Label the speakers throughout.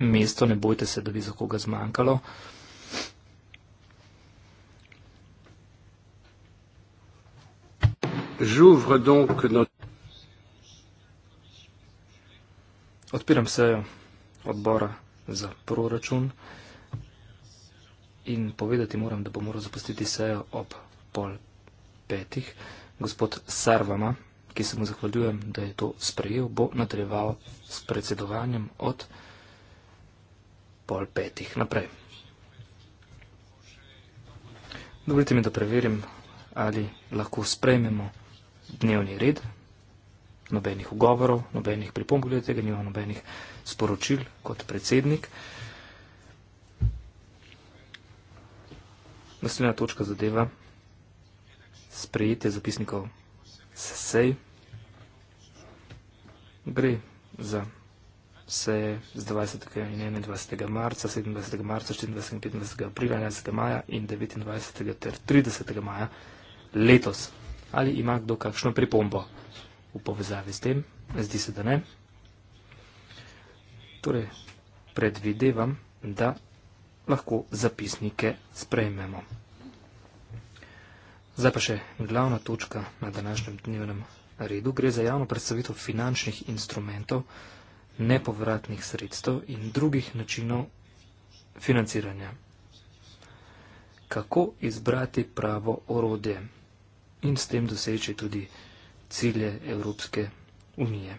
Speaker 1: mesto, ne bojte se, da bi za koga zmanjkalo. Odpiram sejo odbora za proračun in povedati moram, da bom moral zapustiti sejo ob pol petih. Gospod Sarvama, ki se mu zahvaljujem, da je to sprejel, bo nadaljeval s predsedovanjem od pol petih naprej. Dovolite mi, da preverim, ali lahko sprejmemo dnevni red. Nobenih ugovorov, nobenih pripomb, glede tega nima nobenih sporočil kot predsednik. Naslednja točka zadeva sprejetje zapisnikov sesej. Gre za se je z 20. in 21. marca, 27. marca, 24. in 25. aprila, 11. maja in 29. ter 30. maja letos. Ali ima kdo kakšno pripombo v povezavi s tem? Zdi se, da ne. Torej, predvidevam, da lahko zapisnike sprejmemo. Zdaj pa še glavna točka na današnjem dnevnem redu. Gre za javno predstavitev finančnih instrumentov, nepovratnih sredstev in drugih načinov financiranja. Kako izbrati pravo orodje in s tem doseči tudi cilje Evropske unije.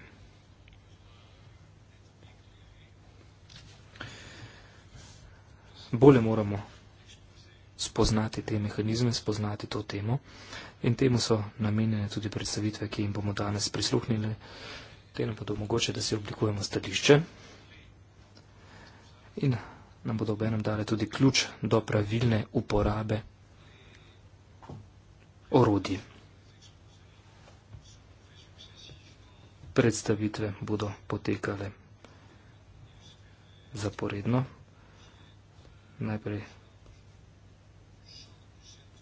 Speaker 1: Bole moramo spoznati te mehanizme, spoznati to temo in temu so namenjene tudi predstavitve, ki jim bomo danes prisluhnili. Potem pa mogoče, da si oblikujemo stališče in nam bodo obenem dale tudi ključ do pravilne uporabe orodij. Predstavitve bodo potekale zaporedno. Najprej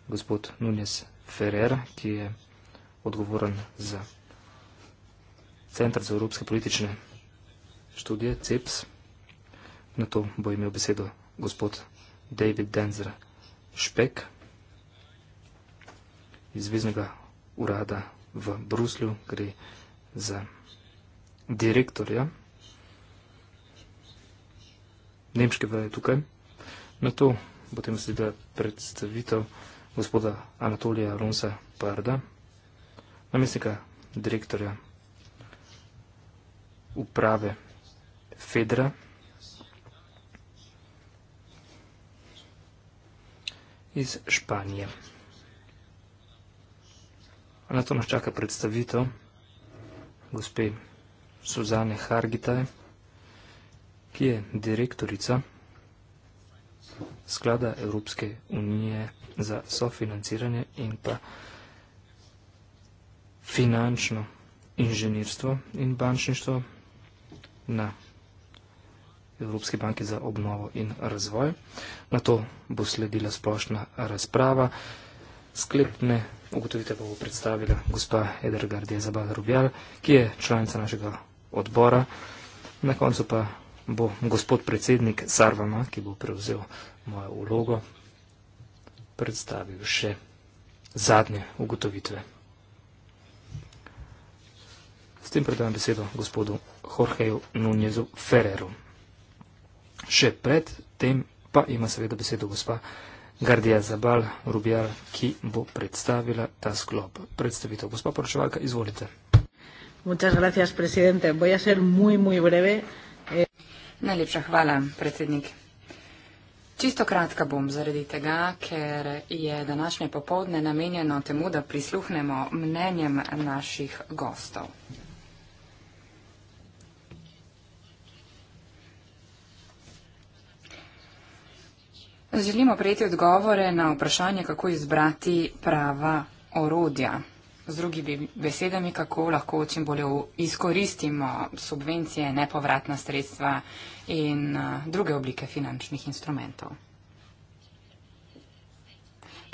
Speaker 1: gospod Nunes Ferrer, ki je odgovoren za Centr za evropske politične študije, CEPS. Na to bo imel besedo gospod David Denzer Špek iz Zvezdnega urada v Bruslju, gre za direktorja. Nemške vele tukaj. Na to potem sledila predstavitev gospoda Anatolija Ronsa Parda, namestnika direktorja uprave Fedra. iz Španije. Na to nas čaka predstavitev gospe Suzane Hargitaj, ki je direktorica Sklada Evropske unije za sofinanciranje in pa finančno inženirstvo in bančništvo na Evropske banke za obnovo in razvoj. Na to bo sledila splošna razprava. Sklepne ugotovite bo predstavila gospa Edergard Jezabal Rubjal, ki je članica našega odbora. Na koncu pa bo gospod predsednik Sarvama, ki bo prevzel mojo ulogo, predstavil še zadnje ugotovitve tem predajam besedo gospodu Jorgeju Nunezu Ferreru. Še pred tem pa ima seveda besedo gospa Gardija Zabal Rubjar, ki bo predstavila ta sklop. Predstavitev gospa poročevalka, izvolite.
Speaker 2: Gracias, Voy a ser muy, muy breve. Eh, Najlepša hvala,
Speaker 3: predsednik. Čisto kratka bom zaradi tega, ker je današnje popovdne namenjeno temu, da prisluhnemo mnenjem naših gostov. Želimo prejeti odgovore na vprašanje, kako izbrati prava orodja. Z drugimi besedami, kako lahko čim bolje izkoristimo subvencije, nepovratna sredstva in eh, druge oblike finančnih instrumentov.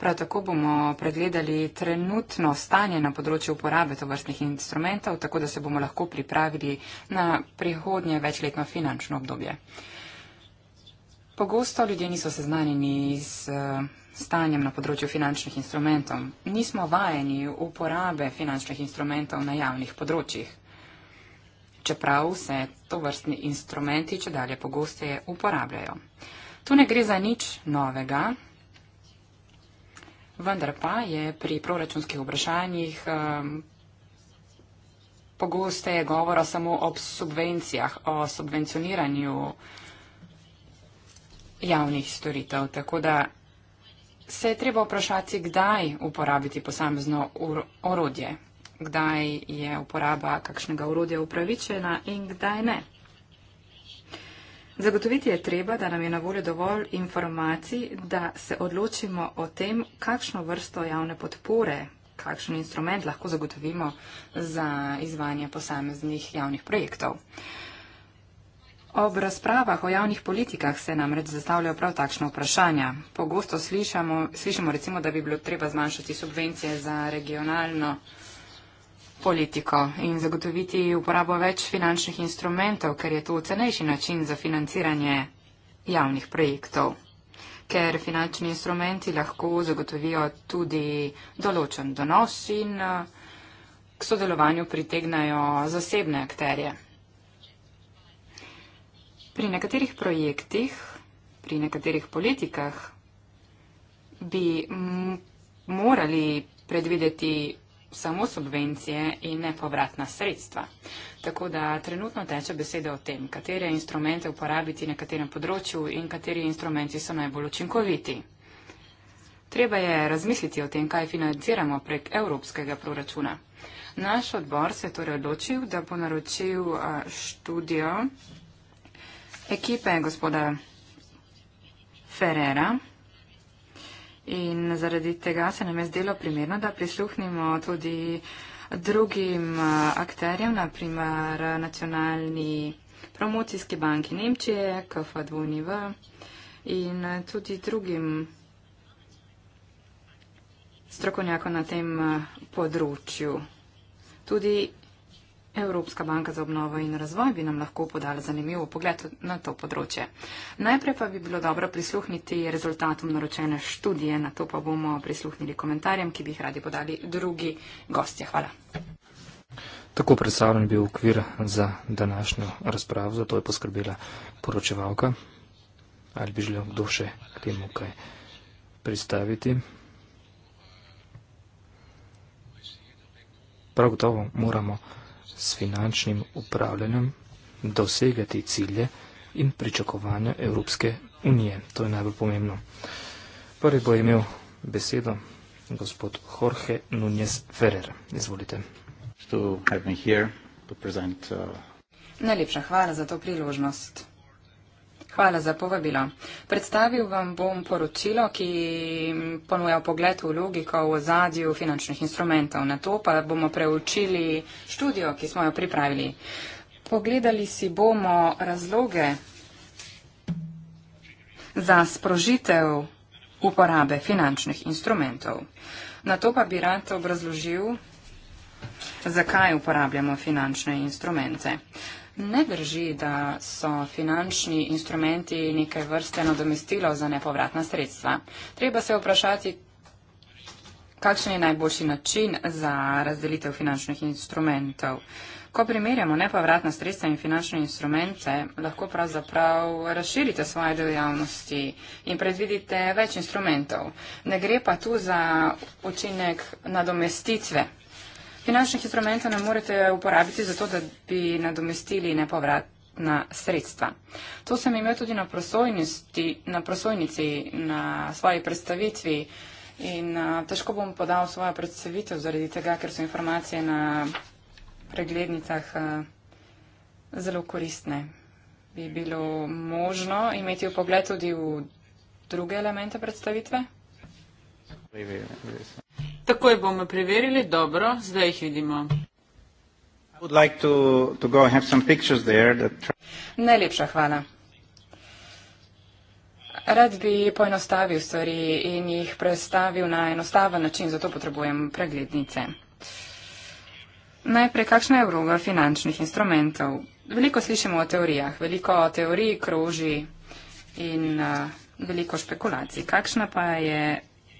Speaker 3: Prav tako bomo pregledali trenutno stanje na področju uporabe tovrstnih instrumentov, tako da se bomo lahko pripravili na prihodnje večletno finančno obdobje. Pogosto ljudje niso seznanjeni z eh, stanjem na področju finančnih instrumentov. Nismo vajeni uporabe finančnih instrumentov na javnih področjih. Čeprav se to vrstni instrumenti če dalje pogosteje uporabljajo. Tu ne gre za nič novega, vendar pa je pri proračunskih vprašanjih eh, pogosteje govora samo o subvencijah, o subvencioniranju javnih storitev. Tako da se je treba vprašati, kdaj uporabiti posamezno orodje, kdaj je uporaba kakšnega orodja upravičena in kdaj ne. Zagotoviti je treba, da nam je na voljo dovolj informacij, da se odločimo o tem, kakšno vrsto javne podpore, kakšen instrument lahko zagotovimo za izvajanje posameznih javnih projektov. Ob razpravah o javnih politikah se nam reč zastavljajo prav takšna vprašanja. Pogosto slišamo, slišamo recimo, da bi bilo treba zmanjšati subvencije za regionalno politiko in zagotoviti uporabo več finančnih instrumentov, ker je to cenejši način za financiranje javnih projektov, ker finančni instrumenti lahko zagotovijo tudi določen donos in eh, k sodelovanju pritegnajo zasebne akterje pri nekaterih projektih, pri nekaterih politikah bi morali predvideti samo subvencije in ne povratna sredstva. Tako da trenutno teče beseda o tem, katere instrumente uporabiti na katerem področju in kateri instrumenti so najbolj učinkoviti. Treba je razmisliti o tem, kaj financiramo prek evropskega proračuna. Naš odbor se je torej odločil, da bo naročil študijo ekipe gospoda Ferrera. In zaradi tega se nam je zdelo primerno, da prisluhnimo tudi drugim eh, akterjem, naprimer nacionalni promocijski banki Nemčije, KFW in tudi drugim strokovnjakom na tem eh, področju. Tudi Evropska banka za obnovo in razvoj bi nam lahko podala zanimivo pogled na to področje. Najprej pa bi bilo dobro prisluhniti rezultatom naročene študije, na to pa bomo prisluhnili komentarjem, ki bi jih radi podali drugi gostje. Hvala.
Speaker 1: Tako predstavljen bil okvir za današnjo razpravo, zato je poskrbela poročevalka. Ali bi želel kdo še k temu kaj pristaviti? Prav gotovo moramo s finančnim upravljanjem dosegati cilje in pričakovanja Evropske unije. To je najbolj pomembno. Prvi bo imel besedo gospod Jorge Nunez Ferrer. Izvolite. Uh,
Speaker 3: Najlepša hvala za to priložnost. Hvala za povabilo. Predstavil vam bom poročilo, ki ponuja pogled v logiko v ozadju finančnih instrumentov. Na to pa bomo preučili študijo, ki smo jo pripravili. Pogledali si bomo razloge za sprožitev uporabe finančnih instrumentov. Na to pa bi rad obrazložil, zakaj uporabljamo finančne instrumente. Ne drži, da so finančni instrumenti neke vrste nadomestilo za nepovratna sredstva. Treba se vprašati, kakšen je najboljši način za razdelitev finančnih instrumentov. Ko primerjamo nepovratna sredstva in finančne instrumente, lahko pravzaprav razširite svoje dejavnosti in predvidite več instrumentov. Ne gre pa tu za učinek nadomestitve finančnih instrumentov ne morete uporabiti zato, da bi nadomestili nepovratna sredstva. To sem imel tudi na, na prosojnici, na svoji predstavitvi in uh, težko bom podal svojo predstavitev zaradi tega, ker so informacije na preglednicah uh, zelo koristne. Bi bilo možno imeti v pogled tudi v druge elemente predstavitve? Vi, vi,
Speaker 1: vi, vi, vi.
Speaker 2: Takoj bomo preverili, dobro, zdaj jih vidimo.
Speaker 1: Like to, to go, that...
Speaker 2: Najlepša hvala.
Speaker 3: Rad bi poenostavil stvari in jih predstavil na enostaven način, zato potrebujem preglednice. Najprej, kakšna je vloga finančnih instrumentov? Veliko slišimo o teorijah, veliko o teoriji kroži in uh, veliko špekulacij. Kakšna pa je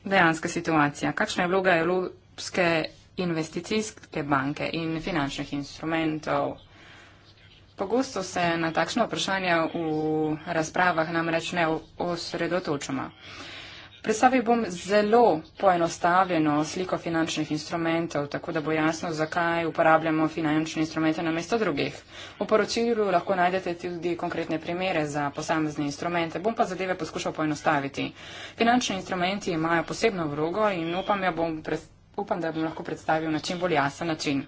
Speaker 3: dejanska situacija? Kakšna je vloga Evropske investicijske banke in finančnih instrumentov? Pogosto se na takšno vprašanje v razpravah namreč ne osredotočamo. Predstavil bom zelo poenostavljeno sliko finančnih instrumentov, tako da bo jasno, zakaj uporabljamo finančne instrumente namesto drugih. V poročilu lahko najdete tudi konkretne primere za posamezne instrumente, bom pa zadeve poskušal poenostaviti. Finančni instrumenti imajo posebno vlogo in upam, ja bom upam, da bom lahko predstavil na čim bolj jasen način.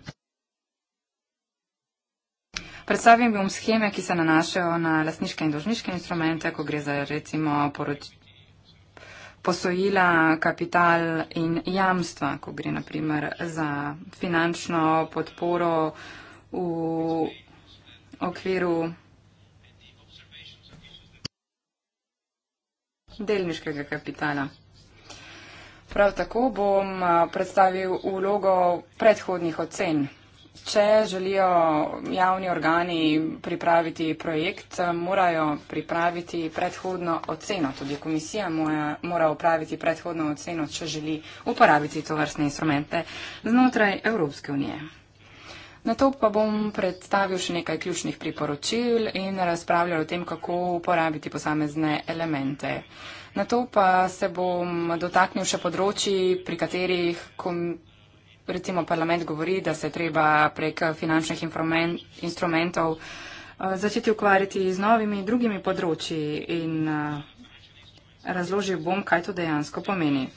Speaker 3: Predstavim bom scheme, ki se nanašajo na lasniške in dožniške instrumente, ko gre za recimo poroč, posojila, kapital in jamstva, ko gre naprimer za finančno podporo v okviru delniškega kapitala. Prav tako bom predstavil vlogo predhodnih ocen. Če želijo javni organi pripraviti projekt, morajo pripraviti predhodno oceno. Tudi komisija mora upraviti predhodno oceno, če želi uporabiti to vrstne instrumente znotraj Evropske unije. Na to pa bom predstavil še nekaj ključnih priporočil in razpravljal o tem, kako uporabiti posamezne elemente. Na to pa se bom dotaknil še področji, pri katerih recimo parlament govori, da se treba prek finančnih instrumentov eh, začeti ukvarjati z novimi drugimi področji in eh, razložil bom, kaj to dejansko pomeni.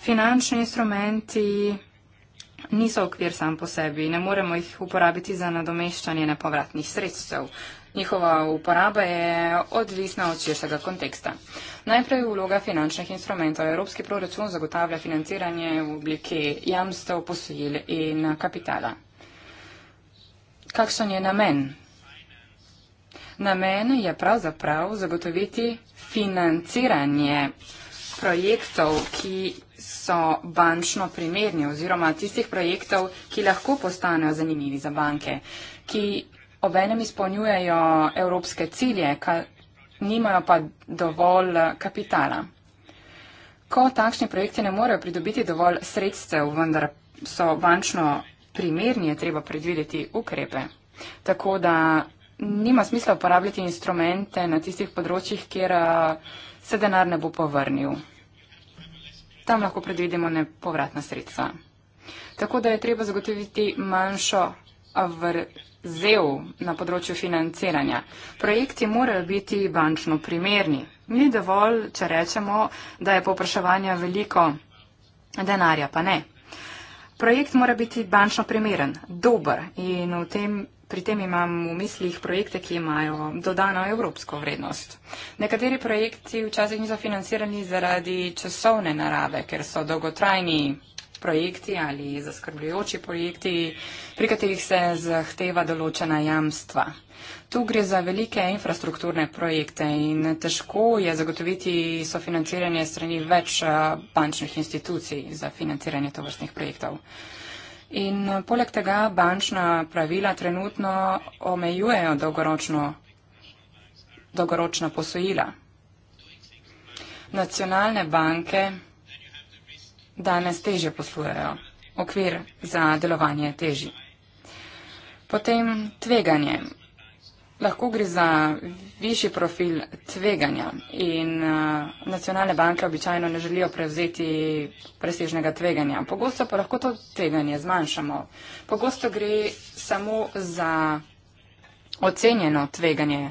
Speaker 3: Finančni instrumenti niso okvir sam po sebi, ne moremo jih uporabiti za nadomeščanje nepovratnih sredstev. Njihova uporaba je odvisna od širšega konteksta. Najprej vloga finančnih instrumentov. Evropski proračun zagotavlja financiranje v obliki jamstev, posojil in kapitala. Kakšen je namen? Namen je pravzaprav zagotoviti financiranje projektov, ki so bančno primerni oziroma tistih projektov, ki lahko postanejo zanimivi za banke, ki obenem izpolnjujejo evropske cilje, ka, nimajo pa dovolj eh, kapitala. Ko takšni projekti ne morejo pridobiti dovolj sredstev, vendar so bančno primerni, je treba predvideti ukrepe. Tako da nima smisla uporabljati instrumente na tistih področjih, kjer eh, se denar ne bo povrnil. Tam lahko predvidimo nepovratna sredstva. Tako da je treba zagotoviti manjšo vrtnost zev na področju financiranja. Projekti morajo biti bančno primerni. Ni dovolj, če rečemo, da je popraševanja veliko, denarja pa ne. Projekt mora biti bančno primeren, dober in v tem. Pri tem imam v mislih projekte, ki imajo dodano evropsko vrednost. Nekateri projekti včasih niso financirani zaradi časovne narave, ker so dolgotrajni, projekti ali zaskrbljujoči projekti, pri katerih se zahteva določena jamstva. Tu gre za velike infrastrukturne projekte in težko je zagotoviti sofinanciranje strani več eh, bančnih institucij za financiranje tovrstnih projektov. In eh, poleg tega bančna pravila trenutno omejujejo dolgoročna posojila. Nacionalne banke danes teže poslujejo, okvir za delovanje teži. Potem tveganje. Lahko gre za višji profil tveganja in eh, nacionalne banke običajno ne želijo prevzeti presežnega tveganja. Pogosto pa lahko to tveganje zmanjšamo. Pogosto gre samo za ocenjeno tveganje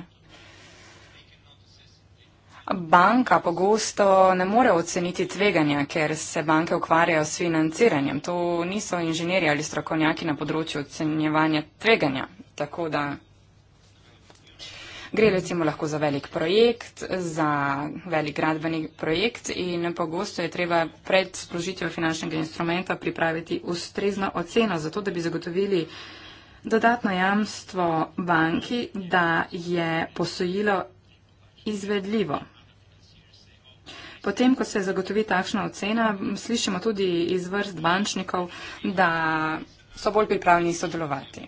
Speaker 3: Banka pogosto ne more oceniti tveganja, ker se banke ukvarjajo s financiranjem. To niso inženirji ali strokovnjaki na področju ocenjevanja tveganja. Tako da gre recimo lahko za velik projekt, za velik gradbeni projekt in pogosto je treba pred sprožitjo finančnega instrumenta pripraviti ustrezno oceno, zato da bi zagotovili dodatno jamstvo banki, da je posojilo izvedljivo. Potem, ko se zagotovi takšna ocena, slišimo tudi iz vrst bančnikov, da so bolj pripravljeni sodelovati.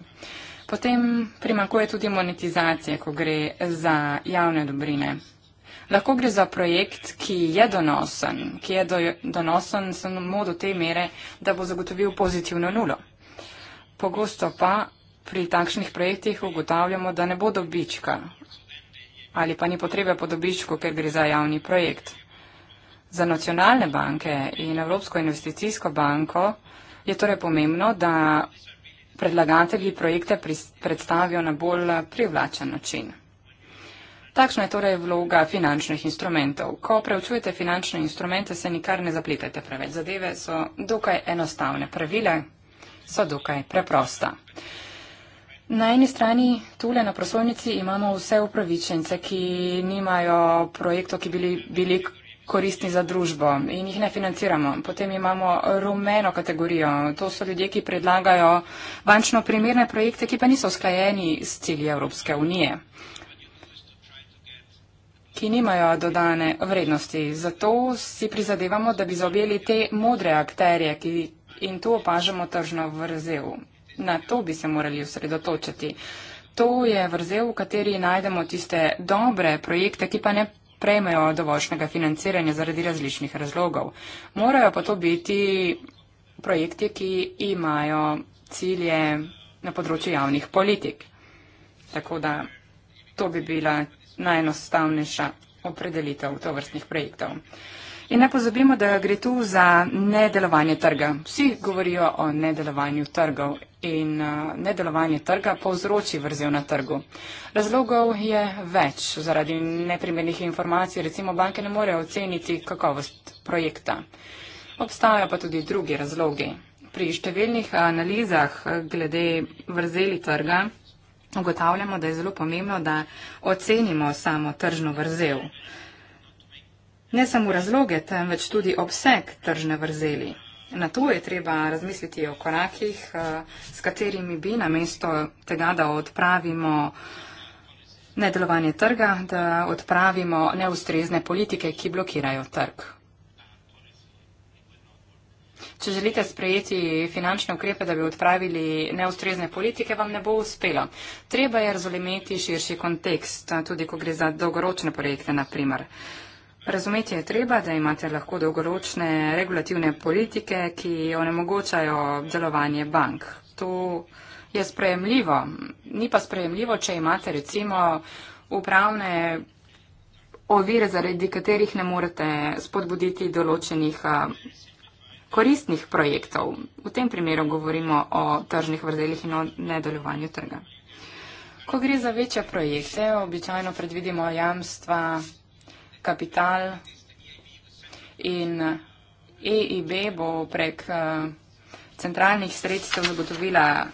Speaker 3: Potem primankuje tudi monetizacije, ko gre za javne dobrine. Lahko gre za projekt, ki je donosen, ki je do, donosen samo do te mere, da bo zagotovil pozitivno nulo. Pogosto pa pri takšnih projektih ugotavljamo, da ne bo dobička ali pa ni potrebe po dobičku, ker gre za javni projekt. Za nacionalne banke in Evropsko investicijsko banko je torej pomembno, da predlagatelji projekte predstavijo na bolj privlačen način. Takšna je torej vloga finančnih instrumentov. Ko preučujete finančne instrumente, se nikar ne zapletajte preveč. Zadeve so dokaj enostavne, pravile so dokaj preprosta. Na eni strani, tule na prosojnici, imamo vse upravičence, ki nimajo projektov, ki bili, bili koristni za družbo in jih ne financiramo. Potem imamo rumeno kategorijo. To so ljudje, ki predlagajo bančno primerne projekte, ki pa niso usklajeni s cilji Evropske unije ki nimajo dodane vrednosti. Zato si prizadevamo, da bi zaobjeli te modre akterje ki, in tu opažamo tržno vrzel. Na to bi se morali osredotočiti. To je vrzel, v kateri najdemo tiste dobre projekte, ki pa ne prejmejo dovoljšnega financiranja zaradi različnih razlogov. Morajo pa to biti projekti, ki imajo cilje na področju javnih politik. Tako da to bi bila najenostavnejša opredelitev tovrstnih projektov. In ne pozabimo, da gre tu za nedelovanje trga. Vsi govorijo o nedelovanju trgov in eh, nedelovanje trga povzroči vrzel na trgu. Razlogov je več. Zaradi neprimernih informacij recimo banke ne morejo oceniti kakovost projekta. Obstajajo pa tudi drugi razlogi. Pri številnih analizah glede vrzeli trga ugotavljamo, da je zelo pomembno, da ocenimo samo tržno vrzel ne samo razloge, temveč tudi obseg tržne vrzeli. Na to je treba razmisliti o korakih, eh, s katerimi bi namesto tega, da odpravimo nedelovanje trga, da odpravimo neustrezne politike, ki blokirajo trg. Če želite sprejeti finančne ukrepe, da bi odpravili neustrezne politike, vam ne bo uspelo. Treba je razumeti širši kontekst, tudi ko gre za dolgoročne projekte, naprimer. Razumeti je treba, da imate lahko dolgoročne regulativne politike, ki onemogočajo delovanje bank. To je sprejemljivo. Ni pa sprejemljivo, če imate recimo upravne ovire, zaradi katerih ne morete spodbuditi določenih koristnih projektov. V tem primeru govorimo o tržnih vrzeljih in o nedelovanju trga. Ko gre za večje projekte, običajno predvidimo jamstva kapital in EIB bo prek eh, centralnih sredstev zagotovila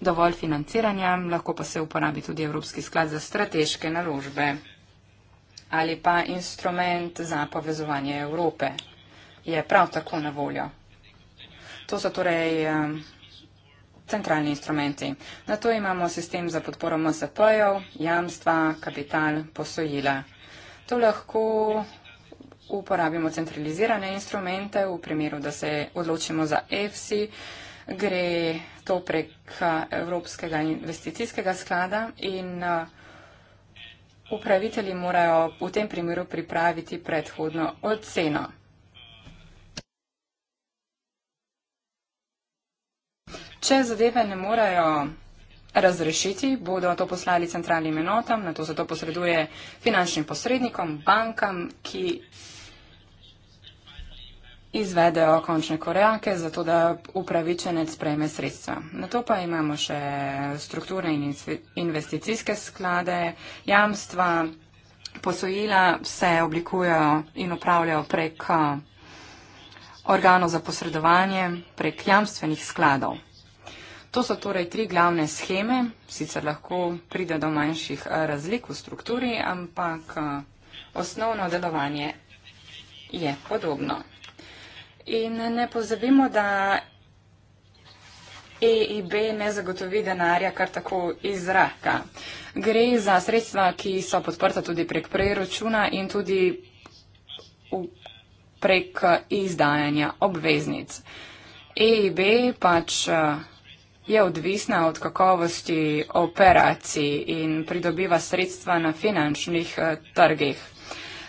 Speaker 3: dovolj financiranja, lahko pa se uporabi tudi Evropski sklad za strateške naložbe ali pa instrument za povezovanje Evrope je prav tako na voljo. To so torej eh, centralni instrumenti. Na to imamo sistem za podporo MSP-jev, jamstva, kapital, posojila. To lahko uporabimo centralizirane instrumente, v primeru, da se odločimo za EFSI, gre to prek Evropskega investicijskega sklada in upravitelji morajo v tem primeru pripraviti predhodno oceno. Če zadeve ne morajo razrešiti, bodo to poslali centralnim enotam, na to se to posreduje finančnim posrednikom, bankam, ki izvedejo končne korejake, zato da upravičenec prejme sredstva. Na to pa imamo še strukturne in investicijske sklade, jamstva, posojila, vse oblikujejo in upravljajo prek organov za posredovanje, prek jamstvenih skladov. To so torej tri glavne scheme, sicer lahko pride do manjših eh, razlik v strukturi, ampak eh, osnovno delovanje je podobno. In ne pozabimo, da EIB ne zagotovi denarja kar tako iz zraka. Gre za sredstva, ki so podprta tudi prek preračuna in tudi prek eh, izdajanja obveznic. EIB pač je odvisna od kakovosti operacij in pridobiva sredstva na finančnih eh, trgih.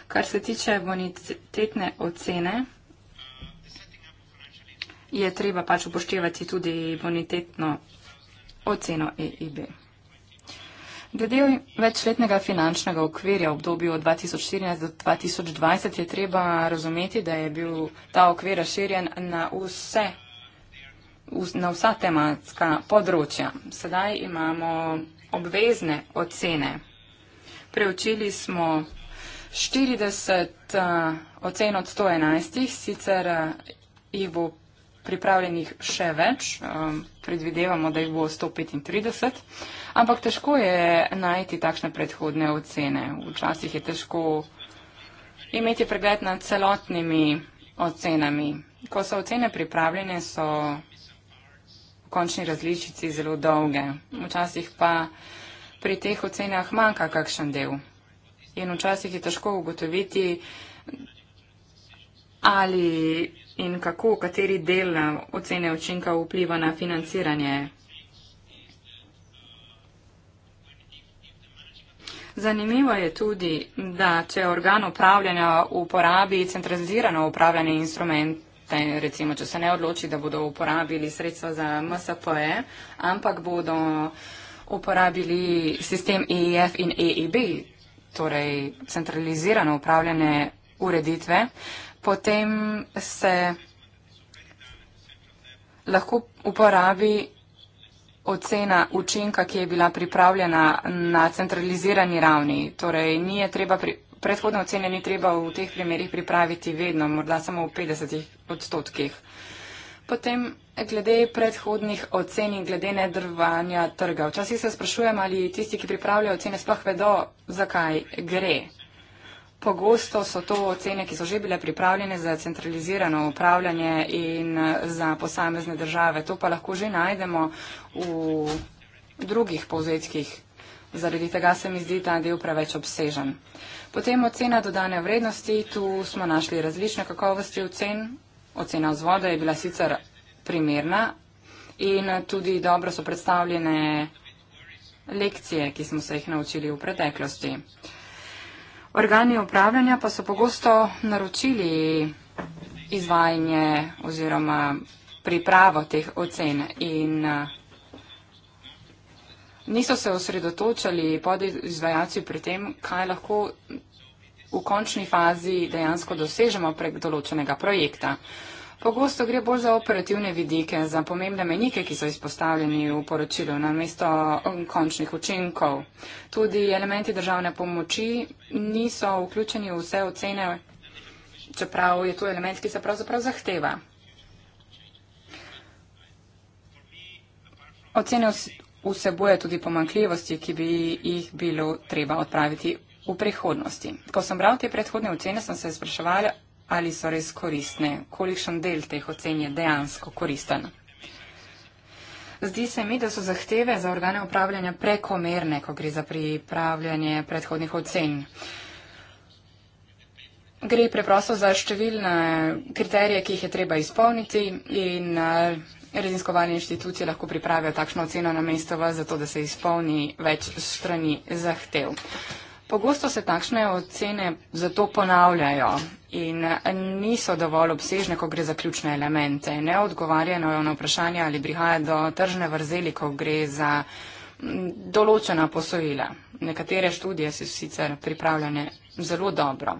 Speaker 3: Kar se tiče bonitetne ocene, je treba pač upoštevati tudi bonitetno oceno EIB. Glede večletnega finančnega okvirja v obdobju od 2014 do 2020 je treba razumeti, da je bil ta okvir razširjen na vse na vsa tematska področja. Sedaj imamo obvezne ocene. Preučili smo 40 eh, ocen od 111, sicer eh, jih bo pripravljenih še več, eh, predvidevamo, da jih bo 135, ampak težko je najti takšne predhodne ocene. Včasih je težko imeti pregled nad celotnimi ocenami. Ko so ocene pripravljene, so končni različici zelo dolge. Včasih pa pri teh ocenah manjka kakšen del. In včasih je težko ugotoviti, ali in kako, kateri del ocene učinka vpliva na financiranje. Zanimivo je tudi, da če organ upravljanja uporabi centralizirano upravljanje instrument, recimo, če se ne odloči, da bodo uporabili sredstva za MSPE, ampak bodo uporabili sistem EIF e in EIB, e torej centralizirano upravljene ureditve, potem se lahko uporabi ocena učinka, ki je bila pripravljena na centralizirani ravni. Torej, nije treba pri, predhodne ocene ni treba v teh primerjih pripraviti vedno, morda samo v 50 odstotkih. Potem glede predhodnih ocen in glede nedrvanja trga. Včasih se sprašujem, ali tisti, ki pripravljajo ocene, sploh vedo, zakaj gre. Pogosto so to ocene, ki so že bile pripravljene za centralizirano upravljanje in za posamezne države. To pa lahko že najdemo v drugih povzetkih. Zaradi tega se mi zdi ta del preveč obsežen. Potem ocena dodane vrednosti, tu smo našli različne kakovosti ocen. Ocena vzvoda je bila sicer primerna in tudi dobro so predstavljene lekcije, ki smo se jih naučili v preteklosti. Organi upravljanja pa so pogosto naročili izvajanje oziroma pripravo teh ocen in niso se osredotočali podizvajalci pri tem, kaj lahko v končni fazi dejansko dosežemo prek določenega projekta. Pogosto gre bolj za operativne vidike, za pomembne menike, ki so izpostavljeni v poročilu na mesto končnih učinkov. Tudi elementi državne pomoči niso vključeni v vse ocene, čeprav je to element, ki se pravzaprav zahteva. Ocene vsebuje tudi pomankljivosti, ki bi jih bilo treba odpraviti v prihodnosti. Ko sem bral te predhodne ocene, sem se spraševal, ali so res koristne, kolikšen del teh ocen je dejansko koristen. Zdi se mi, da so zahteve za organe upravljanja prekomerne, ko gre za pripravljanje predhodnih ocen. Gre preprosto za številne kriterije, ki jih je treba izpolniti in eh, raziskovalne inštitucije lahko pripravijo takšno oceno na mesto vas, zato da se izpolni več strani zahtev. Pogosto se takšne ocene zato ponavljajo in niso dovolj obsežne, ko gre za ključne elemente. Ne odgovarjajo na vprašanje, ali prihaja do tržne vrzeli, ko gre za določena posojila. Nekatere študije so sicer pripravljene zelo dobro,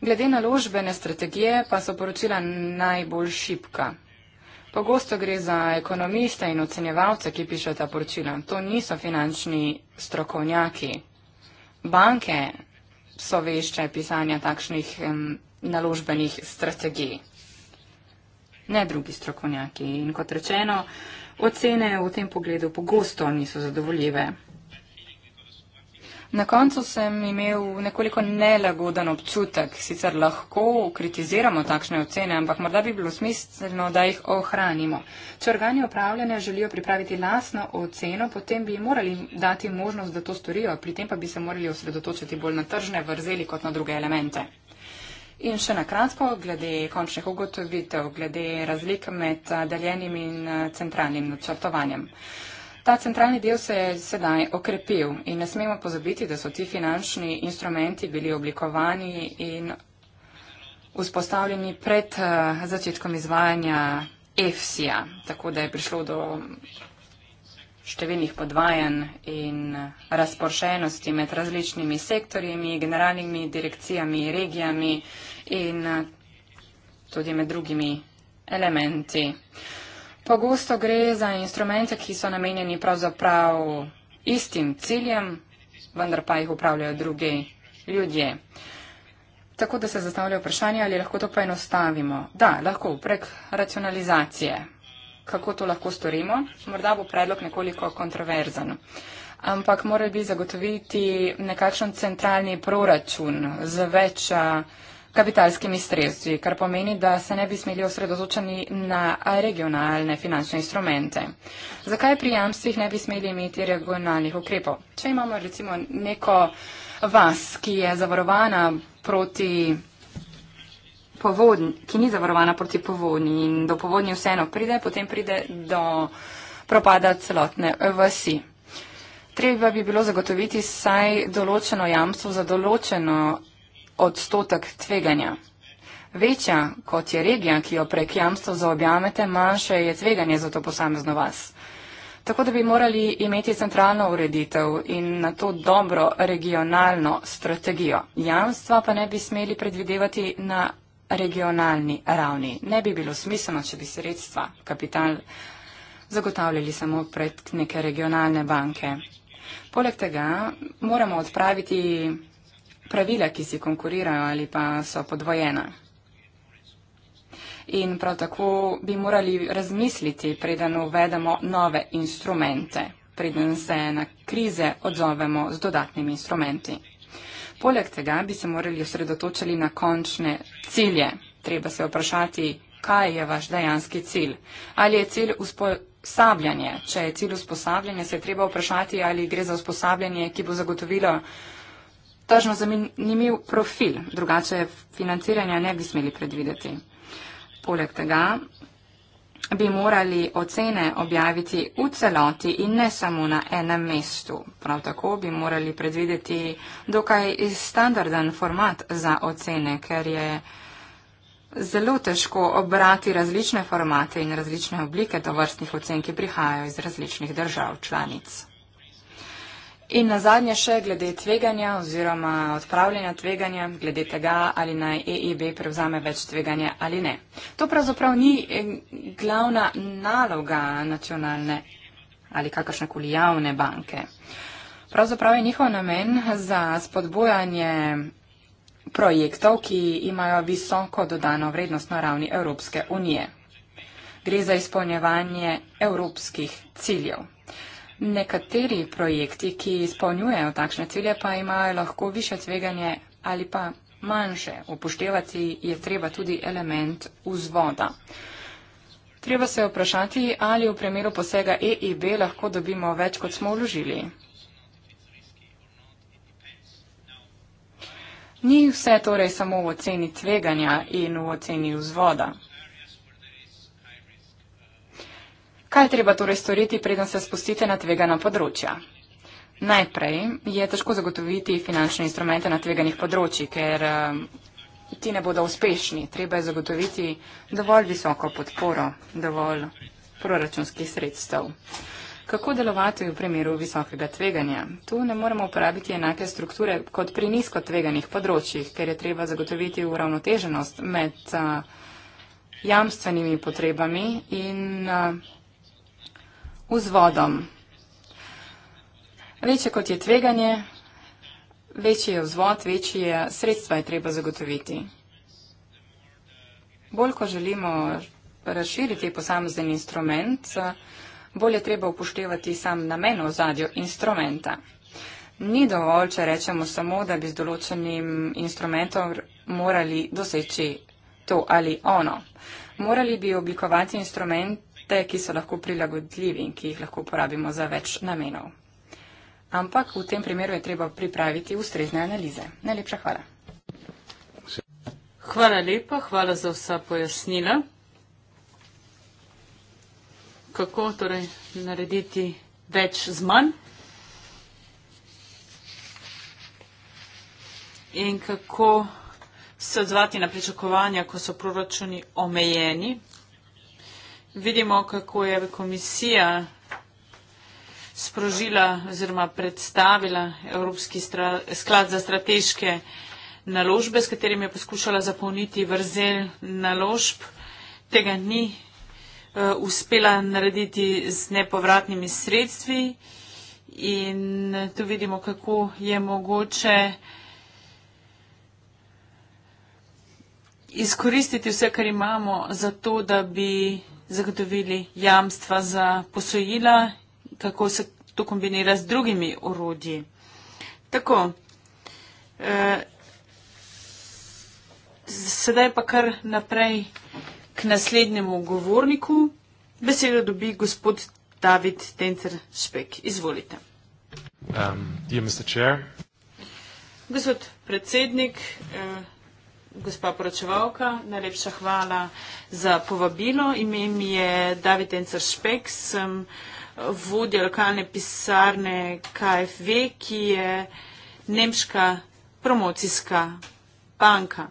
Speaker 3: Glede naložbene strategije pa so poročila najbolj šipka. Pogosto gre za ekonomiste in ocenjevalce, ki pišejo ta poročila. To niso finančni strokovnjaki. Banke so vešče pisanja takšnih um, naložbenih strategij, ne drugi strokovnjaki. In kot rečeno, ocene v tem pogledu pogosto niso zadovoljive. Na koncu sem imel nekoliko nelagoden občutek, sicer lahko kritiziramo takšne ocene, ampak morda bi bilo smiselno, da jih ohranimo. Če organi upravljanja želijo pripraviti lasno oceno, potem bi morali dati možnost, da to storijo, pri tem pa bi se morali osredotočiti bolj na tržne vrzeli kot na druge elemente. In še na kratko, glede končnih ugotovitev, glede razlik med deljenim in eh, centralnim načrtovanjem. Ta centralni del se je sedaj okrepil in ne smemo pozabiti, da so ti finančni instrumenti bili oblikovani in vzpostavljeni pred eh, začetkom izvajanja EFSI-ja, tako da je prišlo do številnih podvajanj in eh, razporšenosti med različnimi sektorjimi, generalnimi direkcijami, regijami in eh, tudi med drugimi elementi. Pogosto gre za instrumente, ki so namenjeni pravzaprav istim ciljem, vendar pa jih upravljajo druge ljudje. Tako da se zastavlja vprašanje, ali lahko to poenostavimo. Da, lahko prek racionalizacije. Kako to lahko storimo? Morda bo predlog nekoliko kontroverzen. Ampak morali bi zagotoviti nekakšen centralni proračun z več. Uh, kapitalskimi sredstvi, kar pomeni, da se ne bi smeli osredotočeni na regionalne finančne instrumente. Zakaj pri jamstvih ne bi smeli imeti regionalnih ukrepov? Če imamo recimo neko vas, ki je zavarovana proti povodni, ki ni zavarovana proti povodni in do povodni vseeno pride, potem pride do propada celotne vasi. Treba bi bilo zagotoviti saj določeno jamstvo za določeno odstotek tveganja. Večja kot je regija, ki jo prek jamstva zaobjamete, manjše je tveganje za to posamezno vas. Tako da bi morali imeti centralno ureditev in na to dobro regionalno strategijo. Jamstva pa ne bi smeli predvidevati na regionalni ravni. Ne bi bilo smiselno, če bi sredstva, kapital zagotavljali samo pred neke regionalne banke. Poleg tega moramo odpraviti pravila, ki si konkurirajo ali pa so podvojena. In prav tako bi morali razmisliti, preden uvedemo nove instrumente, preden se na krize odzovemo z dodatnimi instrumenti. Poleg tega bi se morali osredotočiti na končne cilje. Treba se vprašati, kaj je vaš dejanski cilj. Ali je cilj usposabljanje? Če je cilj usposabljanje, se je treba vprašati, ali gre za usposabljanje, ki bo zagotovilo tržno zanimiv profil, drugače financiranja ne bi smeli predvideti. Poleg tega bi morali ocene objaviti v celoti in ne samo na enem mestu. Prav tako bi morali predvideti dokaj standarden format za ocene, ker je zelo težko obrati različne formate in različne oblike tovrstnih ocen, ki prihajajo iz različnih držav članic. In na zadnje še glede tveganja oziroma odpravljanja tveganja, glede tega, ali naj EIB prevzame več tveganja ali ne. To pravzaprav ni eh, glavna naloga nacionalne ali kakršnekoli javne banke. Pravzaprav je njihov namen za spodbojanje projektov, ki imajo visoko dodano vrednost na ravni Evropske unije. Gre za izpolnjevanje evropskih ciljev. Nekateri projekti, ki izpolnjujejo takšne cilje, pa imajo lahko više tveganje ali pa manjše. Upoštevati je treba tudi element vzvoda. Treba se vprašati, ali v primeru posega EIB lahko dobimo več, kot smo vložili. Ni vse torej samo v oceni tveganja in v oceni vzvoda. Kaj je treba torej storiti, preden se spustite na tvegana področja? Najprej je težko zagotoviti finančne instrumente na tveganih področjih, ker eh, ti ne bodo uspešni. Treba je zagotoviti dovolj visoko podporo, dovolj proračunskih sredstev. Kako delovati v primeru visokega tveganja? Tu ne moremo uporabiti enake strukture kot pri nizko tveganih področjih, ker je treba zagotoviti uravnoteženost med eh, jamstvenimi potrebami in eh, vzvodom. Večje kot je tveganje, večji je vzvod, večji je sredstva je treba zagotoviti. Bolj, ko želimo razširiti posamezen instrument, bolj je treba upoštevati sam namen ozadjo instrumenta. Ni dovolj, če rečemo samo, da bi z določenim instrumentom morali doseči to ali ono. Morali bi oblikovati instrument te, ki so lahko prilagodljivi in ki jih lahko uporabimo za več namenov. Ampak v tem primeru je treba
Speaker 2: pripraviti
Speaker 3: ustrezne analize. Najlepša hvala. Hvala
Speaker 2: lepa, hvala za vsa pojasnila. Kako torej narediti več z manj? In kako se odzvati na pričakovanja, ko so proračuni omejeni, vidimo, kako je komisija sprožila oziroma predstavila Evropski sklad za strateške naložbe, s katerim je poskušala zapolniti vrzel naložb. Tega ni eh, uspela narediti z nepovratnimi sredstvi in tu vidimo, kako je mogoče izkoristiti vse, kar imamo, zato da bi zagotovili jamstva za posojila, kako se to kombinira z drugimi orodji. Tako, eh, sedaj pa kar naprej k naslednjemu govorniku. Besedo dobi gospod David Tencer Špek. Izvolite.
Speaker 1: Um, dear Mr. Chair.
Speaker 2: Gospod predsednik. Eh, gospa poročevalka, najlepša hvala za povabilo. Ime mi je David Encer Špek, sem vodja lokalne pisarne KFV, ki je nemška promocijska banka.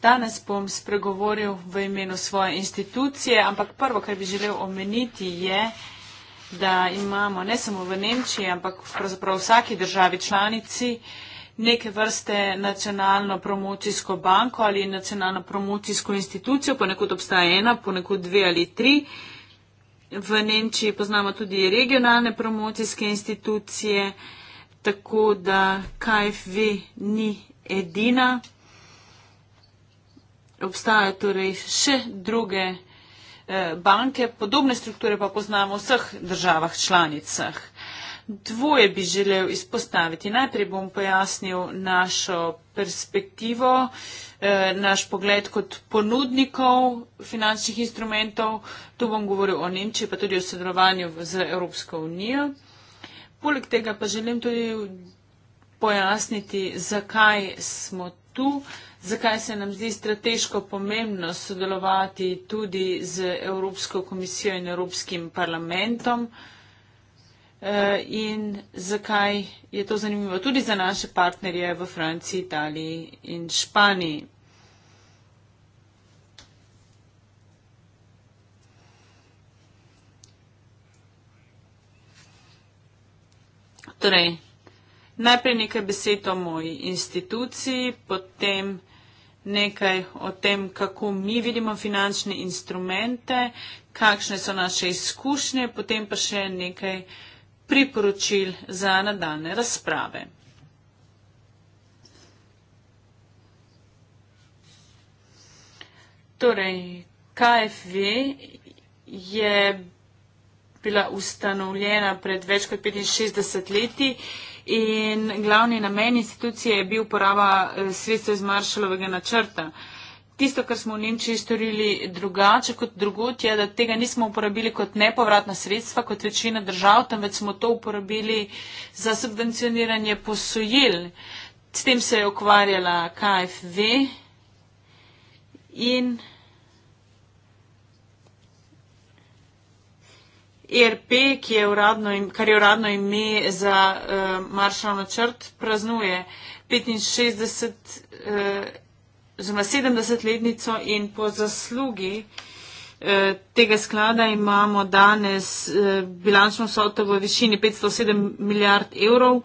Speaker 2: Danes bom spregovoril v imenu svoje institucije, ampak prvo, kar bi želel omeniti, je, da imamo ne samo v Nemčiji, ampak pravzaprav v vsaki državi članici, neke vrste nacionalno promocijsko banko ali nacionalno promocijsko institucijo, ponekud obstaja ena, ponekud dve ali tri. V Nemčiji poznamo tudi regionalne promocijske institucije, tako da KFV ni edina. Obstajajo torej še druge eh, banke, podobne strukture pa poznamo v vseh državah članicah. Dvoje bi želel izpostaviti. Najprej bom pojasnil našo perspektivo, eh, naš pogled kot ponudnikov finančnih instrumentov. Tu bom govoril o Nemčiji, pa tudi o sodelovanju z Evropsko unijo. Poleg tega pa želim tudi pojasniti, zakaj smo tu, zakaj se nam zdi strateško pomembno sodelovati tudi z Evropsko komisijo in Evropskim parlamentom. Eh, in zakaj je to zanimivo tudi za naše partnerje v Franciji, Italiji in Španiji. Torej, najprej nekaj besed o moji instituciji, potem nekaj o tem, kako mi vidimo finančne instrumente, kakšne so naše izkušnje, potem pa še nekaj uh, priporočil za nadaljne razprave. Torej, KFV je bila ustanovljena pred več kot 65 leti in glavni namen institucije je bil uporaba eh, sredstev iz Maršalovega načrta tisto, kar smo v Nemčiji storili drugače kot drugot, je, da tega nismo uporabili kot nepovratna sredstva, kot večina držav, temveč smo to uporabili za subvencioniranje posojil. S tem se je ukvarjala KFV in ERP, ki je uradno, kar je uradno ime za uh, eh, maršalno črt, praznuje 65. Uh, eh, oziroma 70-letnico in po zaslugi eh, tega sklada imamo danes eh, bilančno soto v višini 507 milijard evrov,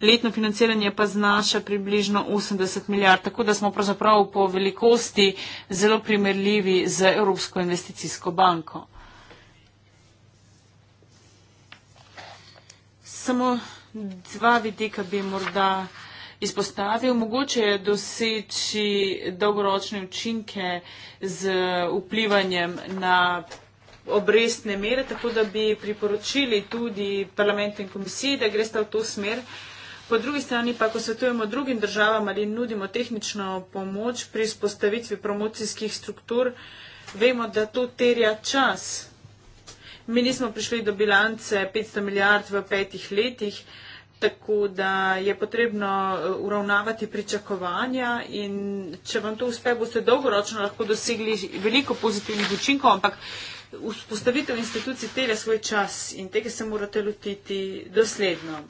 Speaker 2: letno financiranje pa znaša približno 80 milijard, tako da smo pravzaprav po velikosti zelo primerljivi z Evropsko investicijsko banko. Samo dva vidika bi morda izpostavil, mogoče je doseči dolgoročne učinke z vplivanjem na obrestne mere, tako da bi priporočili tudi parlamentu in komisiji, da greste v to smer. Po drugi strani pa, ko svetujemo drugim državam ali nudimo tehnično pomoč pri spostavitvi promocijskih struktur, vemo, da to terja čas. Mi nismo prišli do bilance 500 milijard v petih letih, Tako da je potrebno eh, uravnavati pričakovanja in če vam to uspe, boste dolgoročno lahko dosegli veliko pozitivnih učinkov, ampak vzpostavitev institucij tega svoj čas in tega se morate lotiti dosledno.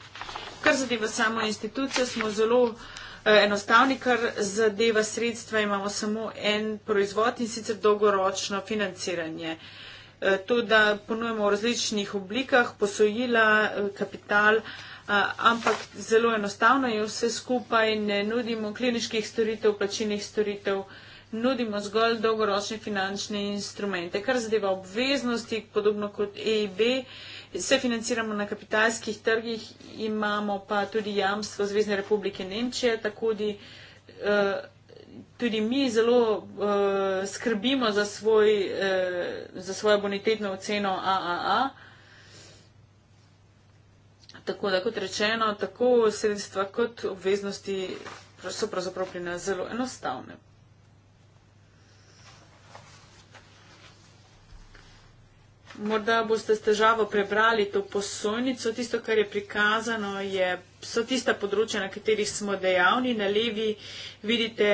Speaker 2: Kar zadeva samo institucijo, smo zelo eh, enostavni, kar zadeva sredstva, imamo samo en proizvod in sicer dolgoročno financiranje. Eh, to, da ponujemo v različnih oblikah posojila, kapital, ampak zelo enostavno je vse skupaj, ne nudimo kliničkih storitev, plačilnih storitev, nudimo zgolj dolgoročne finančne instrumente, kar zadeva obveznosti, podobno kot EIB. Se financiramo na kapitalskih trgih, imamo pa tudi jamstvo Zvezdne republike Nemčije, tako da e, tudi mi zelo e, skrbimo za, svoj, e, za svojo bonitetno oceno AAA. Tako da, kot rečeno, tako sredstva kot obveznosti so pravzaprav pri nas zelo enostavne. Morda boste s težavo prebrali to posojnico. Tisto, kar je prikazano, je, so tista področja, na katerih smo dejavni. Na levi vidite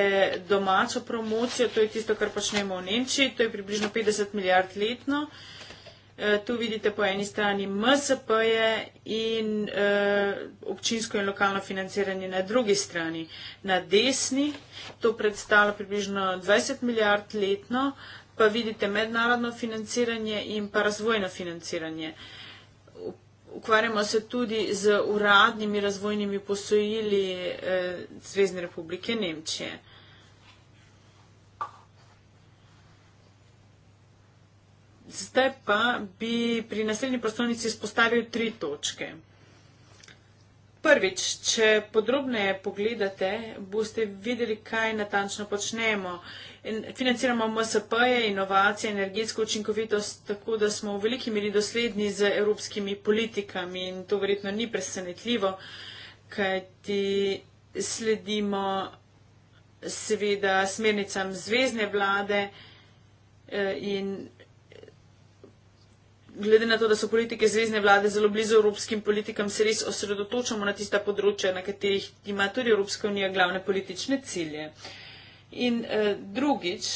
Speaker 2: domačo promocijo, to je tisto, kar počnemo v Nemčiji, to je približno 50 milijard letno. Uh, Eh, tu vidite po eni strani MSP-je in eh, občinsko in lokalno financiranje na drugi strani. Na desni to predstavlja približno 20 milijard letno, pa vidite mednarodno financiranje in pa razvojno financiranje. Ukvarjamo se tudi z uradnimi razvojnimi posojili eh, Zvezdne republike Nemčije. Zdaj pa bi pri naslednji prostornici izpostavil tri točke. Prvič, če podrobneje pogledate, boste videli, kaj natančno počnemo. Financiramo MSP-je, inovacije, energetsko učinkovitost, tako da smo v veliki meri dosledni z evropskimi politikami in to verjetno ni presenetljivo, kajti sledimo seveda smernicam zvezdne vlade eh, in glede na to, da so politike zvezdne vlade zelo blizu evropskim politikam, se res osredotočamo na tista področja, na katerih ima tudi Evropska unija glavne politične cilje. In eh, drugič,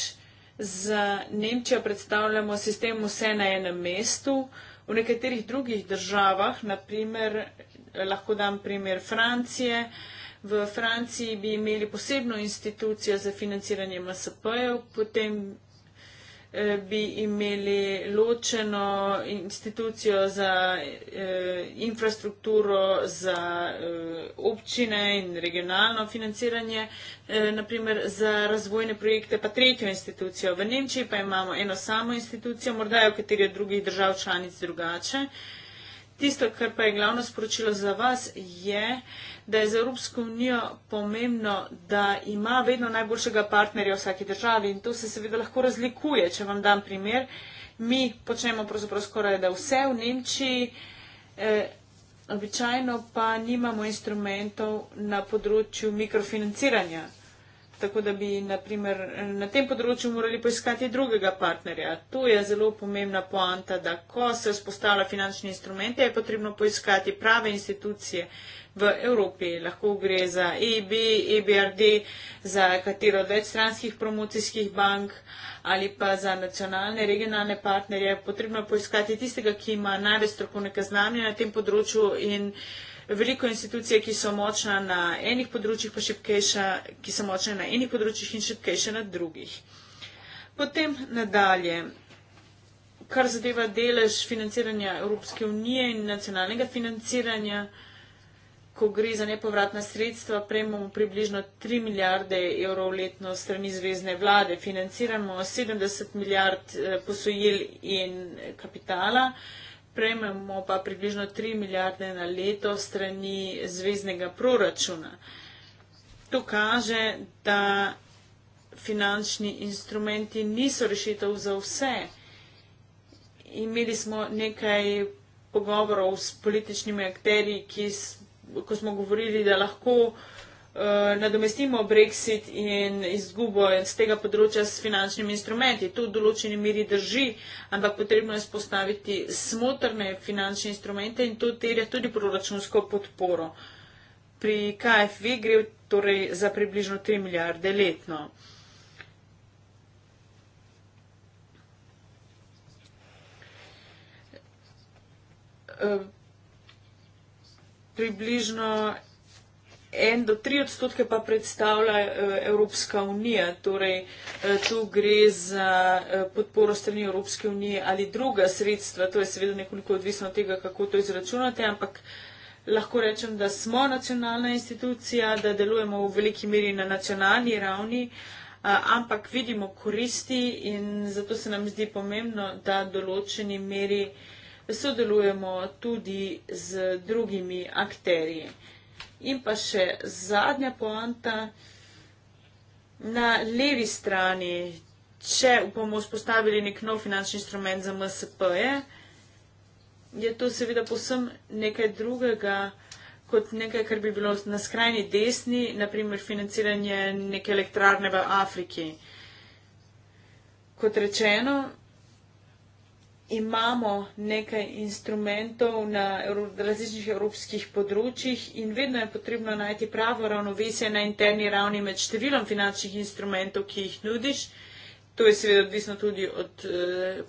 Speaker 2: za Nemčijo predstavljamo sistem vse na enem mestu. V nekaterih drugih državah, naprimer, eh, lahko dam primer Francije, v Franciji bi imeli posebno institucijo za financiranje MSP-jev, potem Eh, bi imeli ločeno institucijo za eh, infrastrukturo, za eh, občine in regionalno financiranje, eh, naprimer za razvojne projekte, pa tretjo institucijo. V Nemčiji pa imamo eno samo institucijo, morda je v katerih drugih držav članic drugače. Eh, Tisto, kar pa je glavno sporočilo za vas, je, da je za Evropsko unijo pomembno, da ima vedno najboljšega partnerja v vsaki državi in to se seveda lahko razlikuje. Če vam dam primer, mi počnemo pravzaprav skoraj da vse v Nemčiji, eh, običajno pa nimamo instrumentov na področju mikrofinanciranja. Tako da bi naprimer, na tem področju morali poiskati drugega partnerja. Tu je zelo pomembna poanta, da ko se vzpostavlja finančni instrument, je potrebno poiskati prave institucije v Evropi. Lahko gre za EB, EBRD, za katero od večstranskih promocijskih bank ali pa za nacionalne, regionalne partnerje. Potrebno je poiskati tistega, ki ima največ strokovnega znanja na tem področju in uh, veliko institucije, ki so močna na enih področjih, pa šepkejša, ki so močna na enih področjih in šepkejša na drugih. Potem nadalje, kar zadeva delež financiranja Evropske unije in nacionalnega financiranja, ko gre za nepovratna sredstva, prejmemo približno 3 milijarde evrov letno strani zvezdne vlade, financiramo 70 milijard eh, posojil in kapitala prejmemo pa približno 3 milijarde na leto strani zvezdnega proračuna. To kaže, da finančni instrumenti niso rešitev za vse. Imeli smo nekaj pogovorov s političnimi akteri, ki, ko smo govorili, da lahko uh, Eh, nadomestimo Brexit in izgubo z tega področja s finančnimi instrumenti. To v določeni miri drži, ampak potrebno je spostaviti smotrne finančne instrumente in to terja tudi proračunsko podporo. Pri KFV gre torej za približno 3 milijarde letno. Eh, približno en do tri odstotke pa predstavlja eh, Evropska unija. Torej, eh, tu gre za eh, podporo strani Evropske unije ali druga sredstva. To je seveda nekoliko odvisno od tega, kako to izračunate, ampak lahko rečem, da smo nacionalna institucija, da delujemo v veliki meri na nacionalni ravni. Ampak vidimo koristi in zato se nam zdi pomembno, da v določeni meri sodelujemo tudi z drugimi akterji. Uh, In pa še zadnja poanta. Na levi strani, če bomo vzpostavili nek nov finančni instrument za MSP-je, je to seveda posem nekaj drugega kot nekaj, kar bi bilo na skrajni desni, naprimer financiranje neke elektrarne v Afriki. Kot rečeno, imamo nekaj instrumentov na evro, različnih evropskih področjih in vedno je potrebno najti pravo ravnovesje na interni ravni med številom finančnih instrumentov, ki jih nudiš. To je seveda odvisno tudi od eh,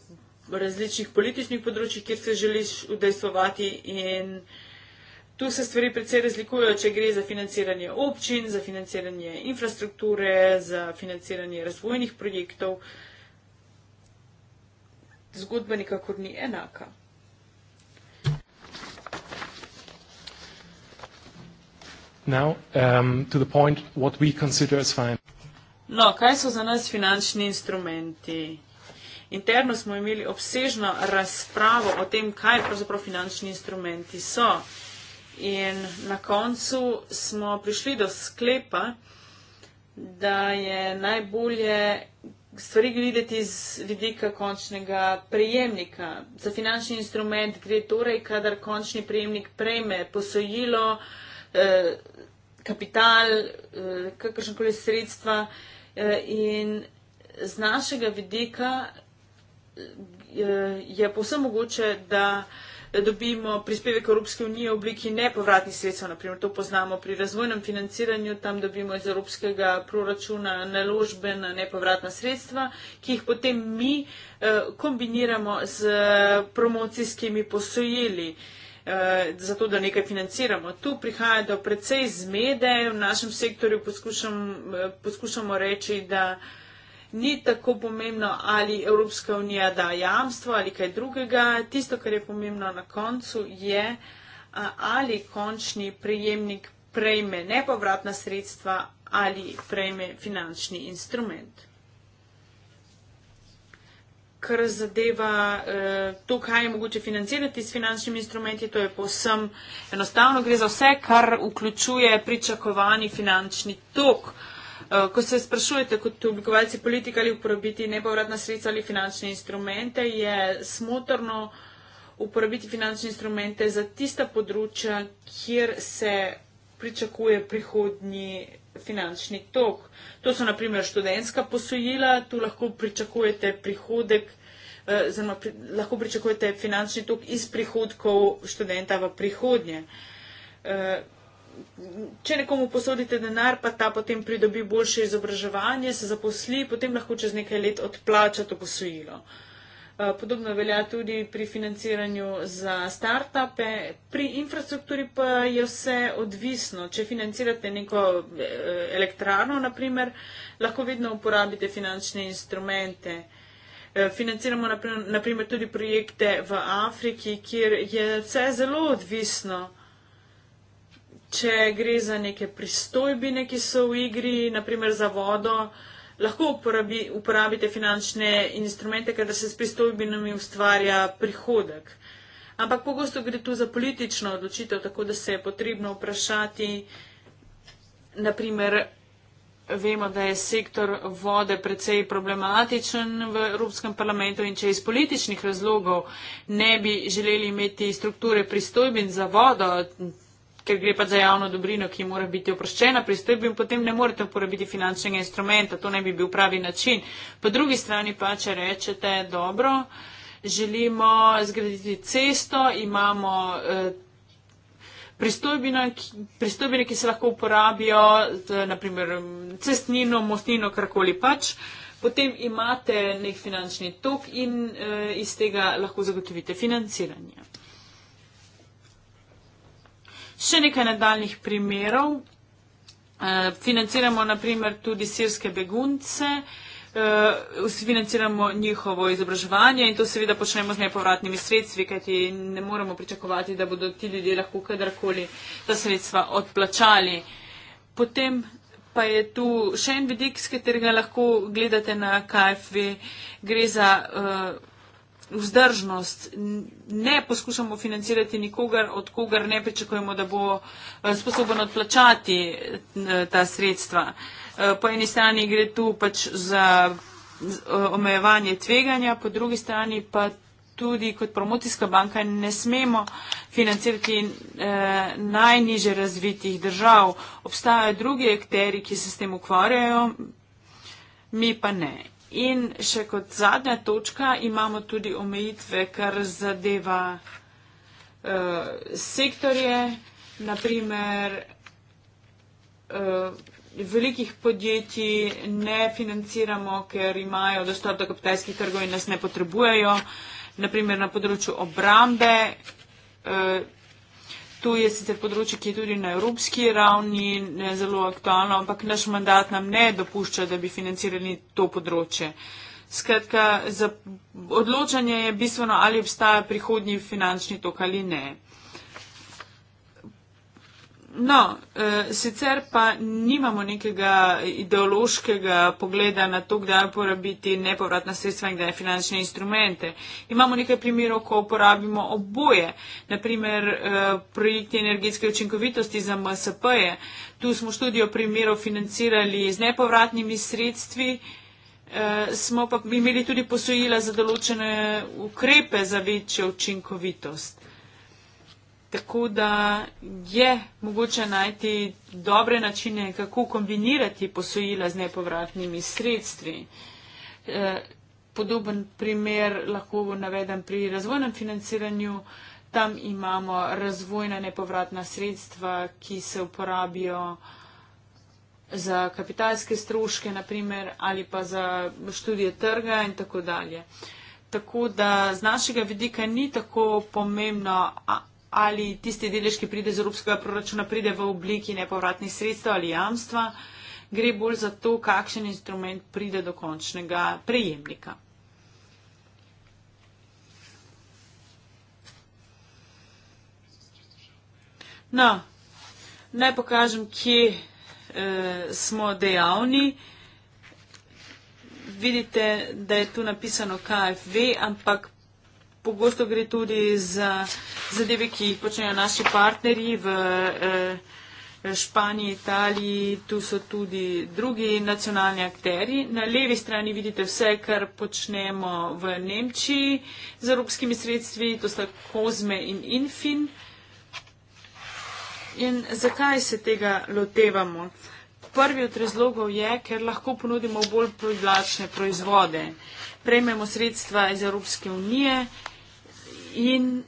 Speaker 2: različnih političnih področjih, kjer se želiš udejstvovati in tu se stvari predvsej razlikujejo, če gre za financiranje občin, za financiranje infrastrukture, za financiranje razvojnih projektov. Eh, zgodba nikakor ni enaka.
Speaker 1: Now, um, to the point what we consider as fine.
Speaker 2: No, kaj so za nas finančni instrumenti? Interno smo imeli obsežno razpravo o tem, kaj pravzaprav finančni instrumenti so. In na koncu smo prišli do sklepa, da je najbolje stvari gledati z vidika končnega prejemnika. Za finančni instrument gre torej, kadar končni prejemnik prejme posojilo, eh, kapital, eh, kakršnekoli sredstva eh, in z našega vidika je posebno mogoče, da dobimo prispevek Evropske unije v obliki nepovratnih sredstev. Naprimer, to poznamo pri razvojnem financiranju, tam dobimo iz Evropskega proračuna naložbe na nepovratna sredstva, ki jih potem mi eh, kombiniramo z eh, promocijskimi posojili. Eh, zato, da nekaj financiramo. Tu prihaja do precej zmede. V našem sektorju poskušam, poskušamo reči, da uh, ni tako pomembno, ali Evropska unija da jamstvo ali kaj drugega. Tisto, kar je pomembno na koncu, je, ali končni prejemnik prejme nepovratna sredstva ali prejme finančni instrument. Kar zadeva e, to, kaj je mogoče financirati s finančnimi instrumenti, to je posebno enostavno. Gre za vse, kar vključuje pričakovani finančni tok. Eh, ko se sprašujete kot oblikovalci politika ali uporabiti nepovratna sredstva ali finančne instrumente, je smotrno uporabiti finančne instrumente za tista področja, kjer se pričakuje prihodnji finančni tok. To so naprimer študentska posojila, tu lahko pričakujete prihodek, eh, oziroma pri, lahko pričakujete finančni tok iz prihodkov študenta v prihodnje. Eh, če nekomu posodite denar, pa ta potem pridobi boljše izobraževanje, se zaposli, potem lahko čez nekaj let odplača to posojilo. Eh, podobno velja tudi pri financiranju za start-upe. Pri infrastrukturi pa je vse odvisno. Če financirate neko eh, elektrarno, naprimer, lahko vedno uporabite finančne instrumente. Eh, financiramo naprimer tudi projekte v Afriki, kjer je vse zelo odvisno če gre za neke pristojbine, ki so v igri, naprimer za vodo, lahko uporabi, uporabite finančne instrumente, kadar se s pristojbinami ustvarja prihodek. Ampak pogosto gre tu za politično odločitev, tako da se je potrebno vprašati, naprimer, vemo, da je sektor vode precej problematičen v Evropskem parlamentu in če iz političnih razlogov ne bi želeli imeti strukture pristojbin za vodo, ker gre pa za javno dobrino, ki mora biti oproščena pri strbi in potem ne morete uporabiti finančnega instrumenta, to ne bi bil pravi način. Po drugi strani pa, če rečete, dobro, želimo zgraditi cesto, imamo. Eh, pristojbine, ki se lahko uporabijo, naprimer cestnino, mostnino, karkoli pač, potem imate nek finančni tok in e, iz tega lahko zagotovite financiranje. Še nekaj nadaljnih primerov. Eh, financiramo naprimer tudi sirske begunce, eh, financiramo njihovo izobraževanje in to seveda počnemo z nepovratnimi sredstvi, kajti ne moremo pričakovati, da bodo ti ljudje lahko kadarkoli ta sredstva odplačali. Potem pa je tu še en vidik, s katerega lahko gledate na KFV. Gre za uh, vzdržnost. Ne poskušamo financirati nikogar, od kogar ne pričakujemo, da bo eh, sposoben odplačati eh, ta sredstva. Eh, po eni strani gre tu pač za omejevanje tveganja, po drugi strani pa tudi kot promocijska banka ne smemo financirati eh, najniže razvitih držav. Obstajajo drugi akteri, ki se s tem ukvarjajo, mi pa ne. In še kot zadnja točka imamo tudi omejitve, kar zadeva uh, sektorje, naprimer uh, eh, velikih podjetij ne financiramo, ker imajo dostop do kapitalskih trgov in nas ne potrebujejo. Naprimer na področju obrambe. Uh, To je sicer področje, ki je tudi na evropski ravni ne, zelo aktualno, ampak naš mandat nam ne dopušča, da bi financirali to področje. Skratka, za odločanje je bistveno, ali obstaja prihodnji finančni tok ali ne. No, uh, sicer pa nimamo nekega ideološkega pogleda na to, kdaj uporabiti nepovratna sredstva in kdaj finančne instrumente. Imamo nekaj primerov, ko uporabimo oboje. Naprimer, uh, eh, projekti energetske učinkovitosti za MSP-je. Tu smo študijo primerov financirali z nepovratnimi sredstvi. Uh, smo pa imeli tudi posojila za določene ukrepe za večjo učinkovitost. Tako da je mogoče najti dobre načine, kako kombinirati posojila z nepovratnimi sredstvi. Eh, podoben primer lahko navedem pri razvojnem financiranju. Tam imamo razvojna nepovratna sredstva, ki se uporabijo za kapitalske stroške, naprimer, ali pa za študije trga in tako dalje. Tako da z našega vidika ni tako pomembno, ali tisti delež, ki pride iz evropskega proračuna, pride v obliki nepovratnih sredstev ali jamstva, gre bolj za to, kakšen instrument pride do končnega prejemnika. No, naj pokažem, kje e, smo dejavni. Vidite, da je tu napisano KFV, ampak pogosto gre tudi za zadeve, ki jih počnejo naši partnerji v eh, Španiji, Italiji, tu so tudi drugi nacionalni akteri. Na levi strani vidite vse, kar počnemo v Nemčiji z evropskimi sredstvi, to sta Kozme in Infin. In zakaj se tega lotevamo? Prvi od razlogov je, ker lahko ponudimo bolj privlačne proizvode. Prejmemo sredstva iz Evropske unije in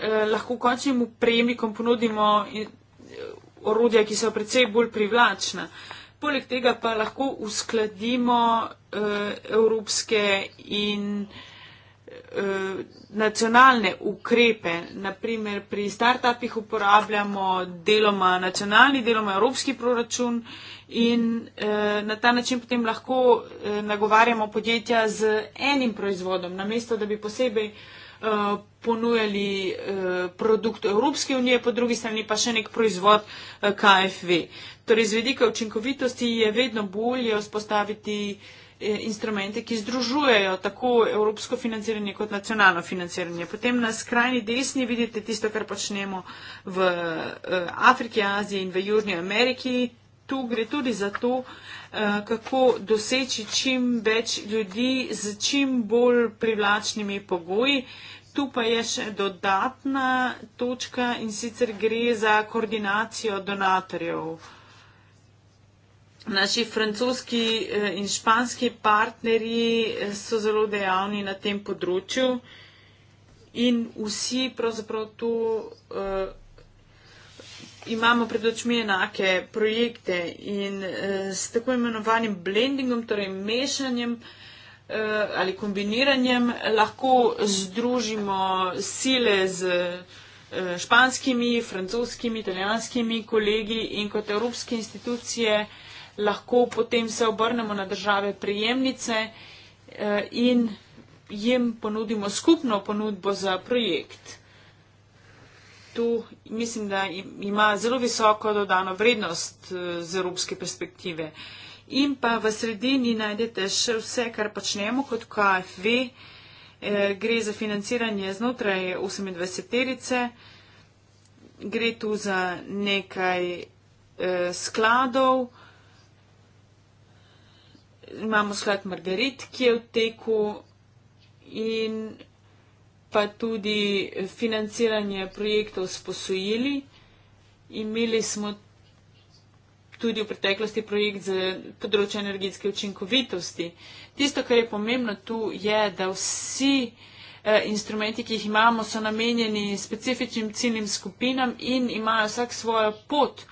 Speaker 2: eh, lahko končnim prejemnikom ponudimo eh, orodja, ki so predvsej bolj privlačna. Poleg tega pa lahko uskladimo eh, evropske in eh, nacionalne ukrepe. Naprimer, pri startupih uporabljamo deloma nacionalni, deloma evropski proračun in eh, na ta način potem lahko eh, nagovarjamo podjetja z enim proizvodom, namesto da bi posebej eh, Eh, ponujali eh, produkt Evropske unije, po drugi strani pa še nek proizvod eh, KFV. Torej, z vedika učinkovitosti je vedno bolje vzpostaviti instrumente, ki združujejo tako evropsko financiranje kot nacionalno financiranje. Potem na skrajni desni vidite tisto, kar počnemo v Afriki, Aziji in v Južni Ameriki, tu gre tudi za to, eh, kako doseči čim več ljudi z čim bolj privlačnimi pogoji. Tu pa je še dodatna točka in sicer gre za koordinacijo donatorjev. Naši francoski eh, in španski partnerji eh, so zelo dejavni na tem področju in vsi pravzaprav to. Uh, imamo pred očmi enake projekte in uh, s tako imenovanim blendingom, torej mešanjem uh, ali kombiniranjem, lahko združimo sile z uh, španskimi, francoskimi, italijanskimi kolegi in kot evropske institucije lahko potem se obrnemo na države prijemnice uh, in jim ponudimo skupno ponudbo za projekt tu mislim, da ima zelo visoko dodano vrednost eh, z evropske perspektive. In pa v sredini najdete še vse, kar počnemo kot KFV. Eh, gre za financiranje znotraj 28-terice, gre tu za nekaj eh, skladov. Imamo sklad Margarit, ki je v teku in pa tudi financiranje projektov s posojili. Imeli smo tudi v preteklosti projekt za področje energetske učinkovitosti. Tisto, kar je pomembno tu, je, da vsi eh, instrumenti, ki jih imamo, so namenjeni specifičnim ciljnim skupinam in imajo vsak svojo pot.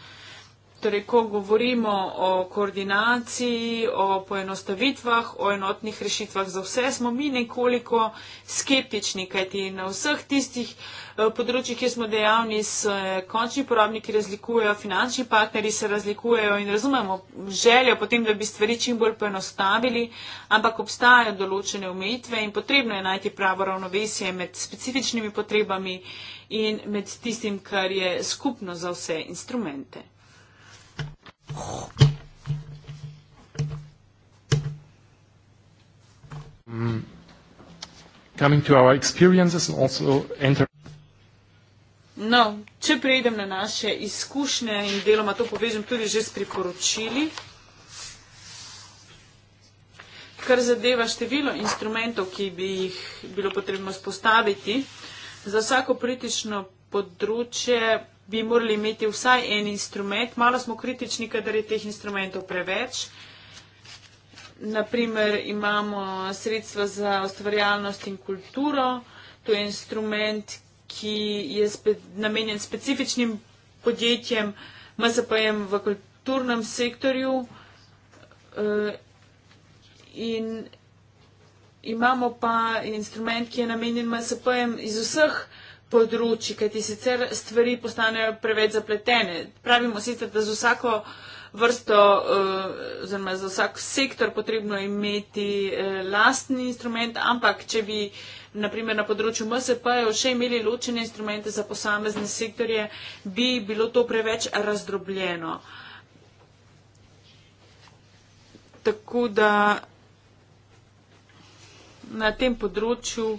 Speaker 2: Torej, ko govorimo o koordinaciji, o poenostavitvah, o enotnih rešitvah za vse, smo mi nekoliko skeptični, kajti na vseh tistih eh, področjih, kjer smo dejavni, se končni porabniki razlikujejo, finančni partnerji se razlikujejo in razumemo željo potem, da bi stvari čim bolj poenostavili, ampak obstajajo določene omejitve in potrebno je najti pravo ravnovesje med specifičnimi potrebami in med tistim, kar je skupno za vse instrumente.
Speaker 1: Mm. Coming to our experiences and also enter.
Speaker 2: No, če preidem na naše izkušnje in deloma to povežem tudi že s priporočili, kar zadeva število instrumentov, ki bi jih bilo potrebno spostaviti, za vsako politično področje bi morali imeti vsaj en instrument. Malo smo kritični, kadar je teh instrumentov preveč. Naprimer imamo sredstva za ustvarjalnost in kulturo. To je instrument, ki je spe, namenjen specifičnim podjetjem, MSP-jem v kulturnem sektorju. Eh, in imamo pa instrument, ki je namenjen MSP-jem iz vseh področji, kajti sicer stvari postanejo preveč zapletene. Pravimo sicer, da za vsako vrsto eh, oziroma za vsak sektor potrebno imeti eh, lastni instrument, ampak če bi naprimer na področju MSP-jev še imeli ločene instrumente za posamezne sektorje, bi bilo to preveč razdrobljeno. Tako da na tem področju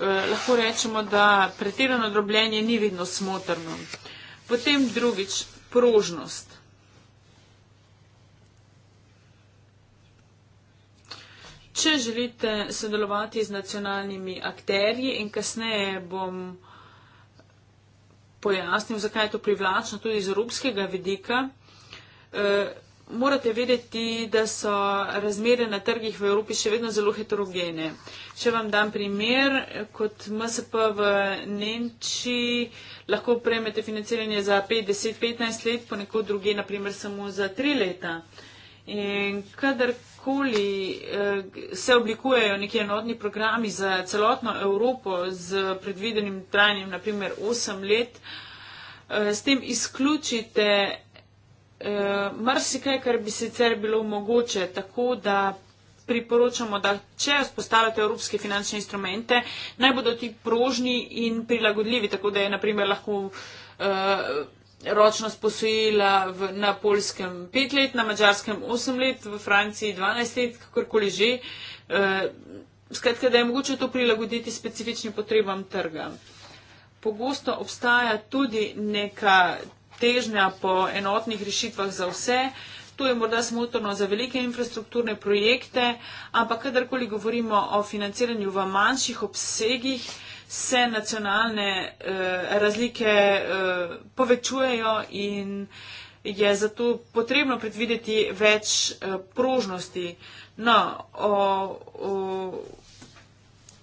Speaker 2: Eh, lahko rečemo, da pretirano drobljenje ni vedno smotrno. Potem drugič, prožnost. Če želite sodelovati z nacionalnimi akterji in kasneje bom pojasnil, zakaj je to privlačno tudi iz evropskega vidika, eh, morate vedeti, da so razmere na trgih v Evropi še vedno zelo heterogene. Če vam dam primer, kot MSP v Nemčiji lahko prejmete financiranje za 5, 10, 15 let, ponekod druge, naprimer, samo za 3 leta. In kadarkoli eh, se oblikujejo neki enotni programi za celotno Evropo z predvidenim trajanjem, naprimer, 8 let, eh, s tem izključite eh, marsikaj, kar bi sicer bilo mogoče, tako da priporočamo, da če vzpostavljate evropske finančne instrumente, naj bodo ti prožni in prilagodljivi, tako da je naprimer lahko eh, ročnost posojila v, na polskem 5 let, na mačarskem 8 let, v Franciji 12 let, kakorkoli že. Eh, skratka, da je mogoče to prilagoditi specifičnim potrebam trga. Pogosto obstaja tudi neka težnja po enotnih rešitvah za vse. To je morda smotrno za velike infrastrukturne projekte, ampak kadarkoli govorimo o financiranju v manjših obsegih, se nacionalne eh, razlike eh, povečujejo in je zato potrebno predvideti več eh, prožnosti. No, o, o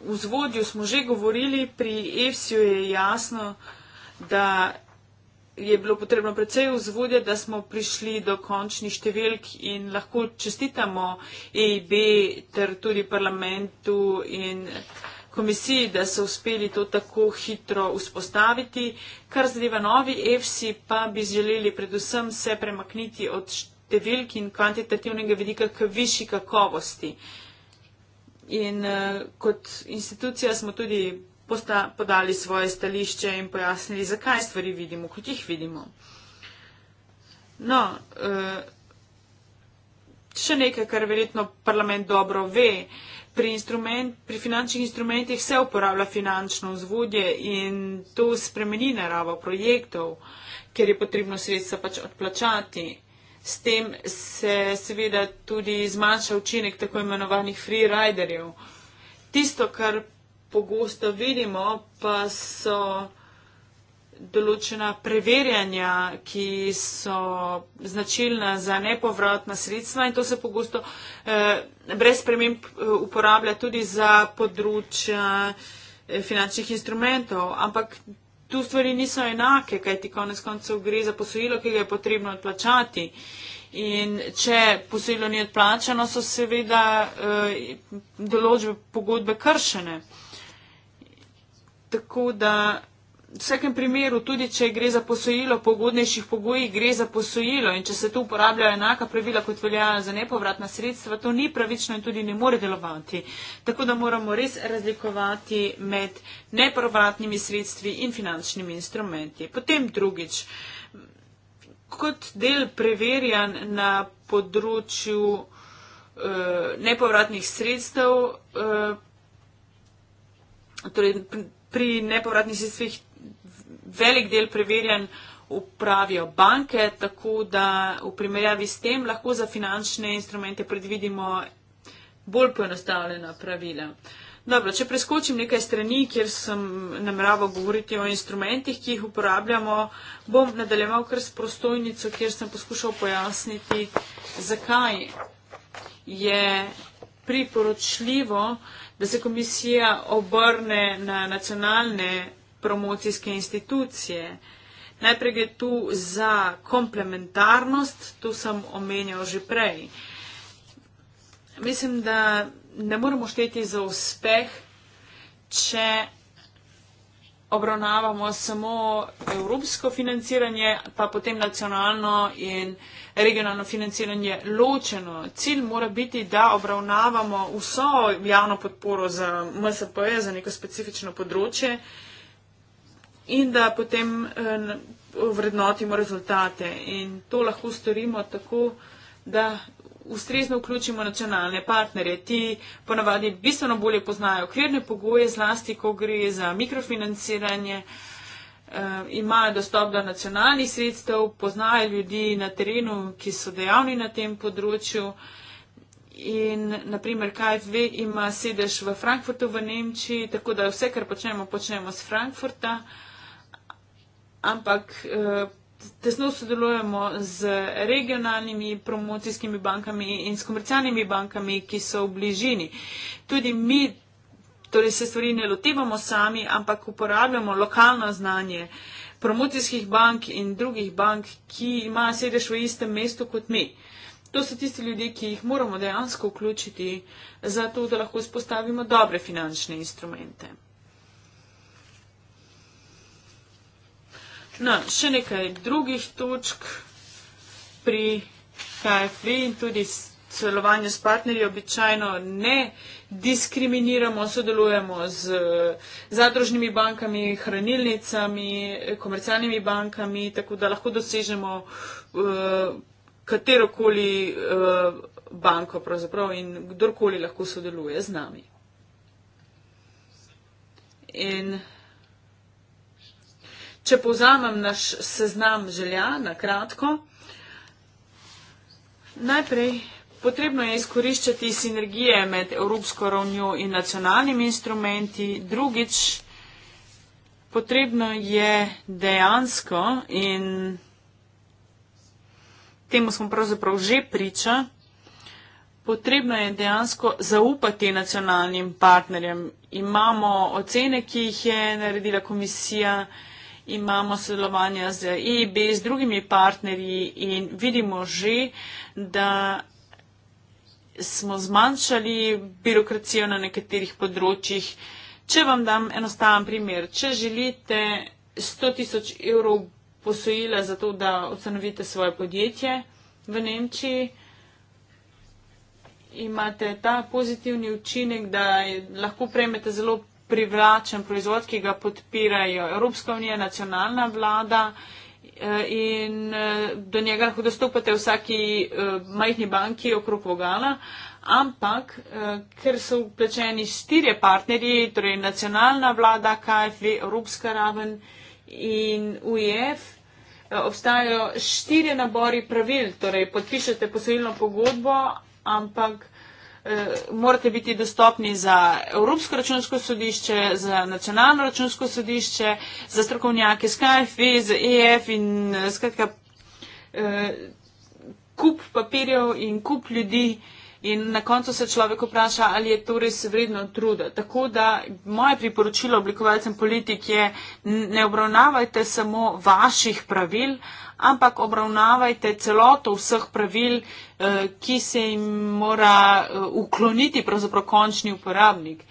Speaker 2: vzvodju smo že govorili, pri EFSI-ju je jasno, da je bilo potrebno precej vzvodja, da smo prišli do končnih številk in lahko čestitamo EIB ter tudi parlamentu in komisiji, da so uspeli to tako hitro vzpostaviti. Kar zadeva novi EFSI, pa bi želeli predvsem se premakniti od številk in kvantitativnega vidika k višji kakovosti. In uh, kot institucija smo tudi posta podali svoje stališče in pojasnili, zakaj stvari vidimo, kot jih vidimo. No, eh, še nekaj, kar verjetno parlament dobro ve. Pri, instrument, pri finančnih instrumentih se uporablja finančno vzvodje in to spremeni naravo projektov, ker je potrebno sredstva pač odplačati. S tem se seveda tudi zmanjša učinek tako imenovanih free riderjev. Tisto, kar pogosto vidimo, pa so določena preverjanja, ki so značilna za nepovratna sredstva in to se pogosto eh, brez sprememb eh, uporablja tudi za področja eh, finančnih instrumentov. Ampak tu stvari niso enake, kajti konec koncev gre za posojilo, ki ga je potrebno odplačati. In če posojilo ni odplačano, so seveda eh, določbe pogodbe kršene tako da v vsakem primeru, tudi če gre za posojilo, pogodnejših pogojih gre za posojilo in če se tu uporabljajo enaka pravila, kot veljajo za nepovratna sredstva, to ni pravično in tudi ne more delovati. Tako da moramo res razlikovati med nepovratnimi sredstvi in finančnimi instrumenti. Potem drugič, kot del preverjan na področju eh, nepovratnih sredstev, eh, torej pri nepovratnih sredstvih velik del preverjanj upravijo banke, tako da v primerjavi s tem lahko za finančne instrumente predvidimo bolj poenostavljena pravila. Dobro, če preskočim nekaj strani, kjer sem nameraval govoriti o instrumentih, ki jih uporabljamo, bom nadaljeval kar s prostojnico, kjer sem poskušal pojasniti, zakaj je priporočljivo uh, da se komisija obrne na nacionalne promocijske institucije. Najprej gre tu za komplementarnost, tu sem omenjal že prej. Mislim, da ne moremo šteti za uspeh, če obravnavamo samo evropsko financiranje, pa potem nacionalno in uh, regionalno financiranje ločeno. Cilj mora biti, da obravnavamo vso javno podporo za MSP-je, za neko specifično področje in da potem eh, vrednotimo rezultate. In to lahko storimo tako, da ustrezno vključimo nacionalne partnerje. Ti ponavadi bistveno bolje poznajo okvirne pogoje, zlasti, ko gre za mikrofinanciranje. Eh, imajo dostop do nacionalnih sredstev, poznajo ljudi na terenu, ki so dejavni na tem področju. In naprimer KFV ima sedež v Frankfurtu v Nemčiji, tako da vse, kar počnemo, počnemo z Frankfurta. Ampak eh, tesno sodelujemo z regionalnimi promocijskimi bankami in s komercialnimi bankami, ki so v bližini. Tudi mi Torej se stvari ne lotevamo sami, ampak uporabljamo lokalno znanje promocijskih bank in drugih bank, ki imajo sedež v istem mestu kot mi. To so tisti ljudje, ki jih moramo dejansko vključiti, zato da lahko izpostavimo dobre finančne instrumente. No, še nekaj drugih točk pri KFV in tudi celovanju s partnerji običajno ne diskriminiramo, sodelujemo z zadružnimi bankami, hranilnicami, komercialnimi bankami, tako da lahko dosežemo eh, katerokoli eh, banko pravzaprav in kdorkoli lahko sodeluje z nami. In če povzamem naš seznam želja na kratko, najprej Potrebno je izkoriščati sinergije med evropsko ravnjo in nacionalnimi instrumenti. Drugič, potrebno je dejansko in temu smo pravzaprav že priča, potrebno je dejansko zaupati nacionalnim partnerjem. Imamo ocene, ki jih je naredila komisija, imamo sodelovanja z EIB, z drugimi partnerji in vidimo že, da smo zmanjšali birokracijo na nekaterih področjih. Če vam dam enostaven primer, če želite 100 tisoč evrov posojila za to, da ustanovite svoje podjetje v Nemčiji, imate ta pozitivni učinek, da lahko prejmete zelo privlačen proizvod, ki ga podpirajo Evropska unija, nacionalna vlada. Eh, in eh, do njega lahko dostopate v vsaki eh, majhni banki okrog Vogala, ampak ker so vplečeni štirje partnerji, torej nacionalna vlada, KFV, Evropska raven in UEF, obstajajo štirje nabori pravil, torej podpišete posojilno pogodbo, ampak Eh, morate biti dostopni za Evropsko računsko sodišče, za nacionalno računsko sodišče, za strokovnjake Skyfi, za EF in eh, skratka eh, kup papirjev in kup ljudi, In na koncu se človek vpraša, ali je to res vredno truda. Tako da moje priporočilo oblikovalcem politik je, ne obravnavajte samo vaših pravil, ampak obravnavajte celoto vseh pravil, eh, ki se jim mora eh, ukloniti pravzaprav končni uporabnik.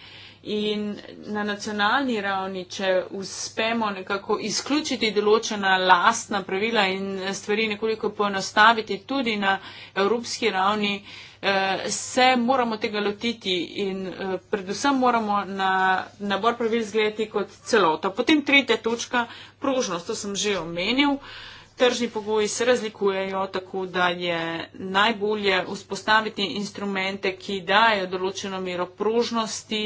Speaker 2: In na nacionalni ravni, če uspemo nekako izključiti določena lastna pravila in stvari nekoliko poenostaviti tudi na evropski ravni, Eh, se moramo tega lotiti in eh, predvsem moramo na nabor pravil zgledati kot celota. Potem tretja točka, prožnost, to sem že omenil. Tržni pogoji se razlikujejo, tako da je najbolje vzpostaviti instrumente, ki dajo določeno mero prožnosti,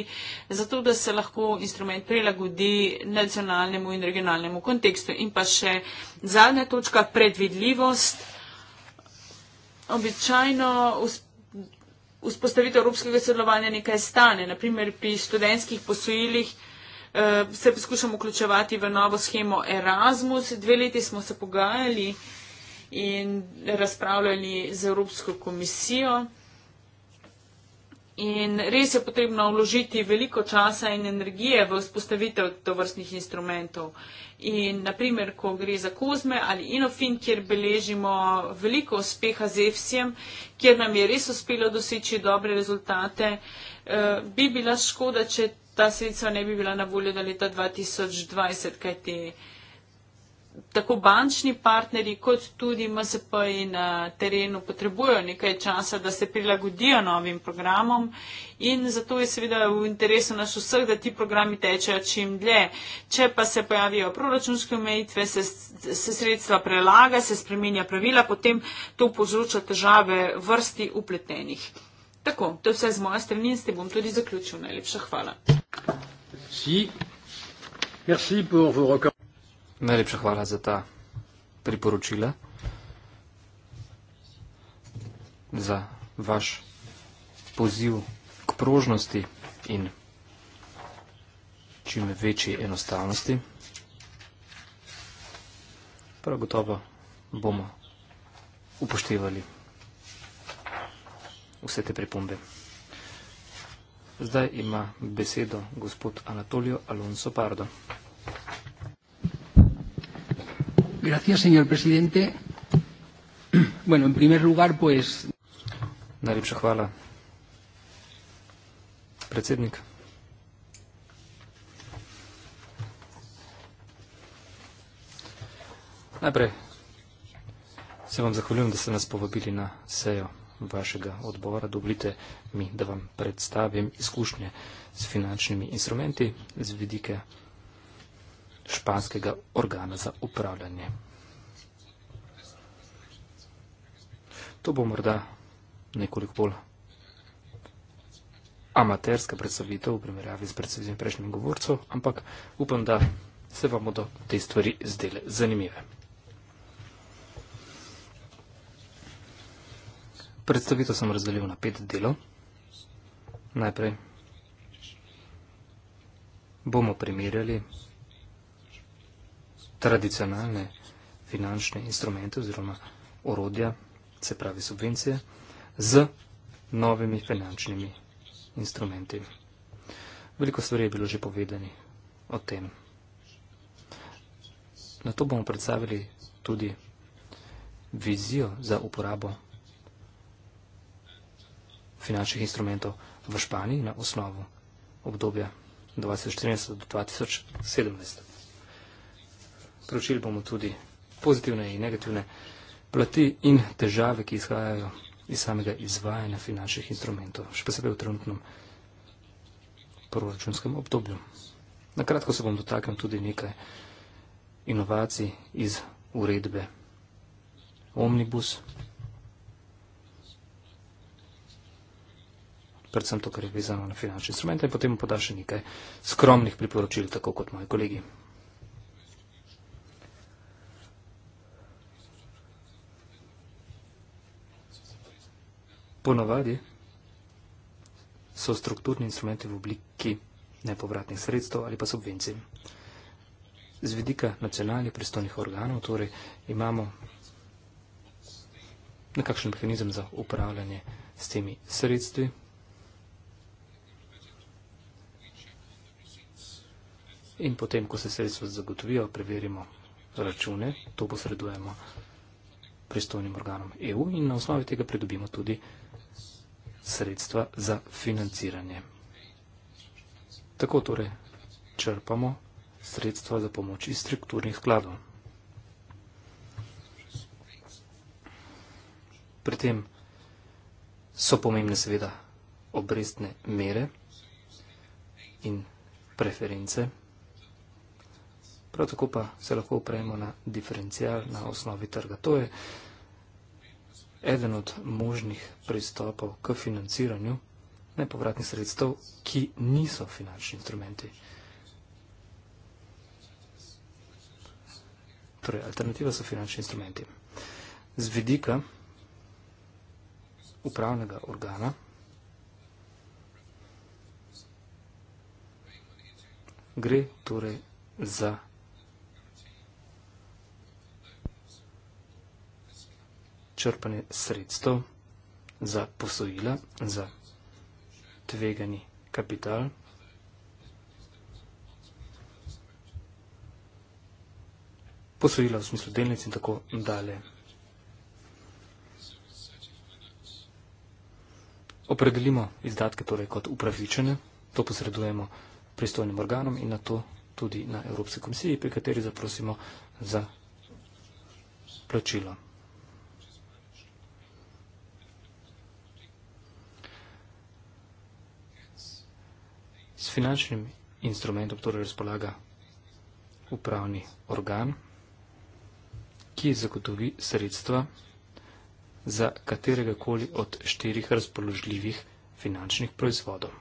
Speaker 2: zato da se lahko instrument prilagodi nacionalnemu in regionalnemu kontekstu. In pa še zadnja točka, predvidljivost. Običajno vzpostavitev evropskega sodelovanja nekaj stane. Naprimer, pri študentskih posojilih eh, se poskušamo vključevati v novo schemo Erasmus. Dve leti smo se pogajali in razpravljali z Evropsko komisijo. In res je potrebno vložiti veliko časa in energije v vzpostavitev tovrstnih instrumentov. Eh, In naprimer, ko gre za kozme ali inofin, kjer beležimo veliko uspeha z EFSIM, kjer nam je res uspelo doseči dobre rezultate, eh, bi bila škoda, če ta sredstva ne bi bila na voljo do leta 2020, kajti tako bančni partnerji kot tudi MSP in na eh, terenu potrebujejo nekaj časa, da se prilagodijo novim programom in zato je seveda v interesu nas vseh, da ti programi tečejo čim dlje. Če pa se pojavijo proračunske omejitve, se, se sredstva prelaga, se spremenja pravila, potem to povzroča težave vrsti upletenih. Tako, to je vse z moje strani in s tem bom tudi zaključil. Najlepša hvala.
Speaker 1: Si. Merci pour vos recommandations. Najlepša hvala za ta priporočila, za vaš poziv k prožnosti in čim večji enostavnosti. Prav gotovo bomo upoštevali vse te pripombe. Zdaj ima besedo gospod Anatolijo Alonso Pardo.
Speaker 3: Gracias, señor presidente.
Speaker 1: Bueno, en primer lugar, pues. Najlepša hvala. Predsednik. Najprej se vam zahvaljujem, da ste nas povabili na sejo vašega odbora. Dovolite mi, da vam predstavim izkušnje s finančnimi instrumenti z vidike španskega organa za upravljanje. To bo morda nekoliko bolj amaterska predstavitev v primerjavi s predstavitvami prejšnjih govorcev, ampak upam, da se vam bodo te stvari zdele zanimive. Predstavitev sem razdelil na pet delov. Najprej bomo primerjali tradicionalne finančne instrumente oziroma orodja, se pravi subvencije, z novimi finančnimi instrumenti. Veliko stvari je bilo že povedani o tem. Na to bomo predstavili tudi vizijo za uporabo finančnih instrumentov v Španiji na osnovu obdobja 2014 do 2017. Prošili bomo tudi pozitivne in negativne plati in težave, ki izhajajo iz samega izvajanja finančnih instrumentov, še posebej v trenutnem proračunskem obdobju. Na kratko se bom dotaknil tudi nekaj inovacij iz uredbe Omnibus. predvsem to, kar je vezano na finančne instrumente in potem podaš še nekaj skromnih priporočil, tako kot moji kolegi. Ponavadi so strukturni instrumenti v obliki nepovratnih sredstev ali pa subvencij. Z vidika nacionalnih pristojnih organov torej imamo nekakšen mehanizem za upravljanje s temi sredstvi. In potem, ko se sredstva zagotovijo, preverimo račune, to posredujemo pristojnim organom EU in na osnovi tega pridobimo tudi računa sredstva za financiranje. Tako torej črpamo sredstva za pomoč iz strukturnih skladov. Pri tem so pomembne seveda obrestne mere in preference, prav tako pa se lahko upremo na diferencijal na osnovi trga. To je nekaj, eden od možnih pristopov k financiranju nepovratnih sredstev, ki niso finančni instrumenti. Torej, alternativa so finančni instrumenti. Z vidika upravnega organa gre torej za črpanje sredstev za posojila, za tvegani kapital. Posojila v smislu delnic in tako dalje. Opredelimo izdatke torej kot upravičene, to posredujemo pristojnim organom in na to tudi na Evropske komisiji, pri kateri zaprosimo za plačilo. finančnim instrumentom torej razpolaga upravni organ, ki zagotovi sredstva za katerega koli od štirih razpoložljivih finančnih proizvodov.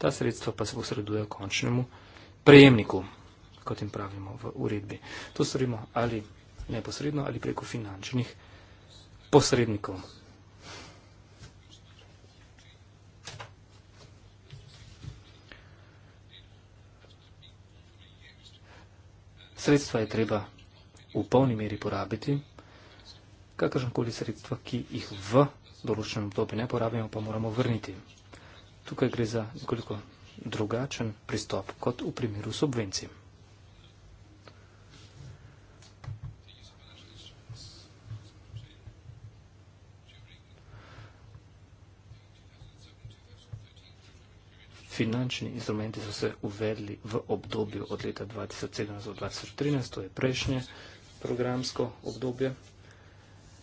Speaker 1: Ta sredstva pa se posredujejo končnemu prejemniku, kot jim pravimo v uredbi. To storimo ali neposredno ali preko finančnih posrednikov. Sredstva je treba v polni meri porabiti, kakršnokoli sredstva, ki jih v določenem obdobju ne porabimo, pa moramo vrniti. Tukaj gre za nekoliko drugačen pristop kot v primeru subvencij. finančni instrumenti so se uvedli v obdobju od leta 2017 do 2013, to je prejšnje programsko obdobje.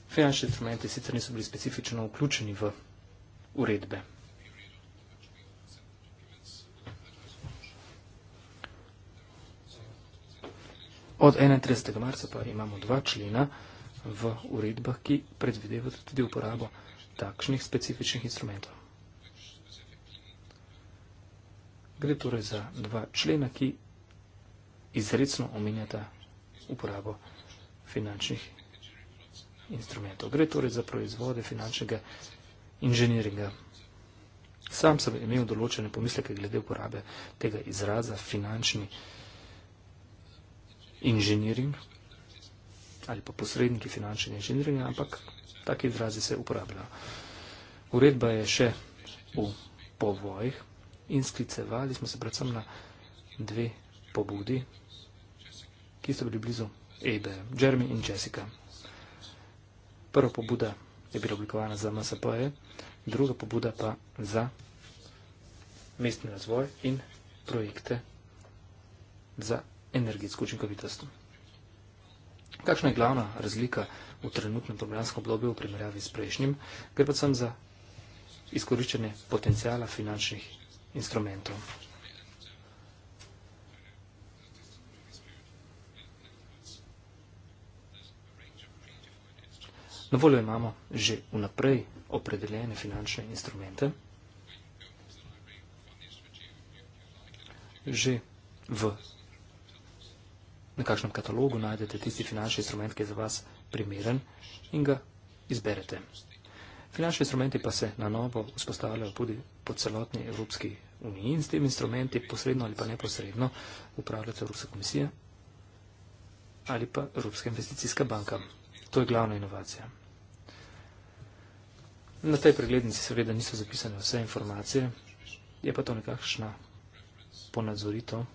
Speaker 1: Finančni instrumenti sicer niso bili specifično vključeni v uredbe. Od 31. marca pa imamo dva člena v uredbah, ki predvidevajo tudi uporabo takšnih specifičnih instrumentov. Gre torej za dva člena, ki izredno omenjata uporabo finančnih instrumentov. Gre torej za proizvode finančnega inženiringa. Sam sem imel določene pomisleke glede uporabe tega izraza finančni inženiring ali pa posredniki finančnega inženiringa, ampak taki izrazi se uporabljajo. Uredba je še v povojih, in sklicevali smo se predvsem na dve pobudi, ki so bili blizu Ebe, Jeremy in Jessica. Prva pobuda je bila oblikovana za MSPE, druga pobuda pa za mestni razvoj in projekte za energetsko učinkovitost. Kakšna je glavna razlika v trenutnem programskem obdobju v primerjavi s prejšnjim? Gre pa sem za izkoriščanje potencijala finančnih instrumentov. Na voljo imamo že vnaprej opredeljene finančne instrumente. Že v nekakšnem katalogu najdete tisti finančni instrument, ki je za vas primeren in ga izberete. Finančni instrumenti pa se na novo vzpostavljajo tudi po celotni Evropski uniji in s temi instrumenti posredno ali pa neposredno upravljata Evropska komisija ali pa Evropska investicijska banka. To je glavna inovacija. Na tej preglednici seveda niso zapisane vse informacije, je pa to nekakšna ponadzorito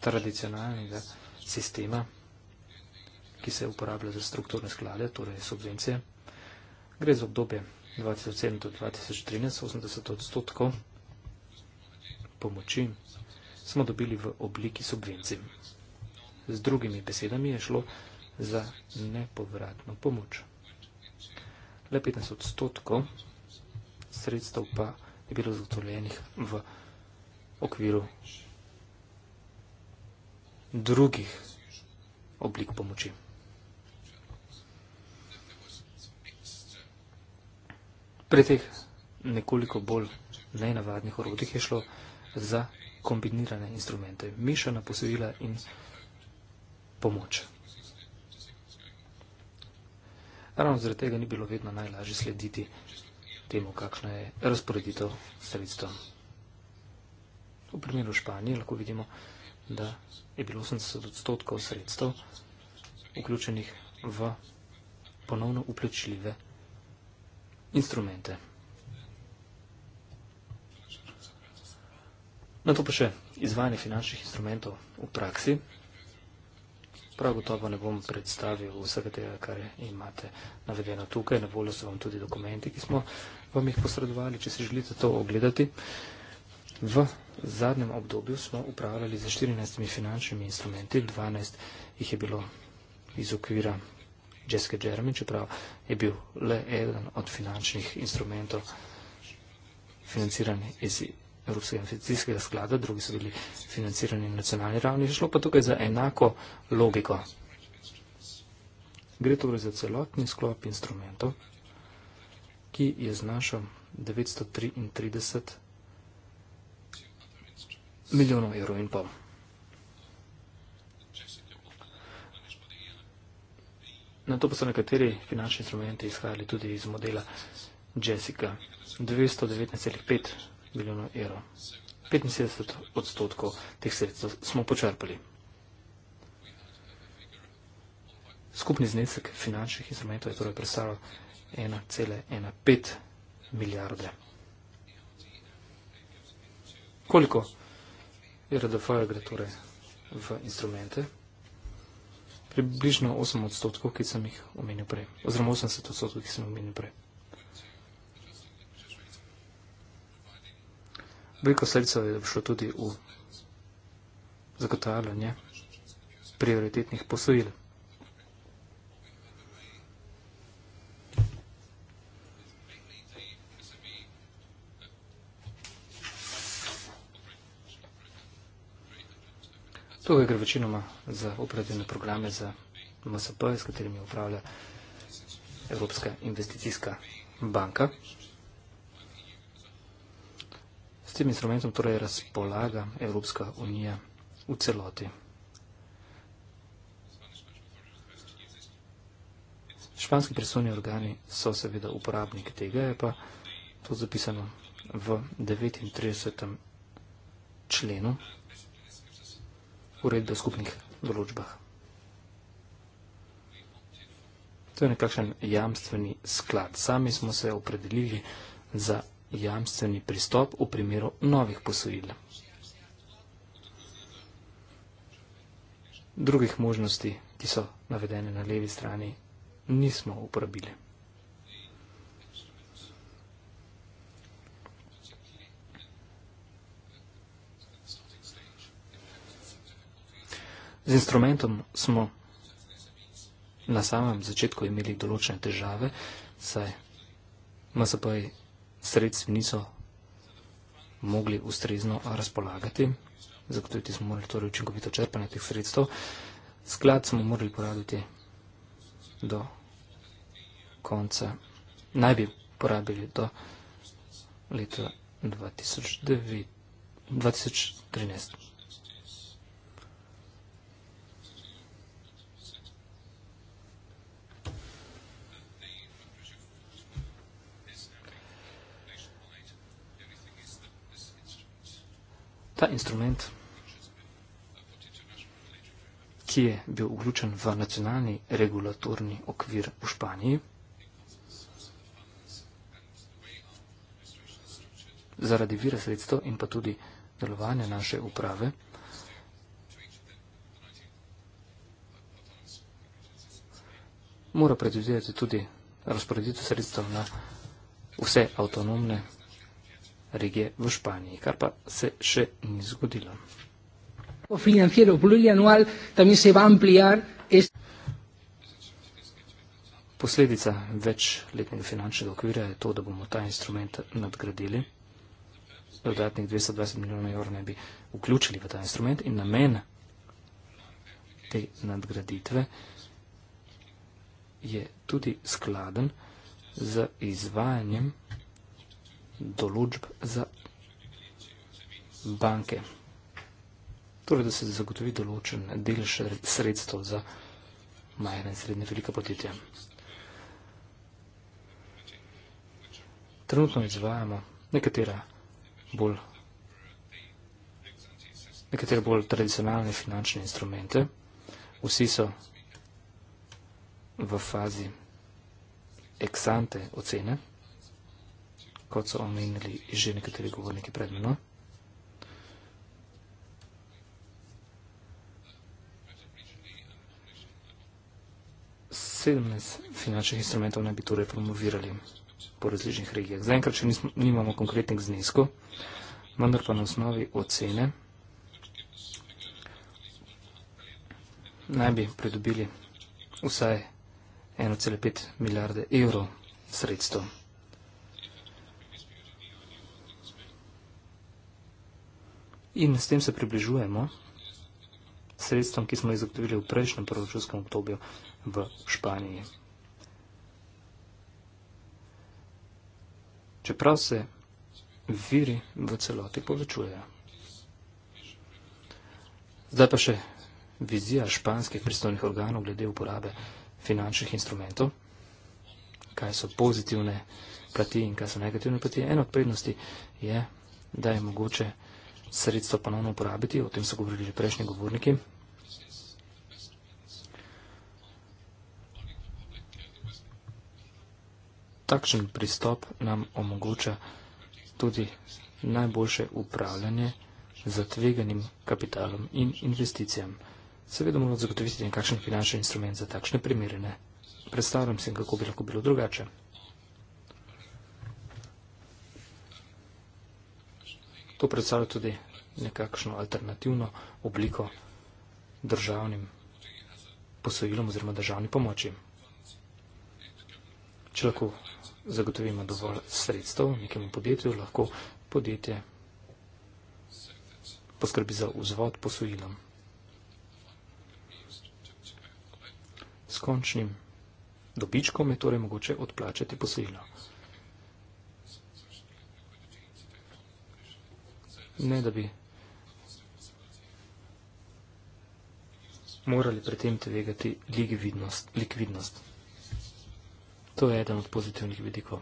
Speaker 1: tradicionalnega sistema ki se uporablja za strukturne sklade, torej subvencije. Gre za obdobje 2007 do 2013, 80 odstotkov pomoči smo dobili v obliki subvencij. Z drugimi besedami je šlo za nepovratno pomoč. Le 15 odstotkov sredstev pa je bilo zagotovljenih v okviru drugih oblik pomoči. Pri teh nekoliko bolj nenavadnih orodjih je šlo za kombinirane instrumente, mišana posojila in pomoč. Ravno zaradi tega ni bilo vedno najlažje slediti temu, kakšna je razporeditev sredstva. V primeru Španije lahko vidimo, da je bilo 80 odstotkov sredstev vključenih v ponovno uplečljive sredstva instrumente. Na to pa še izvajanje finančnih instrumentov v praksi. Prav gotovo ne bom predstavil vsega tega, kar imate navedeno tukaj. Na voljo so vam tudi dokumenti, ki smo vam jih posredovali, če se želite to ogledati. V zadnjem obdobju smo upravljali z 14 finančnimi instrumenti, 12 jih je bilo iz okvira Jessica Jeremy, čeprav je bil le eden od finančnih instrumentov financirani iz Evropskega investicijskega sklada, drugi so bili financirani na nacionalni ravni. Šlo pa tukaj za enako logiko. Gre torej za celotni sklop instrumentov, ki je znašal 933 milijonov evrov in pol. Na to pa so nekateri finančni instrumenti izhajali tudi iz modela Jessica. 219,5 milijonov evrov. 75 odstotkov teh sredstev smo počrpali. Skupni znesek finančnih instrumentov je torej predstavljal 1,15 milijarde. Koliko RDF-ja gre torej v instrumente? približno 8 odstotkov, ki sem jih omenil prej, oziroma 80 odstotkov, ki sem jih omenil prej. Veliko sredstev je šlo tudi v zagotavljanje prioritetnih posojil. Tukaj gre večinoma za operativne programe za MSP, s katerimi upravlja Evropska investicijska banka. S tem instrumentom torej razpolaga Evropska unija v celoti. Španski presunji organi so seveda uporabniki tega, je pa to zapisano v 39. členu uredbe o skupnih določbah. To je nekakšen jamstveni sklad. Sami smo se opredelili za jamstveni pristop v primeru novih posojil. Drugih možnosti, ki so navedene na levi strani, nismo uporabili. Z instrumentom smo na samem začetku imeli določene težave, saj MSP sredstvi niso mogli ustrezno razpolagati, zagotoviti smo morali torej učinkovito črpanje teh sredstev. Sklad smo morali porabiti do konca, naj bi porabili do leta 2009, 2013. ta instrument, ki je bil vključen v nacionalni regulatorni okvir v Španiji, zaradi vira sredstva in pa tudi delovanja naše uprave, mora predvidevati tudi razporeditev sredstev na vse avtonomne regije v Španiji, kar pa se še ni zgodilo. Posledica večletnega finančnega okvira je to, da bomo ta instrument nadgradili. Dodatnih 220 milijonov evrov ne bi vključili v ta instrument in namen te nadgraditve je tudi skladen z izvajanjem določb za banke. Torej, da se zagotovi določen del sredstev za majhne in srednje velike podjetja. Trenutno izvajamo nekatera bolj, nekatera bolj tradicionalne finančne instrumente. Vsi so v fazi eksante ocene kot so omenili že nekateri govorniki pred mano. Sedemnaest finančnih instrumentov naj bi torej promovirali po različnih regijah. Zaenkrat še nimamo konkretnih zneskov, vendar pa na osnovi ocene naj bi pridobili vsaj 1,5 milijarde evrov sredstev. In s tem se približujemo sredstvom, ki smo jih zagotovili v prejšnjem proračunskem obdobju v Španiji. Čeprav se viri v celoti povečujejo. Zdaj pa še vizija španskih pristojnih organov glede uporabe finančnih instrumentov. Kaj so pozitivne plati in kaj so negativne plati. Ena od prednosti je, da je mogoče sredstva ponovno uporabiti, o tem so govorili že prejšnji govorniki. Takšen pristop nam omogoča tudi najboljše upravljanje z tveganim kapitalom in investicijam. Seveda moramo zagotoviti nekakšen finančni instrument za takšne primere. Ne. Predstavljam si, kako bi lahko bilo drugače. To predstavlja tudi nekakšno alternativno obliko državnim posojilom oziroma državni pomoči. Če lahko zagotovimo dovolj sredstev nekemu podjetju, lahko podjetje poskrbi za vzvod posojilom. S končnim dobičkom je torej mogoče odplačati posojilo. ne da bi morali pri tem tvegati likvidnost. likvidnost. To je eden od pozitivnih vidikov.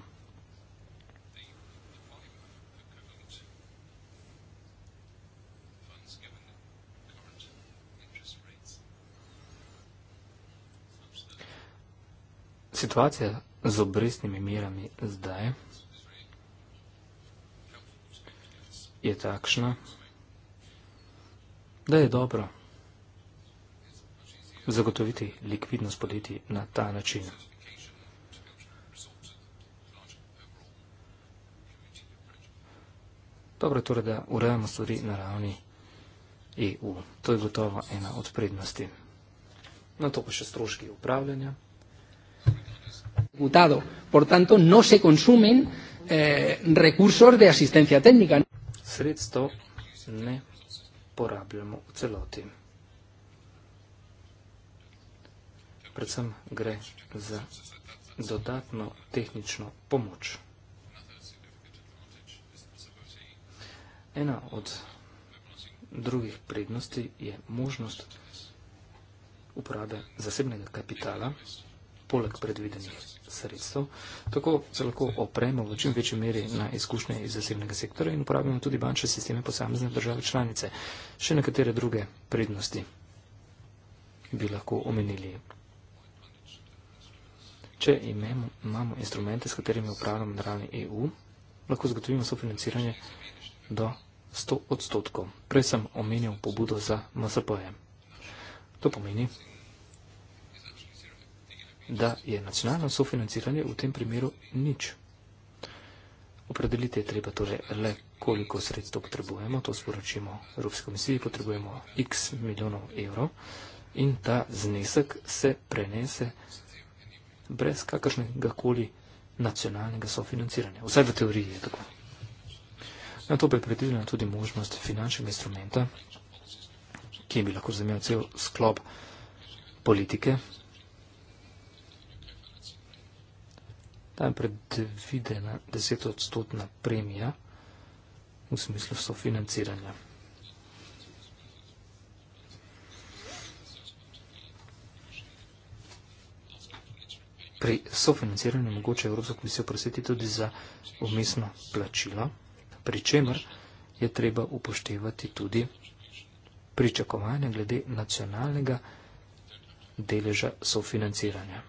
Speaker 1: Situacija z obrestnimi merami zdaj je takšna, da je dobro zagotoviti likvidnost podjetij na ta način. Dobro je torej, da urejamo stvari na ravni EU. To je gotovo ena od prednosti. Na to pa še stroški upravljanja. Por tanto, no se consumen eh, recursos de asistencia técnica sredstev ne porabljamo v celoti. Predvsem gre za dodatno tehnično pomoč. Ena od drugih prednosti je možnost uporabe zasebnega kapitala, poleg predvidenih sredstev. Tako se lahko opremo v čim večji meri na izkušnje iz zasebnega sektora in uporabimo tudi bančne sisteme posamezne države članice. Še nekatere druge prednosti bi lahko omenili. Če imemo, imamo instrumente, s katerimi upravljamo na ravni EU, lahko zagotovimo sofinanciranje do 100 odstotkov. Prej sem omenil pobudo za MSP. To pomeni, da je nacionalno sofinanciranje v tem primeru nič. Opredeliti je treba torej le, koliko sredstv potrebujemo, to sporočimo Evropske komisije, potrebujemo x milijonov evrov in ta znesek se prenese brez kakršnega koli nacionalnega sofinanciranja. Vsaj v teoriji je tako. Na to bi predvidela tudi možnost finančnega instrumenta, ki bi lahko zamenjal cel sklop politike, Tam je predvidena 10-odstotna premija v smislu sofinanciranja. Pri sofinanciranju mogoče Evropsko komisijo prositi tudi za umestno plačilo, pri čemer je treba upoštevati tudi pričakovanje glede nacionalnega deleža sofinanciranja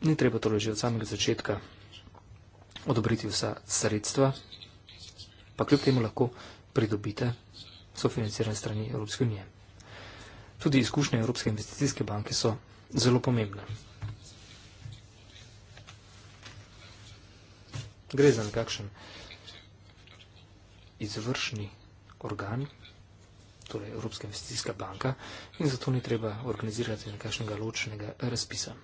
Speaker 1: ni treba torej že od samega začetka odobriti vsa sredstva, pa kljub temu lahko pridobite sofinanciranje strani Evropske unije. Tudi izkušnje Evropske investicijske banke so zelo pomembne. Gre za nekakšen izvršni organ, torej Evropska investicijska banka, in zato ni treba organizirati nekakšnega ločnega razpisa.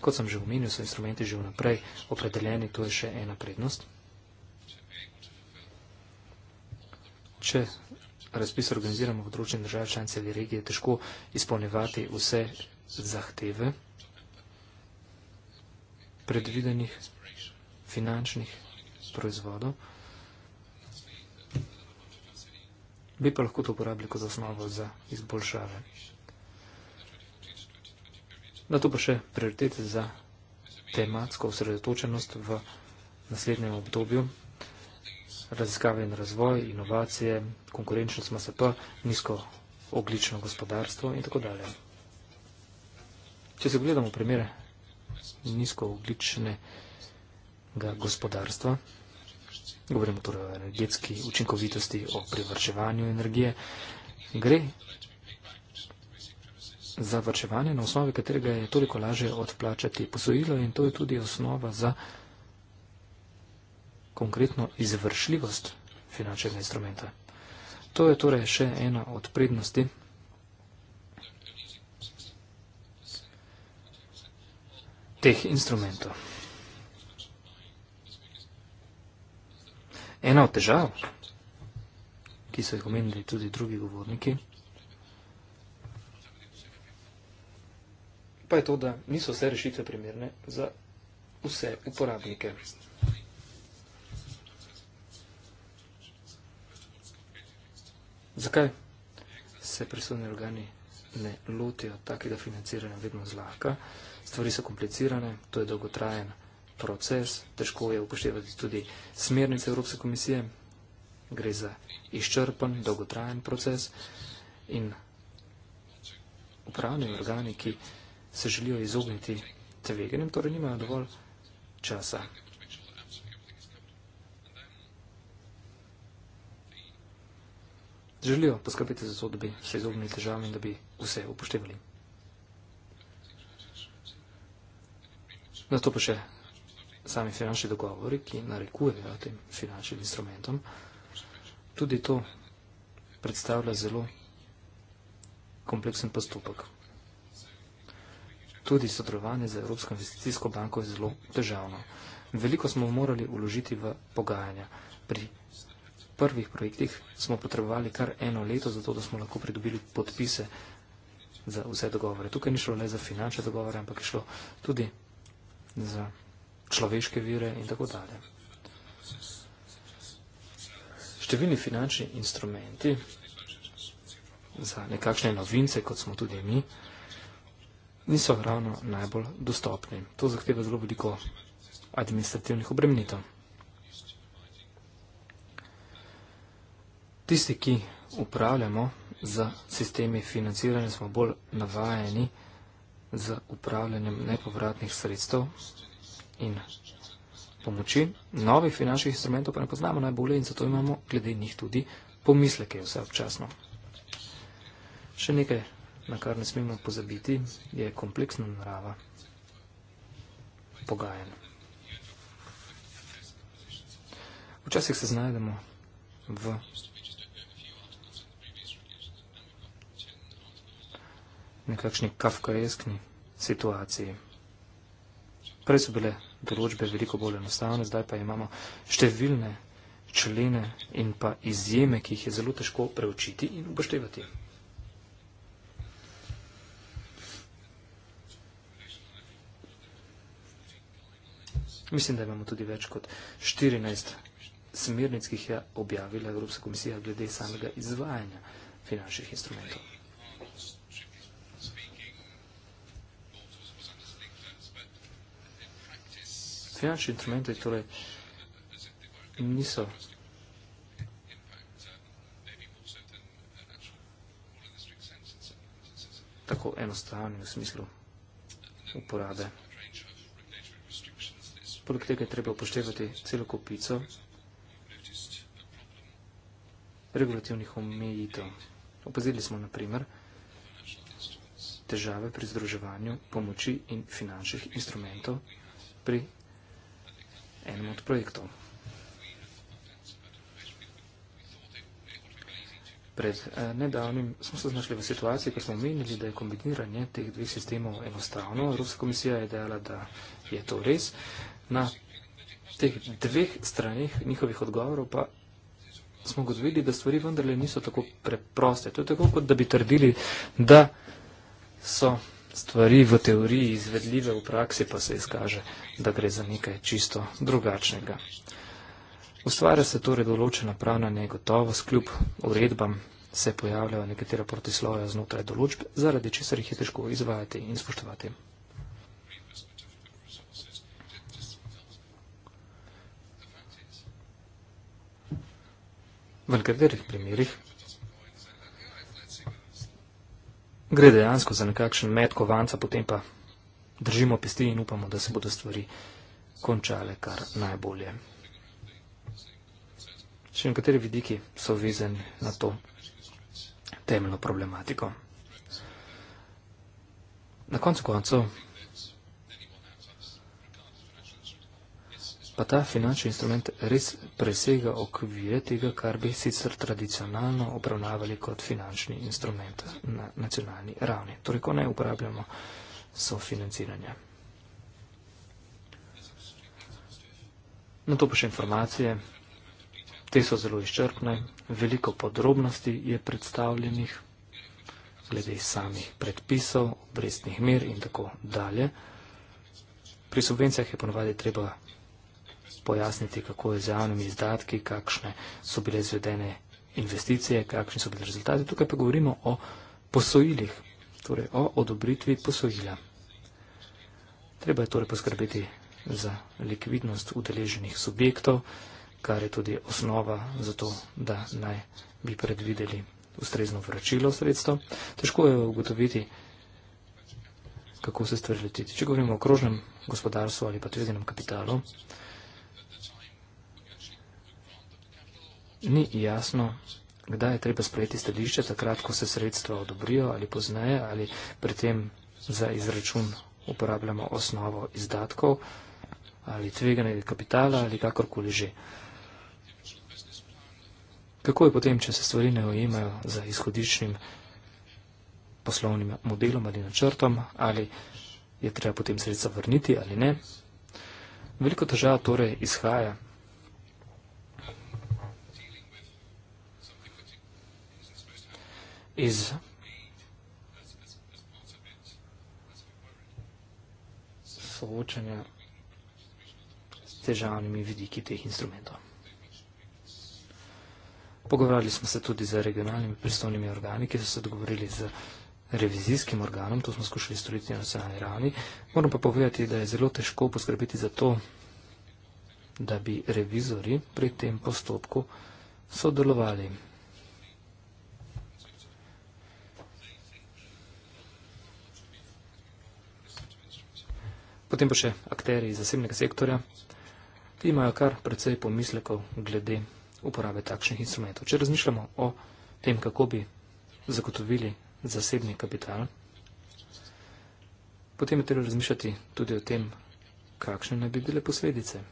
Speaker 1: Kot sem že omenil, so instrumenti že vnaprej opredeljeni, to je še ena prednost. Če razpis organiziramo v področju države članice ali regije, je težko izpolnevati vse zahteve predvidenih finančnih proizvodov. Bi pa lahko to uporabili kot osnovo za izboljšave. Na to pa še prioritete za tematsko osredotočenost v naslednjem obdobju. Raziskave in razvoj, inovacije, konkurenčnost MSP, nizko oglično gospodarstvo in tako dalje. Če se gledamo primere nizko ogličnega gospodarstva, govorimo torej o energetski učinkovitosti, o privrčevanju energije, gre zavrčevanje, na osnovi katerega je toliko lažje odplačati posojilo in to je tudi osnova za konkretno izvršljivost finančnega instrumenta. To je torej še ena od prednosti. teh instrumentov. Ena od težav, ki so jih omenili tudi drugi govorniki, pa je to, da niso vse rešitve primerne za vse uporabnike. Zakaj se prisotni organi ne lotijo takega financiranja vedno zlahka? Stvari so komplicirane, to je dolgotrajen proces, težko je upoštevati tudi smernice Evropske komisije, gre za izčrpen, dolgotrajen proces in upravni organi, ki se želijo izogniti tveganjem, torej nimajo dovolj časa. Želijo poskrbeti za to, da bi se izognili težavam in da bi vse upoštevali. Na to pa še sami finančni dogovori, ki narekujejo tem finančnim instrumentom. Tudi to predstavlja zelo kompleksen postopek tudi sodelovanje z Evropsko investicijsko banko je zelo težavno. Veliko smo morali uložiti v pogajanja. Pri prvih projektih smo potrebovali kar eno leto, zato da smo lahko pridobili podpise za vse dogovore. Tukaj ni šlo le za finančne dogovore, ampak je šlo tudi za človeške vire in tako dalje. Številni finančni instrumenti za nekakšne novince, kot smo tudi mi, niso ravno najbolj dostopni. To zahteva zelo veliko administrativnih obremenitev. Tisti, ki upravljamo z sistemi financiranja, smo bolj navajeni z upravljanjem nepovratnih sredstev in pomoči. Novih finančnih instrumentov pa ne poznamo najbolje in zato imamo glede njih tudi pomisleke vse občasno. Še nekaj na kar ne smemo pozabiti, je kompleksna narava pogajanj. Včasih se znajdemo v nekakšni kafkajeskni situaciji. Prej so bile določbe veliko bolj enostavne, zdaj pa imamo številne člene in pa izjeme, ki jih je zelo težko preučiti in upoštevati. Mislim, da imamo tudi več kot 14 smernic, ki jih je objavila Evropska komisija glede samega izvajanja finančnih instrumentov. Finančni instrumenti torej niso tako enostavni v smislu uporabe. Poleg tega je treba upoštevati celo kopico regulativnih omejitev. Opazili smo, na primer, težave pri združevanju pomoči in finančnih instrumentov pri enem od projektov. Pred eh, nedavnim smo se znašli v situaciji, ko smo omenili, da je kombiniranje teh dveh sistemov enostavno. Evropska komisija je dejala, da je to res. Na teh dveh stranih njihovih odgovorov pa smo gotovili, da stvari vendarle niso tako preproste. To je tako, kot da bi trdili, da so stvari v teoriji izvedljive, v praksi pa se izkaže, da gre za nekaj čisto drugačnega. Ustvarja se torej določena pravna negotovost, kljub uredbam se pojavljajo nekatera protislovja znotraj določb, zaradi česar jih je težko izvajati in spoštovati. V nekaterih primerjih gre dejansko za nekakšen met kovanca, potem pa držimo pesti in upamo, da se bodo stvari končale kar najbolje. Še nekateri vidiki so vizen na to temeljno problematiko. Na koncu koncev pa ta finančni instrument res presega okvir tega, kar bi sicer tradicionalno obravnavali kot finančni instrument na nacionalni ravni. Torej, ko ne uporabljamo sofinanciranja. Na to pa še informacije. Te so zelo izčrpne, veliko podrobnosti je predstavljenih glede samih predpisov, obrestnih mer in tako dalje. Pri subvencijah je ponovadi treba pojasniti, kako je z javnimi izdatki, kakšne so bile izvedene investicije, kakšni so bili rezultati. Tukaj pa govorimo o posojilih, torej o odobritvi posojila. Treba je torej poskrbeti za likvidnost udeleženih subjektov, kar je tudi osnova za to, da naj bi predvideli ustrezno vračilo sredstev. Težko je ugotoviti, kako se stvari letiti. Če govorimo o krožnem gospodarstvu ali pa tveganem kapitalu, Ni jasno, kdaj je treba sprejeti stališče, takrat, ko se sredstva odobrijo ali pozneje, ali pri tem za izračun uporabljamo osnovo izdatkov ali tveganje kapitala ali kakorkoli že. Kako je potem, če se stvari ne ujemajo za izhodišnjim poslovnim modelom ali načrtom, ali je treba potem sredstva vrniti ali ne? Veliko težava torej izhaja is soočanja s težavnimi vidiki teh instrumentov. Pogovarjali smo se tudi z regionalnimi pristojnimi organi, ki so se dogovorili z revizijskim organom, to smo skušali storiti na nacionalni ravni. Moram pa povedati, da je zelo težko poskrbeti za to, da bi revizori pri tem postopku sodelovali. Potem pa še akteri iz zasebnega sektorja imajo kar precej pomislekov glede uporabe takšnih instrumentov. Če razmišljamo o tem, kako bi zagotovili zasebni kapital, potem je treba razmišljati tudi o tem, kakšne naj bi bile posledice.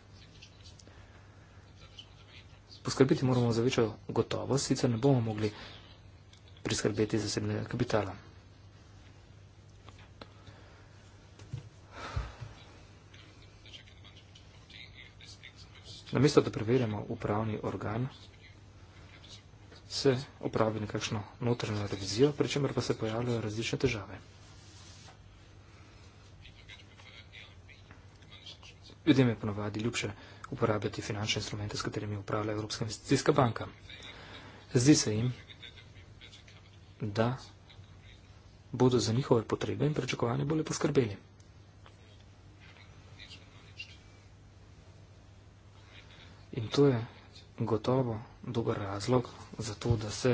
Speaker 1: Poskrbeti moramo za večjo gotovost, sicer ne bomo mogli priskrbeti zasebnega kapitala. namesto da preverjamo upravni organ, se opravi nekakšno notranjo revizijo, pri čemer pa se pojavljajo različne težave. Ljudem je ponovadi ljubše uporabljati finančne instrumente, s katerimi upravlja Evropska investicijska banka. Zdi se jim, da bodo za njihove potrebe in prečakovanje bolje poskrbeli. In to je gotovo dober razlog za to, da se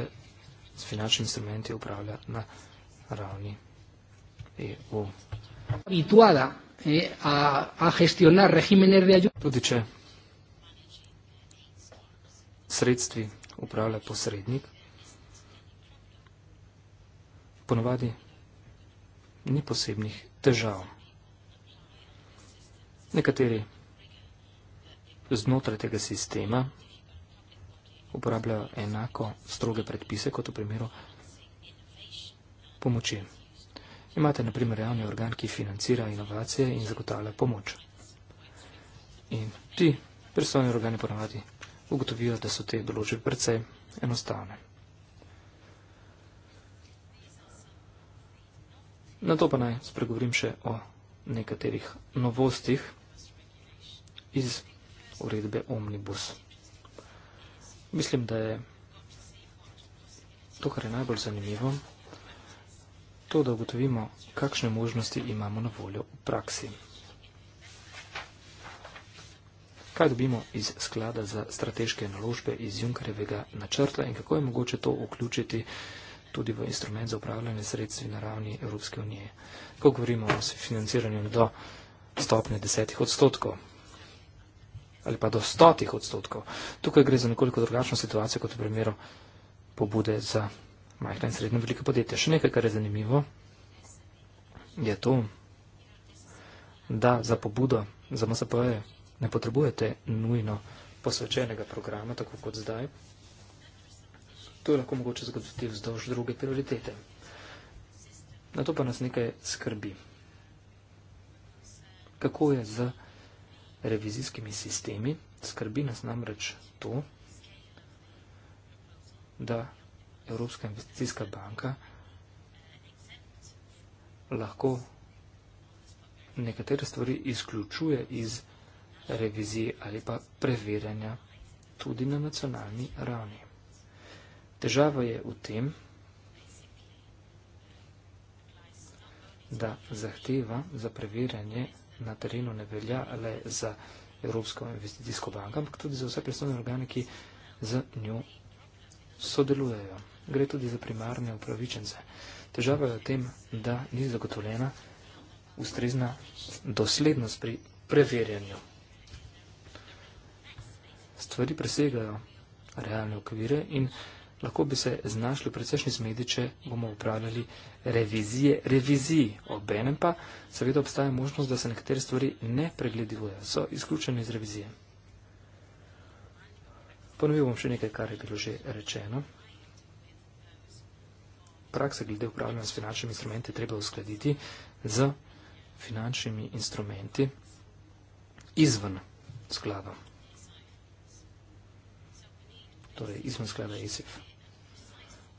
Speaker 1: s finančnimi instrumenti upravlja na ravni EU.
Speaker 3: Eh, Tudi če
Speaker 1: sredstvi upravlja posrednik, ponovadi ni posebnih težav. Nekateri znotraj tega sistema uporabljajo enako stroge predpise kot v primeru pomoči. Imate na primer javni organ, ki financira inovacije in zagotavlja pomoč. In ti pristojni organi ponavadi ugotovijo, da so te določbe precej enostavne. Na to pa naj spregovorim še o nekaterih novostih iz uredbe Omnibus. Mislim, da je to, kar je najbolj zanimivo, to, da ugotovimo, kakšne možnosti imamo na voljo v praksi. Kaj dobimo iz sklada za strateške naložbe iz Junkarevega načrta in kako je mogoče to vključiti tudi v instrument za upravljanje sredstvi na ravni Evropske unije. Ko govorimo o financiranju do stopne desetih odstotkov, ali pa do stotih odstotkov. Tukaj gre za nekoliko drugačno situacijo kot v primeru pobude za majhne in srednje velike podjetja. Še nekaj, kar je zanimivo, je to, da za pobudo za MSP ne potrebujete nujno posvečenega programa, tako kot zdaj. To je lahko mogoče zgoditi vzdolž druge prioritete. Na to pa nas nekaj skrbi. Kako je z revizijskimi sistemi, skrbi nas namreč to, da Evropska investicijska banka lahko nekatere stvari izključuje iz revizije ali pa preverjanja tudi na nacionalni ravni. Težava je v tem, da zahteva za preverjanje na terenu ne velja le za Evropsko investicijsko banko, ampak tudi za vse pristojne organe, ki z njo sodelujejo. Gre tudi za primarne upravičence. Težava je v tem, da ni zagotovljena ustrezna doslednost pri preverjanju. Stvari presegajo realne okvire in lahko bi se znašli precejšnji zmedi, če bomo upravljali revizije, reviziji. Obenem pa seveda obstaja možnost, da se nekatere stvari ne pregledujejo, so izključene iz revizije. Ponovil bom še nekaj, kar je bilo že rečeno. Praksa glede upravljanja s finančnimi instrumenti treba uskladiti z finančnimi instrumenti izven sklada. Torej izven sklada ISIF. E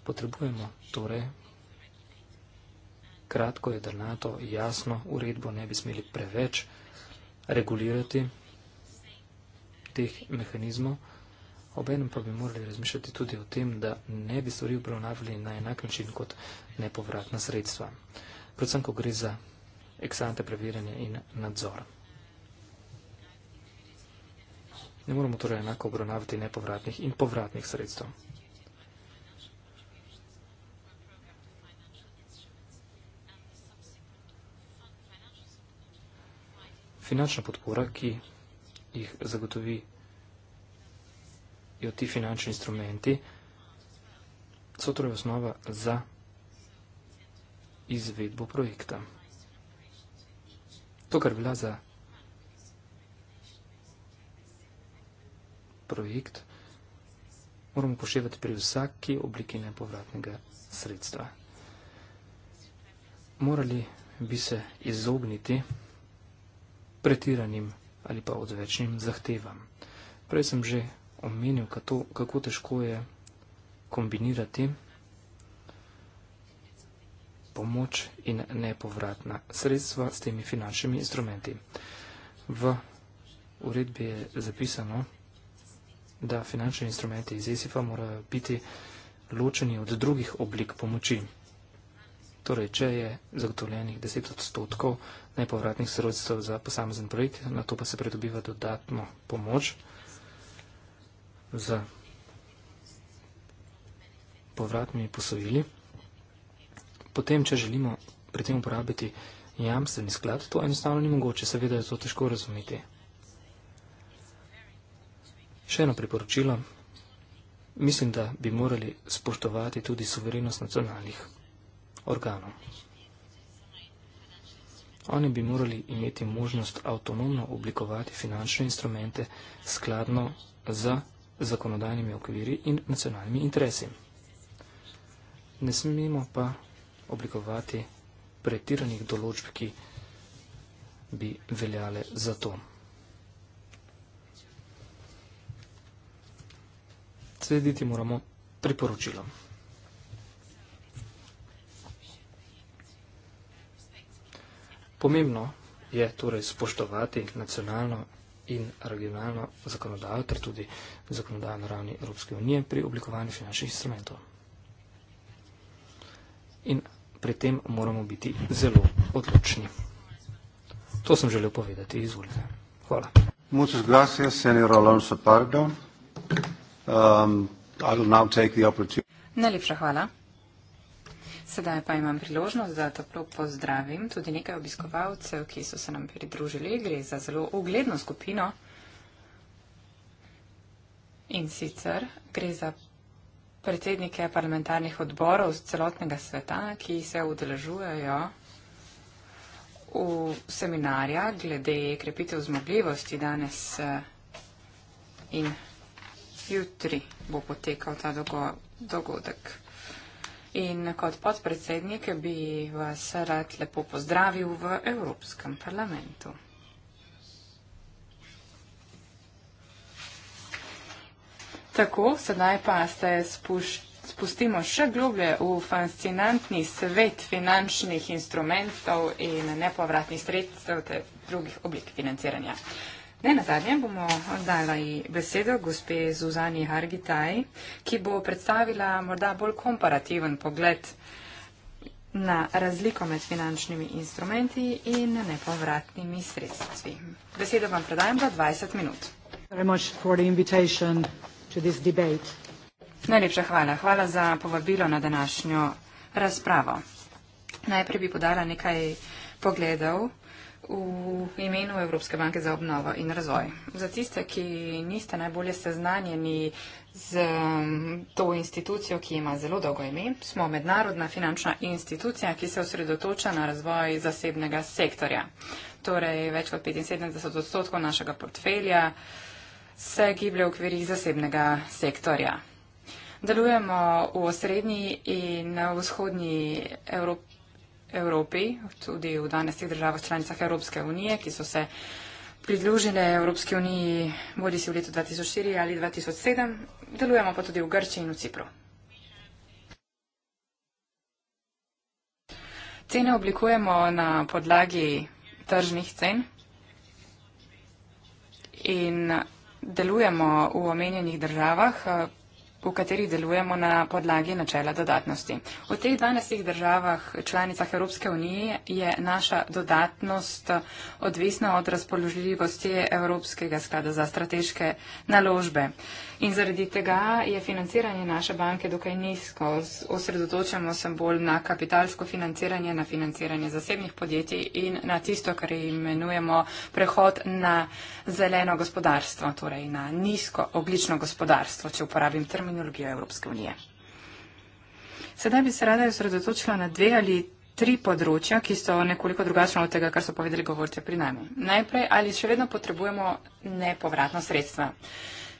Speaker 1: potrebujemo torej kratko jedrnato, jasno uredbo, ne bi smeli preveč regulirati teh mehanizmov. Obenem pa bi morali razmišljati tudi o tem, da ne bi stvari obravnavali na enak način kot nepovratna sredstva. Predvsem, ko gre za eksante preverjanje in nadzor. Ne moramo torej enako obravnavati nepovratnih in povratnih sredstv. finančna podpora, ki jih zagotovijo ti finančni instrumenti, so torej osnova za izvedbo projekta. To, kar velja za projekt, moramo poštevati pri vsaki obliki nepovratnega sredstva. Morali bi se izogniti pretiranim ali pa odvečnim zahtevam. Prej sem že omenil, kato, kako težko je kombinirati pomoč in nepovratna sredstva s temi finančnimi instrumenti. V uredbi je zapisano, da finančni instrumenti iz ESIF-a morajo biti ločeni od drugih oblik pomoči. Torej, če je zagotovljenih 10 odstotkov nepovratnih sredstev za posamezen projekt, na to pa se predobiva dodatno pomoč z povratnimi posojili. Potem, če želimo pri tem uporabiti jamstveni sklad, to enostavno ni mogoče, seveda je to težko razumeti. Še eno priporočilo. Mislim, da bi morali spoštovati tudi soverenost nacionalnih organov. Oni bi morali imeti možnost avtonomno oblikovati finančne instrumente skladno z zakonodajnimi okviri in nacionalnimi interesi. Ne smemo pa oblikovati pretiranih določb, ki bi veljale za to. Slediti moramo priporočilom. Pomembno je torej spoštovati nacionalno in regionalno zakonodajo ter tudi zakonodajo na ravni Evropske unije pri oblikovanju finančnih instrumentov. In pri tem moramo biti zelo odločni. To sem želel povedati. Izvolite. Hvala.
Speaker 3: Muchas gracias, senor Alonso Pardo. Um, I will now take the opportunity. Najlepša hvala. Sedaj pa imam priložnost, da toplo pozdravim tudi nekaj obiskovalcev, ki so se nam pridružili. Gre za zelo ugledno skupino. In sicer gre za predsednike parlamentarnih odborov z celotnega sveta, ki se udeležujejo v seminarja glede krepitev zmogljivosti danes eh, in jutri bo potekal ta dogodek. In kot podpredsednik bi vas rad lepo pozdravil v Evropskem parlamentu. Tako, sedaj pa se spuš, spustimo še globlje v fascinantni svet finančnih instrumentov in nepovratnih sredstev ter drugih oblik financiranja. Uh, Ne na zadnje bomo oddali besedo gospe Zuzani Hargitaj, ki bo predstavila morda bolj komparativen pogled na razliko med finančnimi instrumenti in nepovratnimi sredstvi. Besedo vam predajam za 20 minut. Najlepša hvala. Hvala za povabilo na današnjo razpravo. Najprej bi podala nekaj pogledov v imenu Evropske banke za obnovo in razvoj. Za tiste, ki niste najbolje seznanjeni z um, to institucijo, ki ima zelo dolgo ime, smo mednarodna finančna institucija, ki se osredotoča na razvoj zasebnega sektorja. Torej, več kot 75 odstotkov našega portfelja se giblje v okviri zasebnega sektorja. Delujemo v osrednji in vzhodnji Evropi Evropi, tudi v danesih državah članicah Evropske unije, ki so se pridružile Evropske unije bodi si v letu 2004 ali 2007, delujemo pa tudi v Grči in v Cipru. Cene oblikujemo na podlagi tržnih cen in delujemo v omenjenih državah, v kateri delujemo na podlagi načela dodatnosti. V teh 12 državah članicah Evropske unije je naša dodatnost odvisna od razpoložljivosti Evropskega sklada za strateške naložbe. In zaradi tega je financiranje naše banke dokaj nizko. Osredotočamo se bolj na kapitalsko financiranje, na financiranje zasebnih podjetij in na tisto, kar imenujemo prehod na zeleno gospodarstvo, torej na nizko oglično gospodarstvo, če uporabim terminologijo Evropske unije. Sedaj bi se rada osredotočila na dve ali tri področja, ki so nekoliko drugačne od tega, kar so povedali govorce pri nami. Najprej, ali še vedno potrebujemo nepovratno sredstva?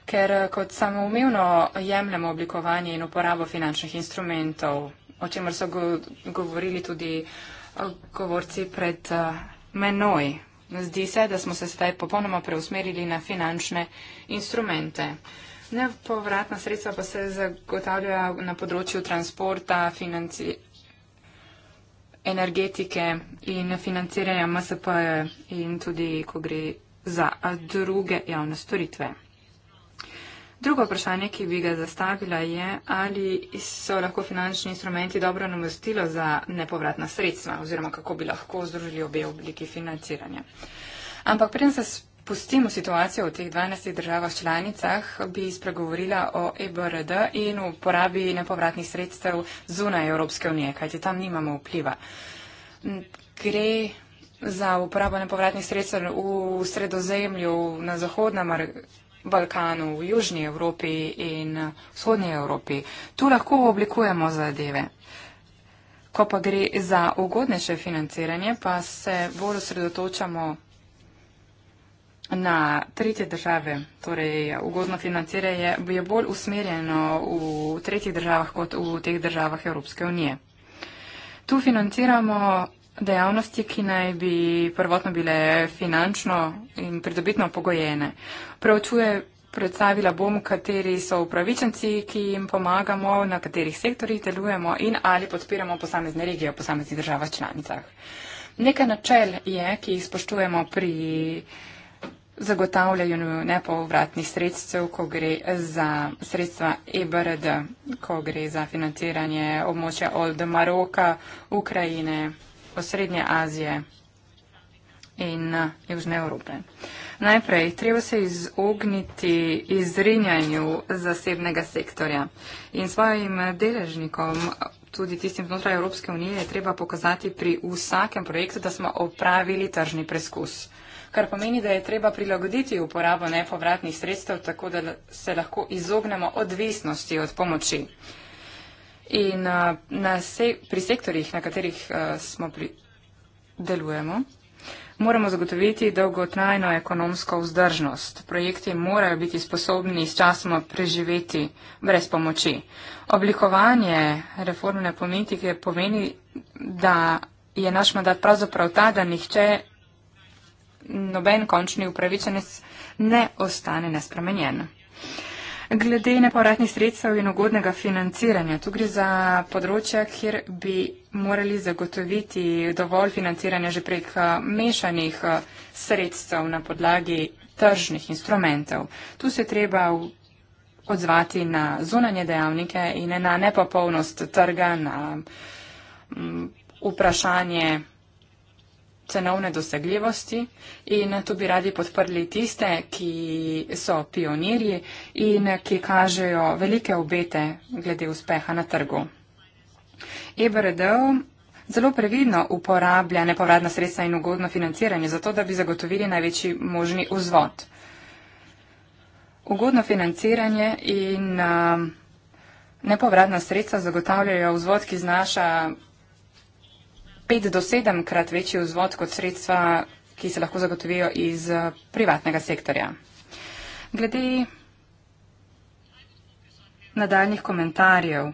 Speaker 3: ker eh, kot samoumevno jemljemo oblikovanje in uporabo finančnih instrumentov, o čemer so go govorili tudi eh, govorci pred eh, menoj. Zdi se, da smo se sedaj popolnoma preusmerili na finančne instrumente. Nepovratna sredstva pa se zagotavljajo na področju transporta, financi energetike in financiranja MSP in tudi, ko gre za druge javne storitve. Drugo vprašanje, ki bi ga zastavila, je, ali so lahko finančni instrumenti dobro namestilo za nepovratna sredstva oziroma kako bi lahko združili obe obliki financiranja. Ampak preden se spustimo situacijo v teh 12 državah članicah, bi spregovorila o EBRD in uporabi nepovratnih sredstev zunaj Evropske unije, kajti tam nimamo vpliva. Gre za uporabo nepovratnih sredstev v sredozemlju, na zahodnem Balkanu, v Južni Evropi in vzhodnji Evropi. Tu lahko oblikujemo zadeve. Ko pa gre za ugodnejše financiranje, pa se bolj osredotočamo na tretje države. Torej, ugodno financiranje je bolj usmerjeno v tretjih državah kot v teh državah Evropske unije. Tu financiramo dejavnosti, ki naj bi prvotno bile finančno in pridobitno pogojene. Preučuje, predstavila bom, kateri so upravičenci, ki jim pomagamo, na katerih sektorjih delujemo in ali podpiramo posamezne regije v posameznih državah članicah. Nekaj načel je, ki jih spoštujemo pri zagotavljanju nepovratnih sredstev, ko gre za sredstva EBRD, ko gre za financiranje območja Old Maroka, Ukrajine, Srednje Azije in eh, Južne Evrope. Najprej, treba se izogniti izrinjanju zasebnega sektorja in svojim deležnikom, tudi tistim znotraj Evropske unije, je treba pokazati pri vsakem projektu, da smo opravili tržni preskus kar pomeni, da je treba prilagoditi uporabo nepovratnih sredstev, tako da se lahko izognemo odvisnosti od pomoči. In uh, na se pri sektorjih, na katerih uh, smo pri delujemo, moramo zagotoviti dolgotrajno ekonomsko vzdržnost. Projekti morajo biti sposobni s časoma preživeti brez pomoči. Oblikovanje reformne politike pomeni, da je naš mandat pravzaprav ta, da nihče, noben končni upravičenec ne ostane nespremenjen. Glede neporatnih sredstev in ugodnega financiranja, tu gre za področja, kjer bi morali zagotoviti dovolj financiranja že prek eh, mešanih eh, sredstev na podlagi tržnih instrumentov. Tu se treba odzvati na zunanje dejavnike in na nepopolnost trga, na mm, vprašanje cenovne dosegljivosti in tu bi radi podprli tiste, ki so pionirji in ki kažejo velike obete glede uspeha na trgu. EBRD zelo previdno uporablja nepovratna sredstva in ugodno financiranje, zato da bi zagotovili največji možni vzvod. Ugodno financiranje in uh, nepovratna sredstva zagotavljajo vzvod, ki znaša pet do sedemkrat večji vzvod kot sredstva, ki se lahko zagotovijo iz eh, privatnega sektorja. Glede nadaljnih komentarjev.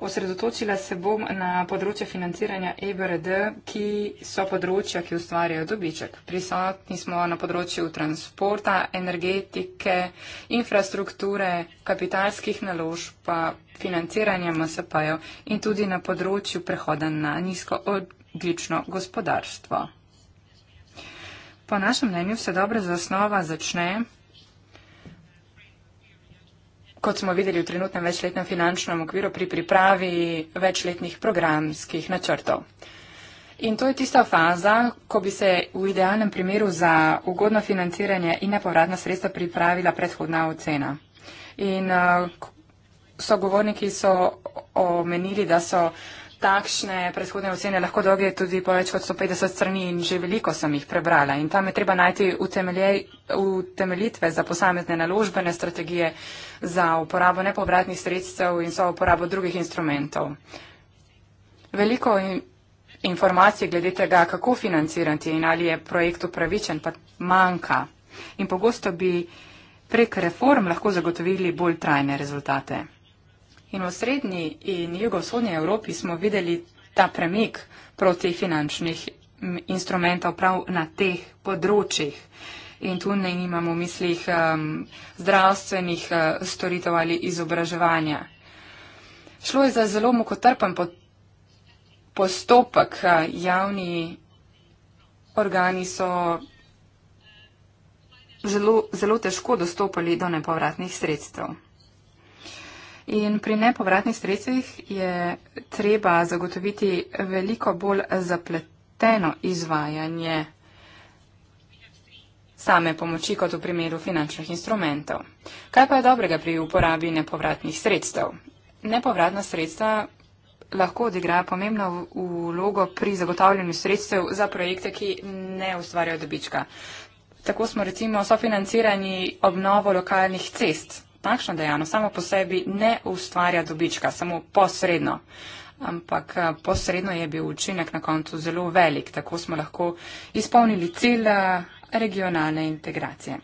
Speaker 3: Osredotočila se bom na področje financiranja EBRD, ki so področja, ki ustvarjajo dobiček. Prisotni smo na področju transporta, energetike, infrastrukture, kapitalskih naložb, pa financiranja MSP-jev in tudi na področju prehoda na nizkooglično gospodarstvo. Po našem mnenju se dobra zasnova začne kot smo videli v trenutnem večletnem finančnem okviru pri pripravi večletnih programskih načrtov. In to je tista faza, ko bi se v idealnem primeru za ugodno financiranje in nepovratna sredstva pripravila predhodna ocena. In uh, sogovorniki so omenili, da so uh, takšne predhodne ocene lahko dolge tudi po več kot 150 strani in že veliko sem jih prebrala. In tam je treba najti utemeljitve za posamezne naložbene strategije za uporabo nepovratnih sredstev in za uporabo drugih instrumentov. Veliko informacij glede tega, kako financirati in ali je projekt upravičen, pa manjka. In pogosto bi prek reform lahko zagotovili bolj trajne rezultate. In v srednji in jugovzhodnji Evropi smo videli ta premik proti finančnih instrumentov prav na teh področjih. In tu ne imamo v mislih um, zdravstvenih uh, storitev ali izobraževanja. Šlo je za zelo mokotrpen po postopek. Uh, javni organi so zelo, zelo težko dostopali do nepovratnih sredstev. In pri nepovratnih sredstvih je treba zagotoviti veliko bolj zapleteno izvajanje same pomoči kot v primeru finančnih instrumentov. Kaj pa je dobrega pri uporabi nepovratnih sredstev? Nepovratna sredstva lahko odigrajo pomembno vlogo pri zagotavljanju sredstev za projekte, ki ne ustvarjajo dobička. Tako smo recimo sofinancirani obnovo lokalnih cest takšna dejavnost samo po sebi ne ustvarja dobička, samo posredno. Ampak eh, posredno je bil učinek na koncu zelo velik, tako smo lahko izpolnili cilj eh, regionalne integracije.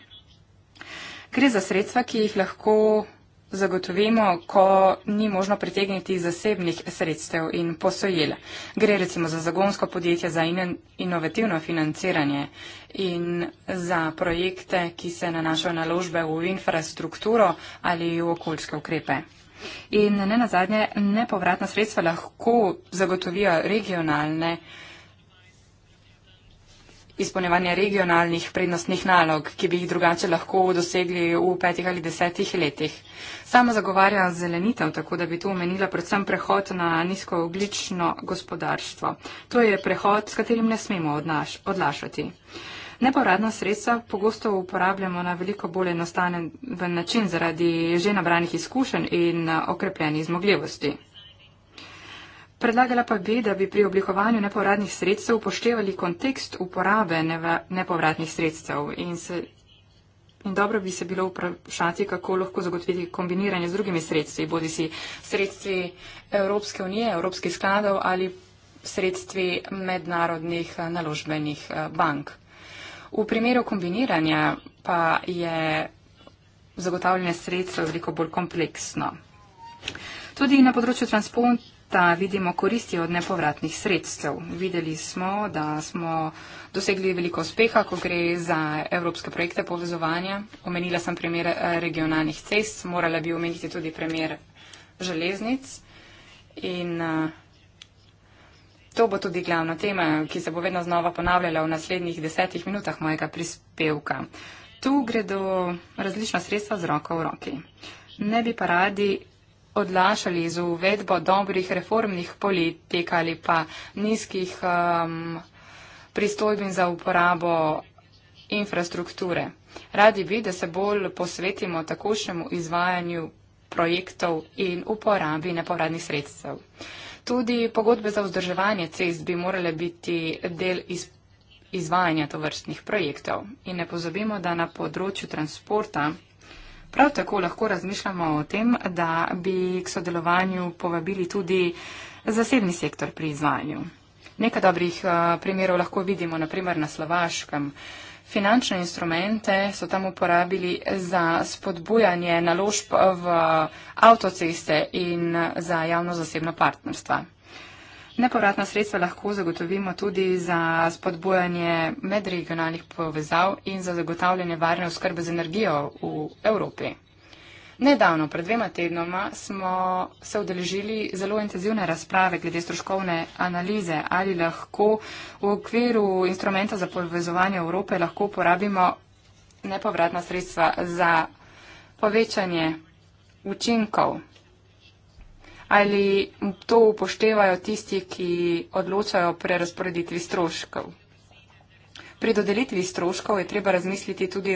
Speaker 3: Gre za sredstva, ki jih lahko zagotovimo, ko ni možno pritegniti zasebnih sredstev in posojil. Gre recimo za zagonsko podjetje, za in inovativno financiranje in za projekte, ki se nanašajo na ložbe v infrastrukturo ali v okoljske ukrepe. In ne nazadnje, nepovratna sredstva lahko zagotovijo regionalne izpolnjevanje regionalnih prednostnih nalog, ki bi jih drugače lahko dosegli v petih ali desetih letih. Sama zagovarja zelenitev, tako da bi tu omenila predvsem prehod na nizkooglično gospodarstvo. To je prehod, s katerim ne smemo odnaš, odlašati. Nepovratna sredstva pogosto uporabljamo na veliko bolj enostaven način zaradi že nabranih izkušenj in okrepljenih zmogljivosti. Predlagala pa bi, da bi pri oblikovanju nepovratnih sredstev upoštevali kontekst uporabe nepovratnih sredstev in, se, in dobro bi se bilo vprašati, kako lahko zagotoviti kombiniranje z drugimi sredstvi, bodi si sredstvi Evropske unije, Evropskih skladov ali sredstvi mednarodnih eh, naložbenih eh, bank. V primeru kombiniranja pa je zagotavljanje sredstev veliko bolj kompleksno. Tudi na področju transporta ta vidimo koristi od nepovratnih sredstev. Videli smo, da smo dosegli veliko uspeha, ko gre za evropske projekte povezovanja. Omenila sem primer eh, regionalnih cest, morala bi omeniti tudi primer železnic. In eh, to bo tudi glavna tema, ki se bo vedno znova ponavljala v naslednjih desetih minutah mojega prispevka. Tu gredo različna sredstva z roko v roki. Ne bi pa radi odlašali z uvedbo dobrih reformnih politik ali pa nizkih um, pristojbin za uporabo infrastrukture. Radi bi, da se bolj posvetimo takošnjemu izvajanju projektov in uporabi nepovratnih sredstev. Tudi pogodbe za vzdrževanje cest bi morale biti del iz, izvajanja tovrstnih projektov. In ne pozabimo, da na področju transporta Prav tako lahko razmišljamo o tem, da bi k sodelovanju povabili tudi zasebni sektor pri izvajanju. Nekaj dobrih eh, primerov lahko vidimo naprimer na Slovaškem. Finančne instrumente so tam uporabili za spodbujanje naložb v avtoceste in za javno-zasebno partnerstvo. Nepovratna sredstva lahko zagotovimo tudi za spodbojanje medregionalnih povezav in za zagotavljanje varne oskrbe z energijo v Evropi. Nedavno, pred dvema tednoma, smo se odeležili zelo intenzivne razprave glede stroškovne analize, ali lahko v okviru instrumenta za povezovanje Evrope lahko uporabimo nepovratna sredstva za povečanje učinkov ali to upoštevajo tisti, ki odločajo pri razporeditvi stroškov. Pri dodelitvi stroškov je treba razmisliti tudi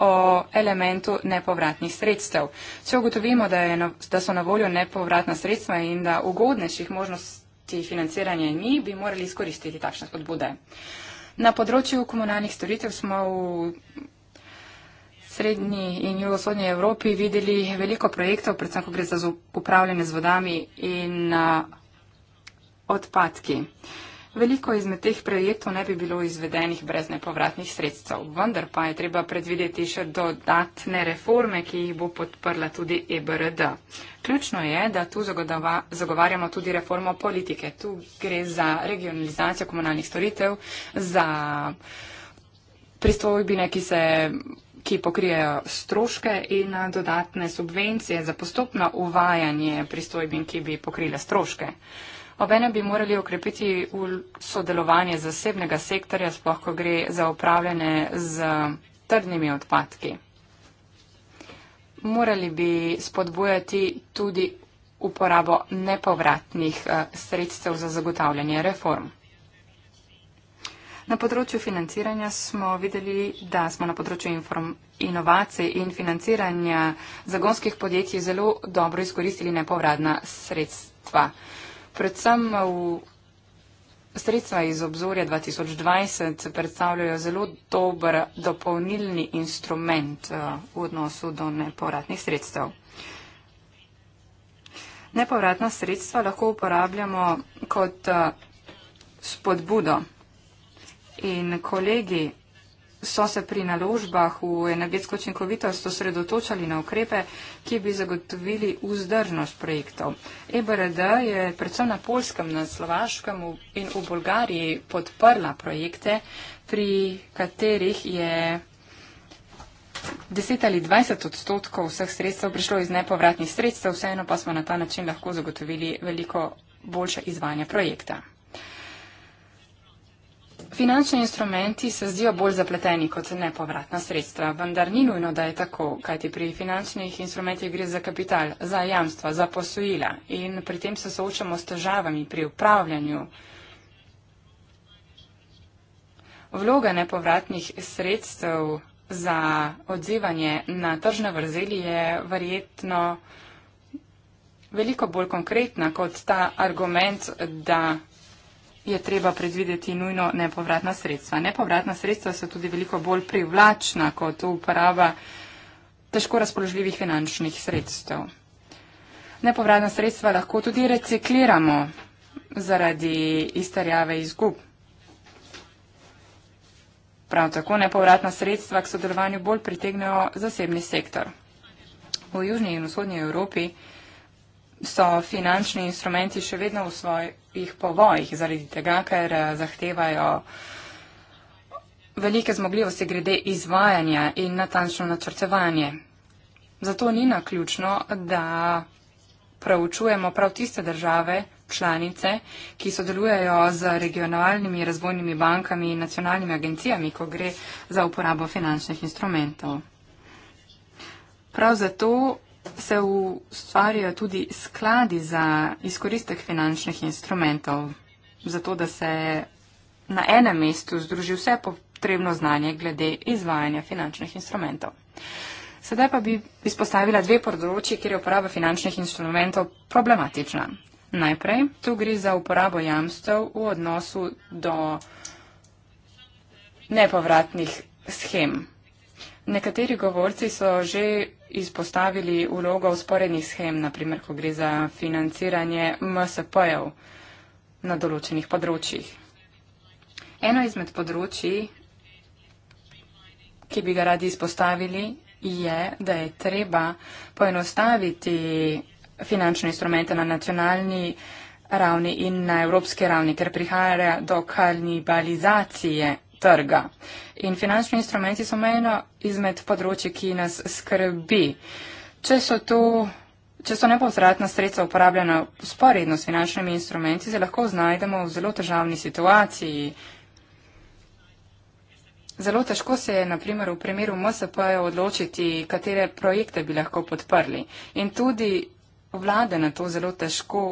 Speaker 3: o elementu nepovratnih sredstev. Če ugotovimo, da, na, da so na voljo nepovratna sredstva in da ugodnejših možnosti financiranja ni, bi morali izkoristiti takšne spodbude. Na področju komunalnih storitev smo v srednji in jugosodnji Evropi videli veliko projektov, predvsem ko gre za upravljanje z vodami in uh, odpadki. Veliko izmed teh projektov ne bi bilo izvedenih brez nepovratnih sredstev, vendar pa je treba predvideti še dodatne reforme, ki jih bo podprla tudi EBRD. Ključno je, da tu zagodava, zagovarjamo tudi reformo politike. Tu gre za regionalizacijo komunalnih storitev, za pristojbine, ki se ki pokrijejo stroške in eh, dodatne subvencije za postopno uvajanje pristojbin, ki bi pokrile stroške. Obene bi morali okrepiti sodelovanje zasebnega sektorja, sploh ko gre za upravljanje z trdnimi odpadki. Morali bi spodbujati tudi uporabo nepovratnih eh, sredstev za zagotavljanje reform. Na področju financiranja smo videli, da smo na področju inovacij in financiranja zagonskih podjetij zelo dobro izkoristili nepovratna sredstva. Predvsem v sredstva iz obzorja 2020 predstavljajo zelo dober dopolnilni instrument eh, v odnosu do nepovratnih sredstev. Nepovratna sredstva lahko uporabljamo kot eh, spodbudo in kolegi so se pri naložbah v energetsko učinkovitost osredotočali na ukrepe, ki bi zagotovili vzdržnost projektov. EBRD je predvsem na Polskem, na Slovaškem in v Bolgariji podprla projekte, pri katerih je 10 ali 20 odstotkov vseh sredstev prišlo iz nepovratnih sredstev, vseeno pa smo na ta način lahko zagotovili veliko boljše izvajanje projekta. Finančni instrumenti se zdijo bolj zapleteni kot nepovratna sredstva, vendar ni nujno, da je tako, kajti pri finančnih instrumentih gre za kapital, za jamstva, za posojila in pri tem se soočamo s težavami pri upravljanju. Vloga nepovratnih sredstev za odzivanje na tržne vrzeli je verjetno veliko bolj konkretna kot ta argument, da je treba predvideti nujno nepovratna sredstva. Nepovratna sredstva so tudi veliko bolj privlačna kot uporaba težko razpoložljivih finančnih sredstev. Nepovratna sredstva lahko tudi recikliramo zaradi izterjave izgub. Prav tako nepovratna sredstva k sodelovanju bolj pritegnejo zasebni sektor. V južnji in vzhodnji Evropi so finančni instrumenti še vedno v svojih povojih, zaradi tega, ker eh, zahtevajo velike zmogljivosti glede izvajanja in natančno načrtevanje. Zato ni naključno, da preučujemo prav tiste države, članice, ki sodelujejo z regionalnimi razvojnimi bankami in nacionalnimi agencijami, ko gre za uporabo finančnih instrumentov. Prav zato se ustvarjajo tudi skladi za izkoristek finančnih instrumentov, zato da se na enem mestu združi vse potrebno znanje glede izvajanja finančnih instrumentov. Sedaj pa bi izpostavila dve področji, kjer je uporaba finančnih instrumentov problematična. Najprej, tu gre za uporabo jamstev v odnosu do nepovratnih schem. Nekateri govorci so že izpostavili vlogo usporednih schem, naprimer, ko gre za financiranje MSP-jev na določenih področjih. Eno izmed področji, ki bi ga radi izpostavili, je, da je treba poenostaviti finančne instrumente na nacionalni ravni in na evropske ravni, ker prihaja do kalnibalizacije trga. In finančni instrumenti so eno izmed področji, ki nas skrbi. Če so, to, če so nepovratna sredstva uporabljena sporedno s finančnimi instrumenti, se lahko znajdemo v zelo težavni situaciji. Zelo težko se je, na primer, v primeru MSP odločiti, katere projekte bi lahko podprli. In tudi vlade na to zelo težko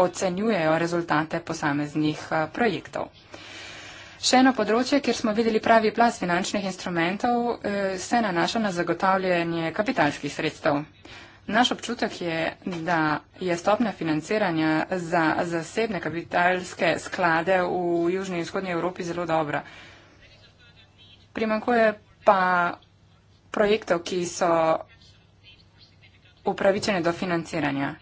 Speaker 3: ocenjujejo rezultate posameznih projektov. Še eno področje, kjer smo videli pravi plas finančnih instrumentov, eh, se nanaša na zagotavljanje kapitalskih sredstev. Naš občutek je, da je stopnja financiranja za zasebne kapitalske sklade v Južni in Vzhodnji Evropi zelo dobra. Primankuje pa projektov, ki so upravičene do financiranja.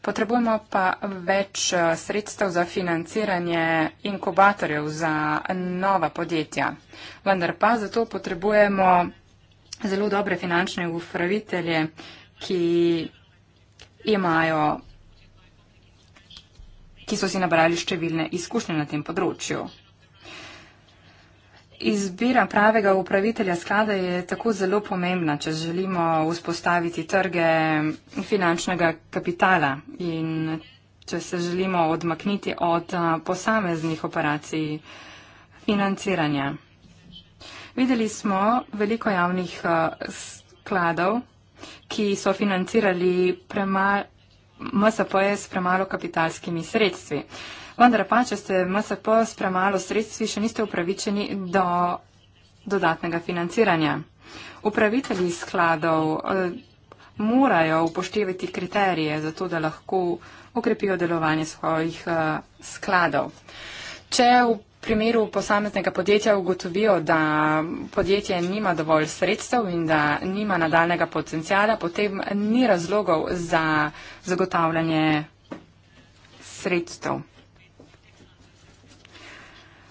Speaker 3: Potrebujemo pa več eh, sredstev za financiranje inkubatorjev za nova podjetja. Vendar pa zato potrebujemo zelo dobre finančne upravitelje, ki, imajo, ki so si nabrali številne izkušnje na tem področju. Izbira pravega upravitelja sklada je tako zelo pomembna, če želimo vzpostaviti trge finančnega kapitala in če se želimo odmakniti od posameznih operacij financiranja. Videli smo veliko javnih skladov, ki so financirali MSPS s premalo kapitalskimi sredstvi vendar pa, če ste MSP s premalo sredstvi, še niste upravičeni do dodatnega financiranja. Upravitelji skladov eh, morajo upoštevati kriterije za to, da lahko okrepijo delovanje svojih eh, skladov. Če v primeru posameznega podjetja ugotovijo, da podjetje nima dovolj sredstev in da nima nadaljnega potencijala, potem ni razlogov za zagotavljanje sredstev.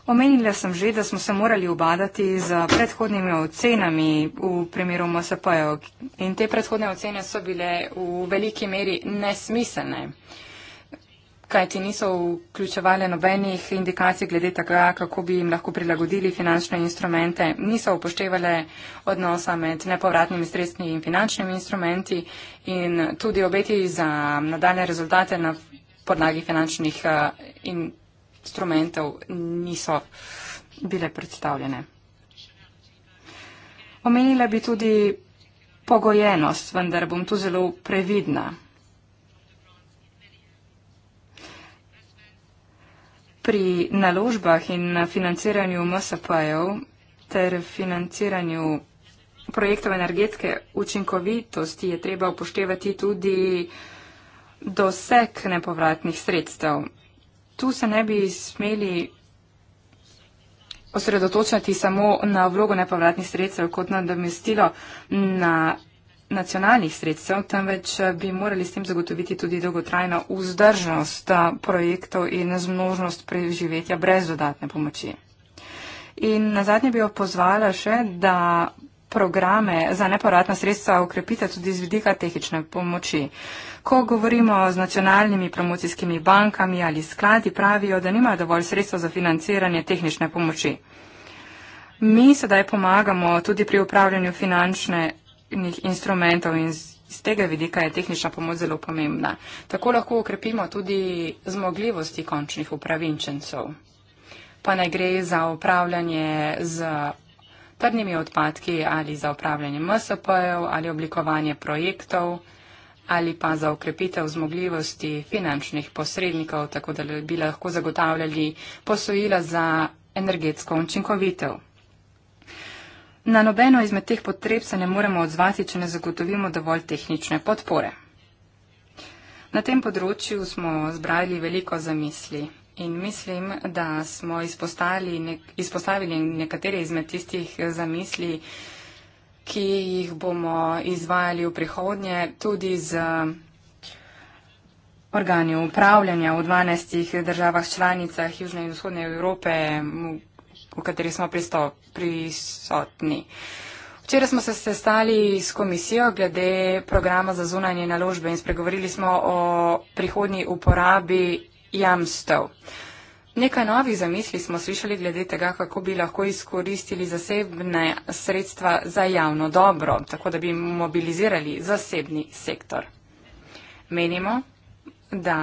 Speaker 3: Omenila sem že, da smo se morali obadati z predhodnimi ocenami v primeru MSP-jev in te predhodne ocene so bile v veliki meri nesmiselne, kajti niso vključevale nobenih indikacij glede tega, kako bi jim lahko prilagodili finančne instrumente, niso upoštevale odnosa med nepovratnimi sredstvi in finančnimi instrumenti in tudi obeti za nadaljne rezultate na podlagi finančnih eh, instrumentov instrumentov niso bile predstavljene. Omenila bi tudi pogojenost, vendar bom tu zelo previdna. Pri naložbah in financiranju MSP-jev ter financiranju projektov energetske učinkovitosti je treba upoštevati tudi doseg nepovratnih sredstev tu se ne bi smeli osredotočati samo na vlogo nepovratnih sredstev kot na domestilo na nacionalnih sredstev, temveč bi morali s tem zagotoviti tudi dolgotrajno vzdržnost eh, projektov in zmožnost preživetja brez dodatne pomoči. In na zadnje bi jo pozvala še, da programe za nepovratna sredstva ukrepite tudi z vidika tehnične pomoči. Uh, Ko govorimo z nacionalnimi promocijskimi bankami ali skladi, pravijo, da nimajo dovolj sredstva za financiranje tehnične pomoči. Mi sedaj pomagamo tudi pri upravljanju finančnih instrumentov in z tega vidika je tehnična pomoč zelo pomembna. Tako lahko ukrepimo tudi zmogljivosti končnih upravinčencev. Pa naj gre za upravljanje z trdnimi odpadki ali za upravljanje MSP-jev ali oblikovanje projektov ali pa za okrepitev zmogljivosti finančnih posrednikov, tako da bi lahko zagotavljali posojila za energetsko učinkovitev. Na nobeno izmed teh potreb se ne moremo odzvati, če ne zagotovimo dovolj tehnične podpore. Na tem področju smo zbrali veliko zamisli in mislim, da smo izpostavili, nek izpostavili nekatere izmed tistih zamisli, ki jih bomo izvajali v prihodnje tudi z organi upravljanja v 12 državah članicah Južne in Vzhodne Evrope, v kateri smo prisotni. Včeraj smo se sestali s komisijo glede programa za zunanje naložbe in spregovorili smo o prihodnji uporabi jamstev. Nekaj novih zamisli smo slišali glede tega, kako bi lahko izkoristili zasebne sredstva za javno dobro, tako da bi mobilizirali zasebni sektor. Menimo, da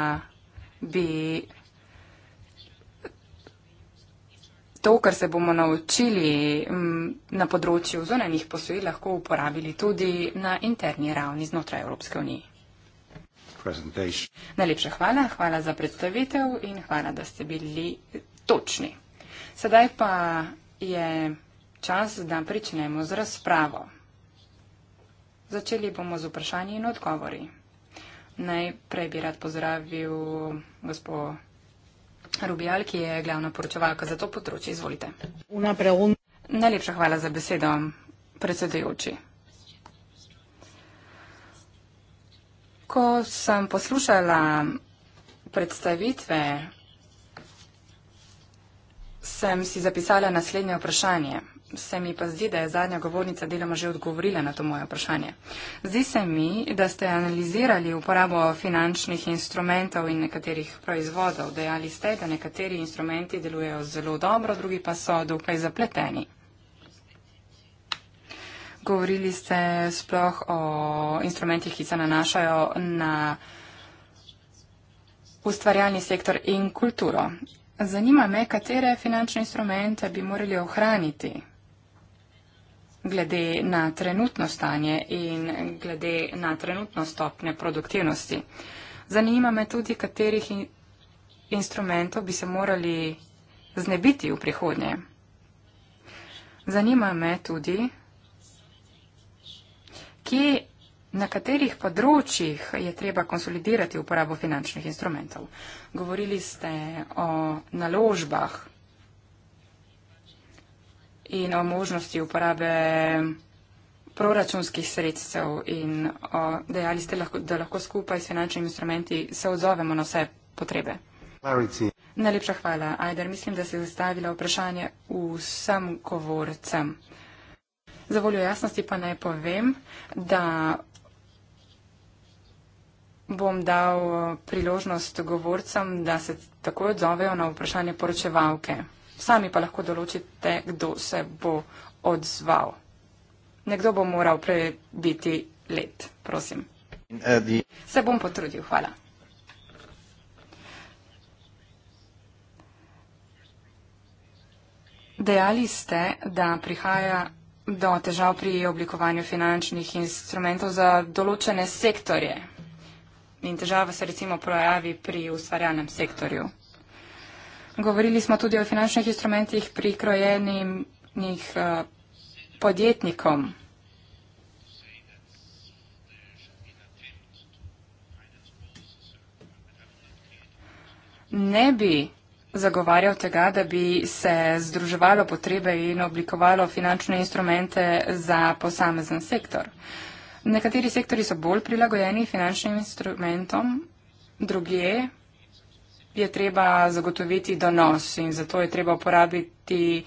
Speaker 3: bi to, kar se bomo naučili mm, na področju zunanjih posojil, lahko uporabili tudi na interni ravni znotraj Evropske unije. Najlepša hvala, hvala za predstavitev in hvala, da ste bili točni. Sedaj pa je čas, da pričnemo z razpravo. Začeli bomo z vprašanji in odgovori. Najprej bi rad pozdravil gospod Rubijal, ki je glavna poročevalka za to področje. Izvolite. Najlepša hvala za besedo, predsedujoči. Ko sem poslušala predstavitve, sem si zapisala naslednje vprašanje. Se mi pa zdi, da je zadnja govornica deloma že odgovorila na to moje vprašanje. Zdi se mi, da ste analizirali uporabo finančnih instrumentov in nekaterih proizvodov. Dejali ste, da nekateri instrumenti delujejo zelo dobro, drugi pa so dokaj zapleteni. Govorili ste sploh o instrumentih, ki se nanašajo na ustvarjalni sektor in kulturo. Zanima me, katere finančne instrumente bi morali ohraniti glede na trenutno stanje in glede na trenutno stopne produktivnosti. Zanima me tudi, katerih in instrumentov bi se morali znebiti v prihodnje. Zanima me tudi, kje, na katerih področjih je treba konsolidirati uporabo finančnih instrumentov. Govorili ste o naložbah in o možnosti uporabe proračunskih sredstev in o, dejali ste, lahko, da lahko skupaj s finančnimi instrumenti se odzovemo na vse potrebe. Clarity. Najlepša hvala, Ajder. Mislim, da se je zastavila vprašanje vsem govorcem. Za voljo jasnosti pa naj povem, da bom dal priložnost govorcem, da se takoj odzovejo na vprašanje poročevalke. Sami pa lahko določite, kdo se bo odzval. Nekdo bo moral prebiti let, prosim. Eh, se bom potrudil, hvala. Dejali ste, da prihaja do težav pri oblikovanju finančnih instrumentov za določene sektorje. In težava se recimo projavi pri ustvarjalnem sektorju. Govorili smo tudi o finančnih instrumentih pri krojenih eh, podjetnikom. Ne bi zagovarjal tega, da bi se združevalo potrebe in oblikovalo finančne instrumente za posamezen sektor. Nekateri sektori so bolj prilagojeni finančnim instrumentom, druge je treba zagotoviti donos in zato je treba uporabiti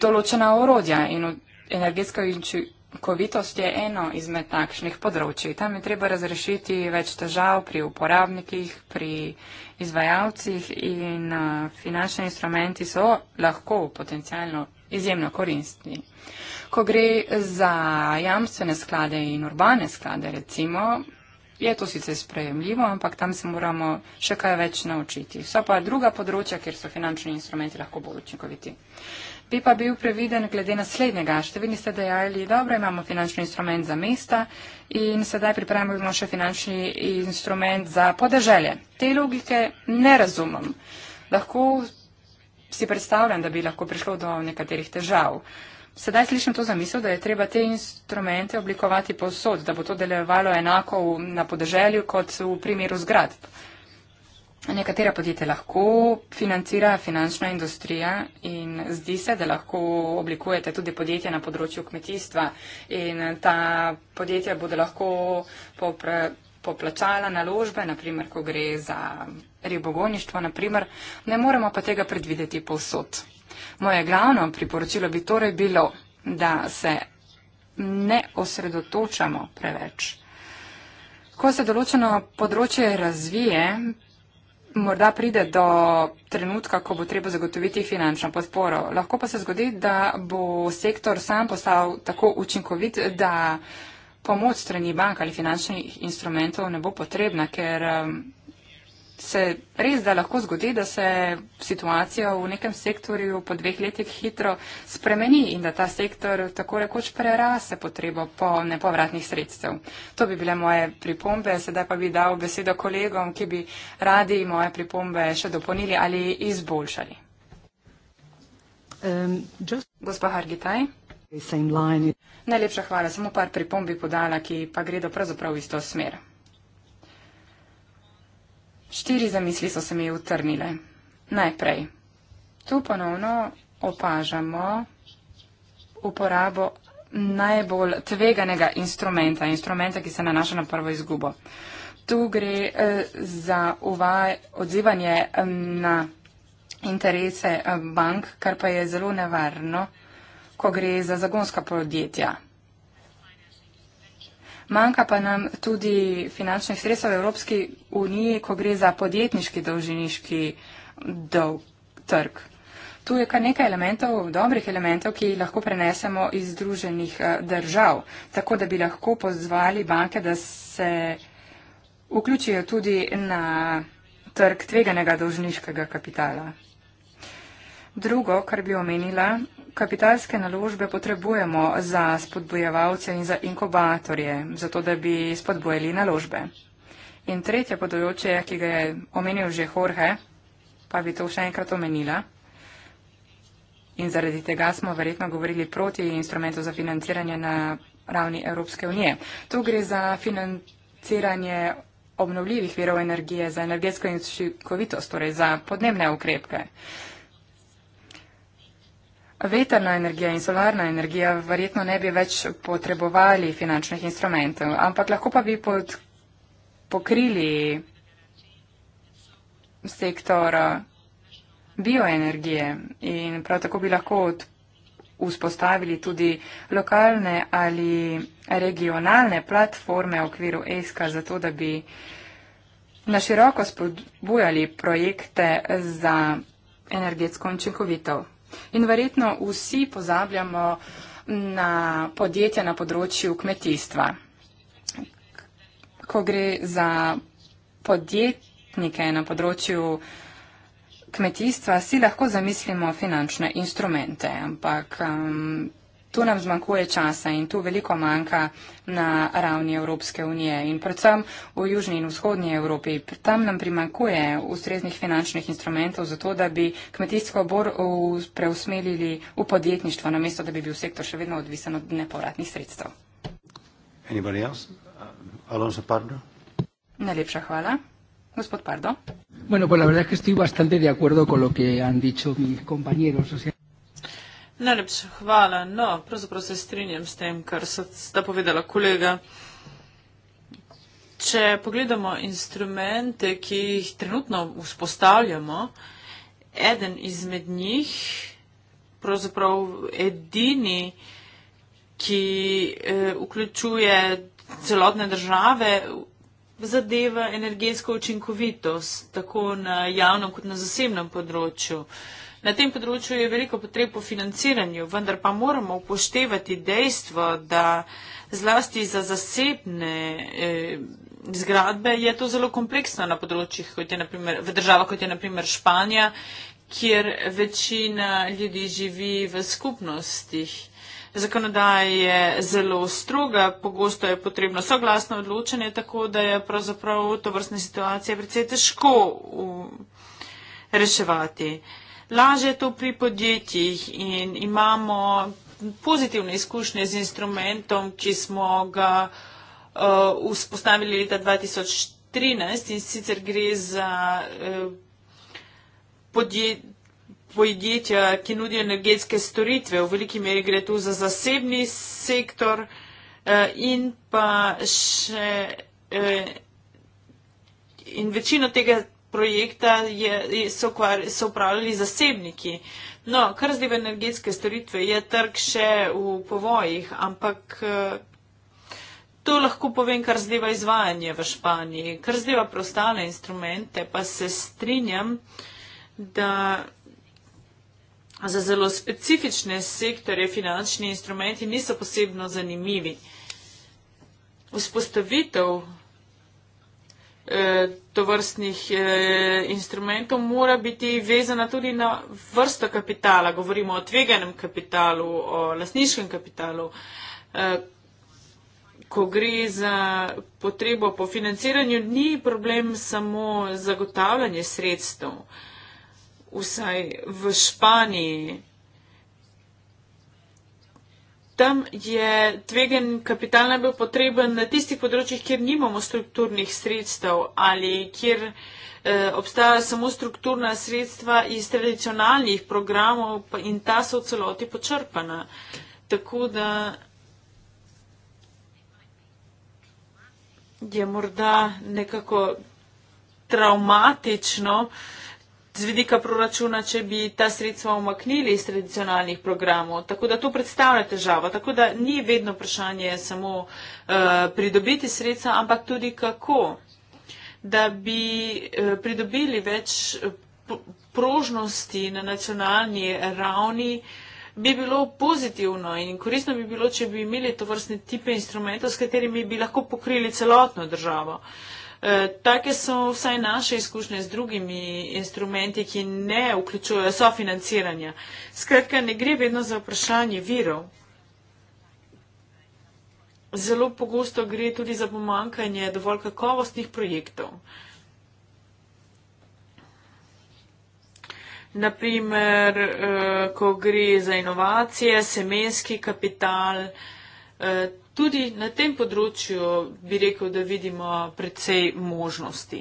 Speaker 3: določena orodja in energetska učinkovitost Učinkovitost je eno izmed takšnih področji. Tam je treba razrešiti več težav pri uporabnikih, pri izvajalcih in eh, finančni instrumenti so lahko potencijalno izjemno koristni. Ko gre za jamstvene sklade in urbane sklade, recimo, je to sicer sprejemljivo, ampak tam se moramo še kaj več naučiti. So pa druga področja, kjer so finančni instrumenti lahko bolj učinkoviti. Uh, bi pa bil previden glede naslednjega. Številni ste dejali, dobro, imamo finančni instrument za mesta in sedaj pripravimo še finančni instrument za podeželje. Te logike ne razumem. Lahko si predstavljam, da bi lahko prišlo do nekaterih težav. Sedaj slišim to zamisel, da je treba te instrumente oblikovati posod, da bo to delovalo enako na podeželju kot v primeru zgradb. Nekatera podjetja lahko financira finančna industrija in zdi se, da lahko oblikujete tudi podjetja na področju kmetijstva in eh, ta podjetja bodo lahko popra poplačala naložbe, naprimer, ko gre za ribogoništvo, naprimer, ne moremo pa tega predvideti povsod. Moje glavno priporočilo bi torej bilo, da se ne osredotočamo preveč. Ko se določeno področje razvije, morda pride do trenutka, ko bo treba zagotoviti finančno podporo. Lahko pa se zgodi, da bo sektor sam postal tako učinkovit, da pomoč strani bank ali finančnih instrumentov ne bo potrebna, ker um, se res da lahko zgodi, da se situacija v nekem sektorju po dveh letih hitro spremeni in da ta sektor tako rekoč prerase potrebo po nepovratnih sredstev. To bi bile moje pripombe, sedaj pa bi dal besedo kolegom, ki bi radi moje pripombe še dopolnili ali izboljšali. Um, just... Gospa Hargitaj. Najlepša hvala, samo par pripombi podala, ki pa gredo pravzaprav v isto smer. Štiri zamisli so se mi utrnile. Najprej. Tu ponovno opažamo uporabo najbolj tveganega instrumenta, instrumenta, ki se nanaša na prvo izgubo. Tu gre eh, za uvaj, odzivanje na interese bank, kar pa je zelo nevarno, ko gre za zagonska podjetja manjka pa nam tudi finančnih sredstev Evropski uniji, ko gre za podjetniški dolžiniški dolg trg. Tu je kar nekaj elementov, dobrih elementov, ki jih lahko prenesemo iz združenih eh, držav, tako da bi lahko pozvali banke, da se vključijo tudi na trg tveganega dolžniškega kapitala. Drugo, kar bi omenila, kapitalske naložbe potrebujemo za spodbojevalce in za inkubatorje, zato da bi spodbojili naložbe. In tretje področje, ki ga je omenil že Jorge, pa bi to še enkrat omenila. In zaradi tega smo verjetno govorili proti instrumentu za financiranje na ravni Evropske unije. Tu gre za financiranje obnovljivih virov energije, za energetsko učinkovitost, torej za podnebne ukrepke. Uh, Veterna energija in solarna energija verjetno ne bi več potrebovali finančnih instrumentov, ampak lahko pa bi pod, pokrili sektor eh, bioenergije in prav tako bi lahko vzpostavili tudi lokalne ali regionalne platforme v okviru ESKA, zato da bi na široko spodbujali projekte za energetsko učinkovitost. In verjetno vsi pozabljamo na podjetja na področju kmetijstva. Ko gre za podjetnike na področju kmetijstva, si lahko zamislimo finančne instrumente, ampak um, tu nam zmanjkuje časa in tu veliko manjka na ravni Evropske unije in predvsem v južni in vzhodnji Evropi. Tam nam primankuje ustreznih finančnih instrumentov za to, da bi kmetijstvo bolj preusmelili v podjetništvo, namesto da bi bil sektor še vedno odvisen od nepovratnih sredstev.
Speaker 1: Uh, Alonso Pardo.
Speaker 3: Najlepša hvala. Gospod Pardo. Bueno, pues la verdad es que estoy bastante de acuerdo con lo que han dicho mis compañeros. O sea...
Speaker 2: Najlepša hvala. No, pravzaprav se strinjam s tem, kar so sta povedala kolega. Če pogledamo instrumente, ki jih trenutno vzpostavljamo, eden izmed njih, pravzaprav edini, ki eh, vključuje celotne države, zadeva energetsko učinkovitost, tako na javnem kot na zasebnem področju. Eh, Na tem področju je veliko potreb po financiranju, vendar pa moramo upoštevati dejstvo, da zlasti za zasebne eh, zgradbe je to zelo kompleksno na področjih, kot je naprimer, v državah, kot je naprimer Španija, kjer večina ljudi živi v skupnostih. Zakonodaja je zelo stroga, pogosto je potrebno soglasno odločanje, tako da je pravzaprav to vrstne situacije precej težko reševati. Uh, Laže to pri podjetjih in imamo pozitivne izkušnje z instrumentom, ki smo ga uh, vzpostavili leta 2013 in sicer gre za uh, podjet, podjetja, ki nudijo energetske storitve. V veliki meri gre tu za zasebni sektor uh, in pa še. Uh, In večino tega projekta je, so, kvar, so upravljali zasebniki. No, kar zdaj v energetske storitve je trg še v povojih, ampak eh, to lahko povem, kar zdaj v izvajanje v Španiji. Kar zdaj v preostale instrumente, pa se strinjam, da za zelo specifične sektorje finančni instrumenti niso posebno zanimivi. Vzpostavitev. Eh, to vrstnih eh, instrumentov mora biti vezana tudi na vrsto kapitala. Govorimo o tveganem kapitalu, o lasniškem kapitalu. Eh, ko gre za potrebo po financiranju, ni problem samo zagotavljanje sredstev. Vsaj v Španiji tam je tvegen kapital najbolj potreben na tistih področjih, kjer nimamo strukturnih sredstev ali kjer eh, obstajajo samo strukturna sredstva iz tradicionalnih programov in ta so v celoti počrpana. Tako da je morda nekako traumatično, uh, z vidika proračuna, če bi ta sredstva omaknili iz tradicionalnih programov. Tako da to predstavlja težavo. Tako da ni vedno vprašanje samo uh, pridobiti sredstva, ampak tudi kako, da bi uh, pridobili več eh, prožnosti na nacionalni ravni bi bilo pozitivno in korisno bi bilo, če bi imeli to vrstne tipe instrumentov, s katerimi bi lahko pokrili celotno državo. Uh, E, take so vsaj naše izkušnje z drugimi instrumenti, ki ne vključujejo sofinanciranja. Skratka, ne gre vedno za vprašanje virov. Zelo pogosto gre tudi za pomankanje dovolj kakovostnih projektov. Naprimer, e, ko gre za inovacije, semenski kapital, e, tudi na tem področju bi rekel, da vidimo precej možnosti.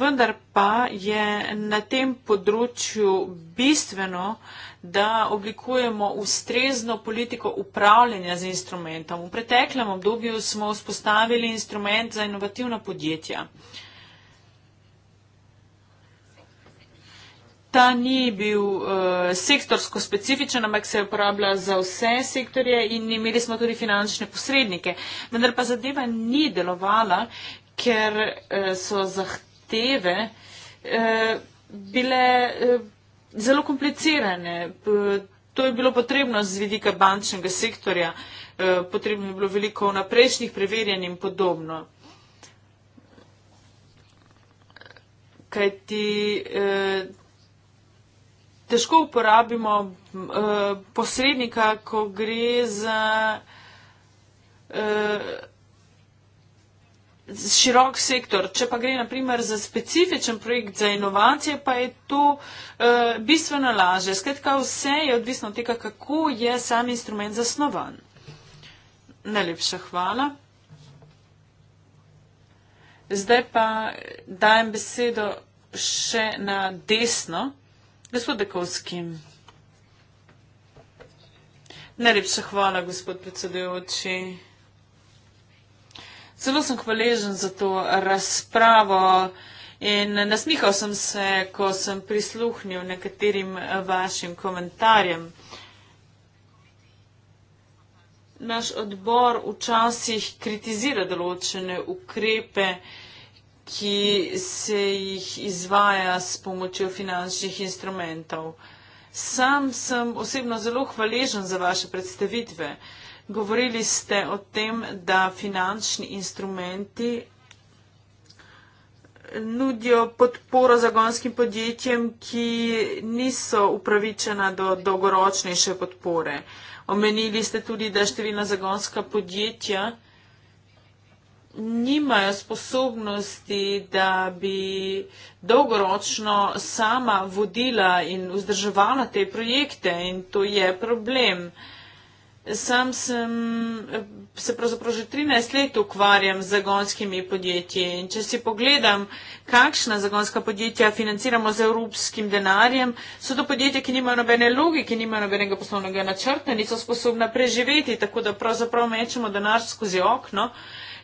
Speaker 2: Vendar pa je na tem področju bistveno, da oblikujemo ustrezno politiko upravljanja z instrumentom. V preteklem obdobju smo vzpostavili instrument za inovativna podjetja. Uh, ta ni bil uh, sektorsko specifičen, ampak se je uporabljal za vse sektorje in imeli smo tudi finančne posrednike. Vendar pa zadeva ni delovala, ker uh, so zahteve uh, bile uh, zelo komplicirane. P to je bilo potrebno z vidika bančnega sektorja, uh, potrebno je bilo veliko naprejšnjih preverjanj in podobno. Kajti, uh, težko uporabimo uh, posrednika, ko gre za uh, širok sektor. Če pa gre naprimer za specifičen projekt za inovacije, pa je to uh, bistveno laže. Skratka, vse je odvisno od tega, kako je sam instrument zasnovan. Najlepša hvala. Zdaj pa dajem besedo še na desno. Gospod Bekovski, najlepša hvala, gospod predsedujoči. Zelo sem hvaležen za to razpravo in nasmihal sem se, ko sem prisluhnil nekaterim vašim komentarjem. Naš odbor včasih kritizira določene ukrepe, ki se jih izvaja s pomočjo finančnih instrumentov. Sam sem osebno zelo hvaležen za vaše predstavitve. Govorili ste o tem, da finančni instrumenti nudijo podporo zagonskim podjetjem, ki niso upravičena do dolgoročnejše podpore. Omenili ste tudi, da številna zagonska podjetja nimajo sposobnosti, da bi dolgoročno sama vodila in vzdrževala te projekte in to je problem. Sam sem, se pravzaprav že 13 let ukvarjam z zagonskimi podjetji in če si pogledam, kakšna zagonska podjetja financiramo z evropskim denarjem, so to podjetja, ki nimajo nobene logike, nimajo nobenega poslovnega načrta, niso sposobna preživeti, tako da pravzaprav mečemo denar skozi okno. Uh,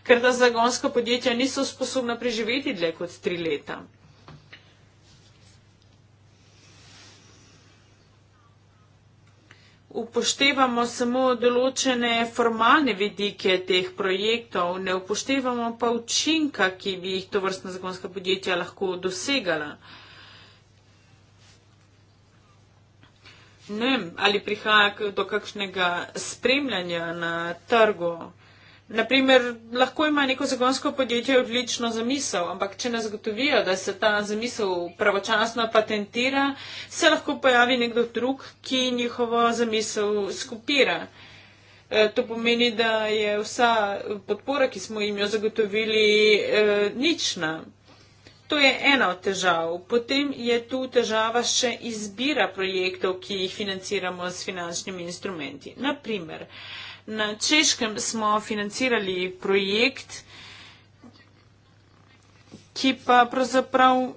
Speaker 2: ker ta zagonska podjetja niso sposobna preživeti dlje kot tri leta. Upoštevamo samo določene formalne vidike teh projektov, ne upoštevamo pa učinka, ki bi jih to vrstna zagonska podjetja lahko dosegala. Ne vem, ali prihaja do kakšnega spremljanja na trgu. Naprimer, lahko ima neko zagonsko podjetje odlično zamisel, ampak če ne zagotovijo, da se ta zamisel pravočasno patentira, se lahko pojavi nekdo drug, ki njihovo zamisel skupira. E, to pomeni, da je vsa podpora, ki smo jim jo zagotovili, e, nična. To je ena od težav. Potem je tu težava še izbira projektov, ki jih financiramo s finančnimi instrumenti. Naprimer, na Češkem smo financirali projekt, ki pa pravzaprav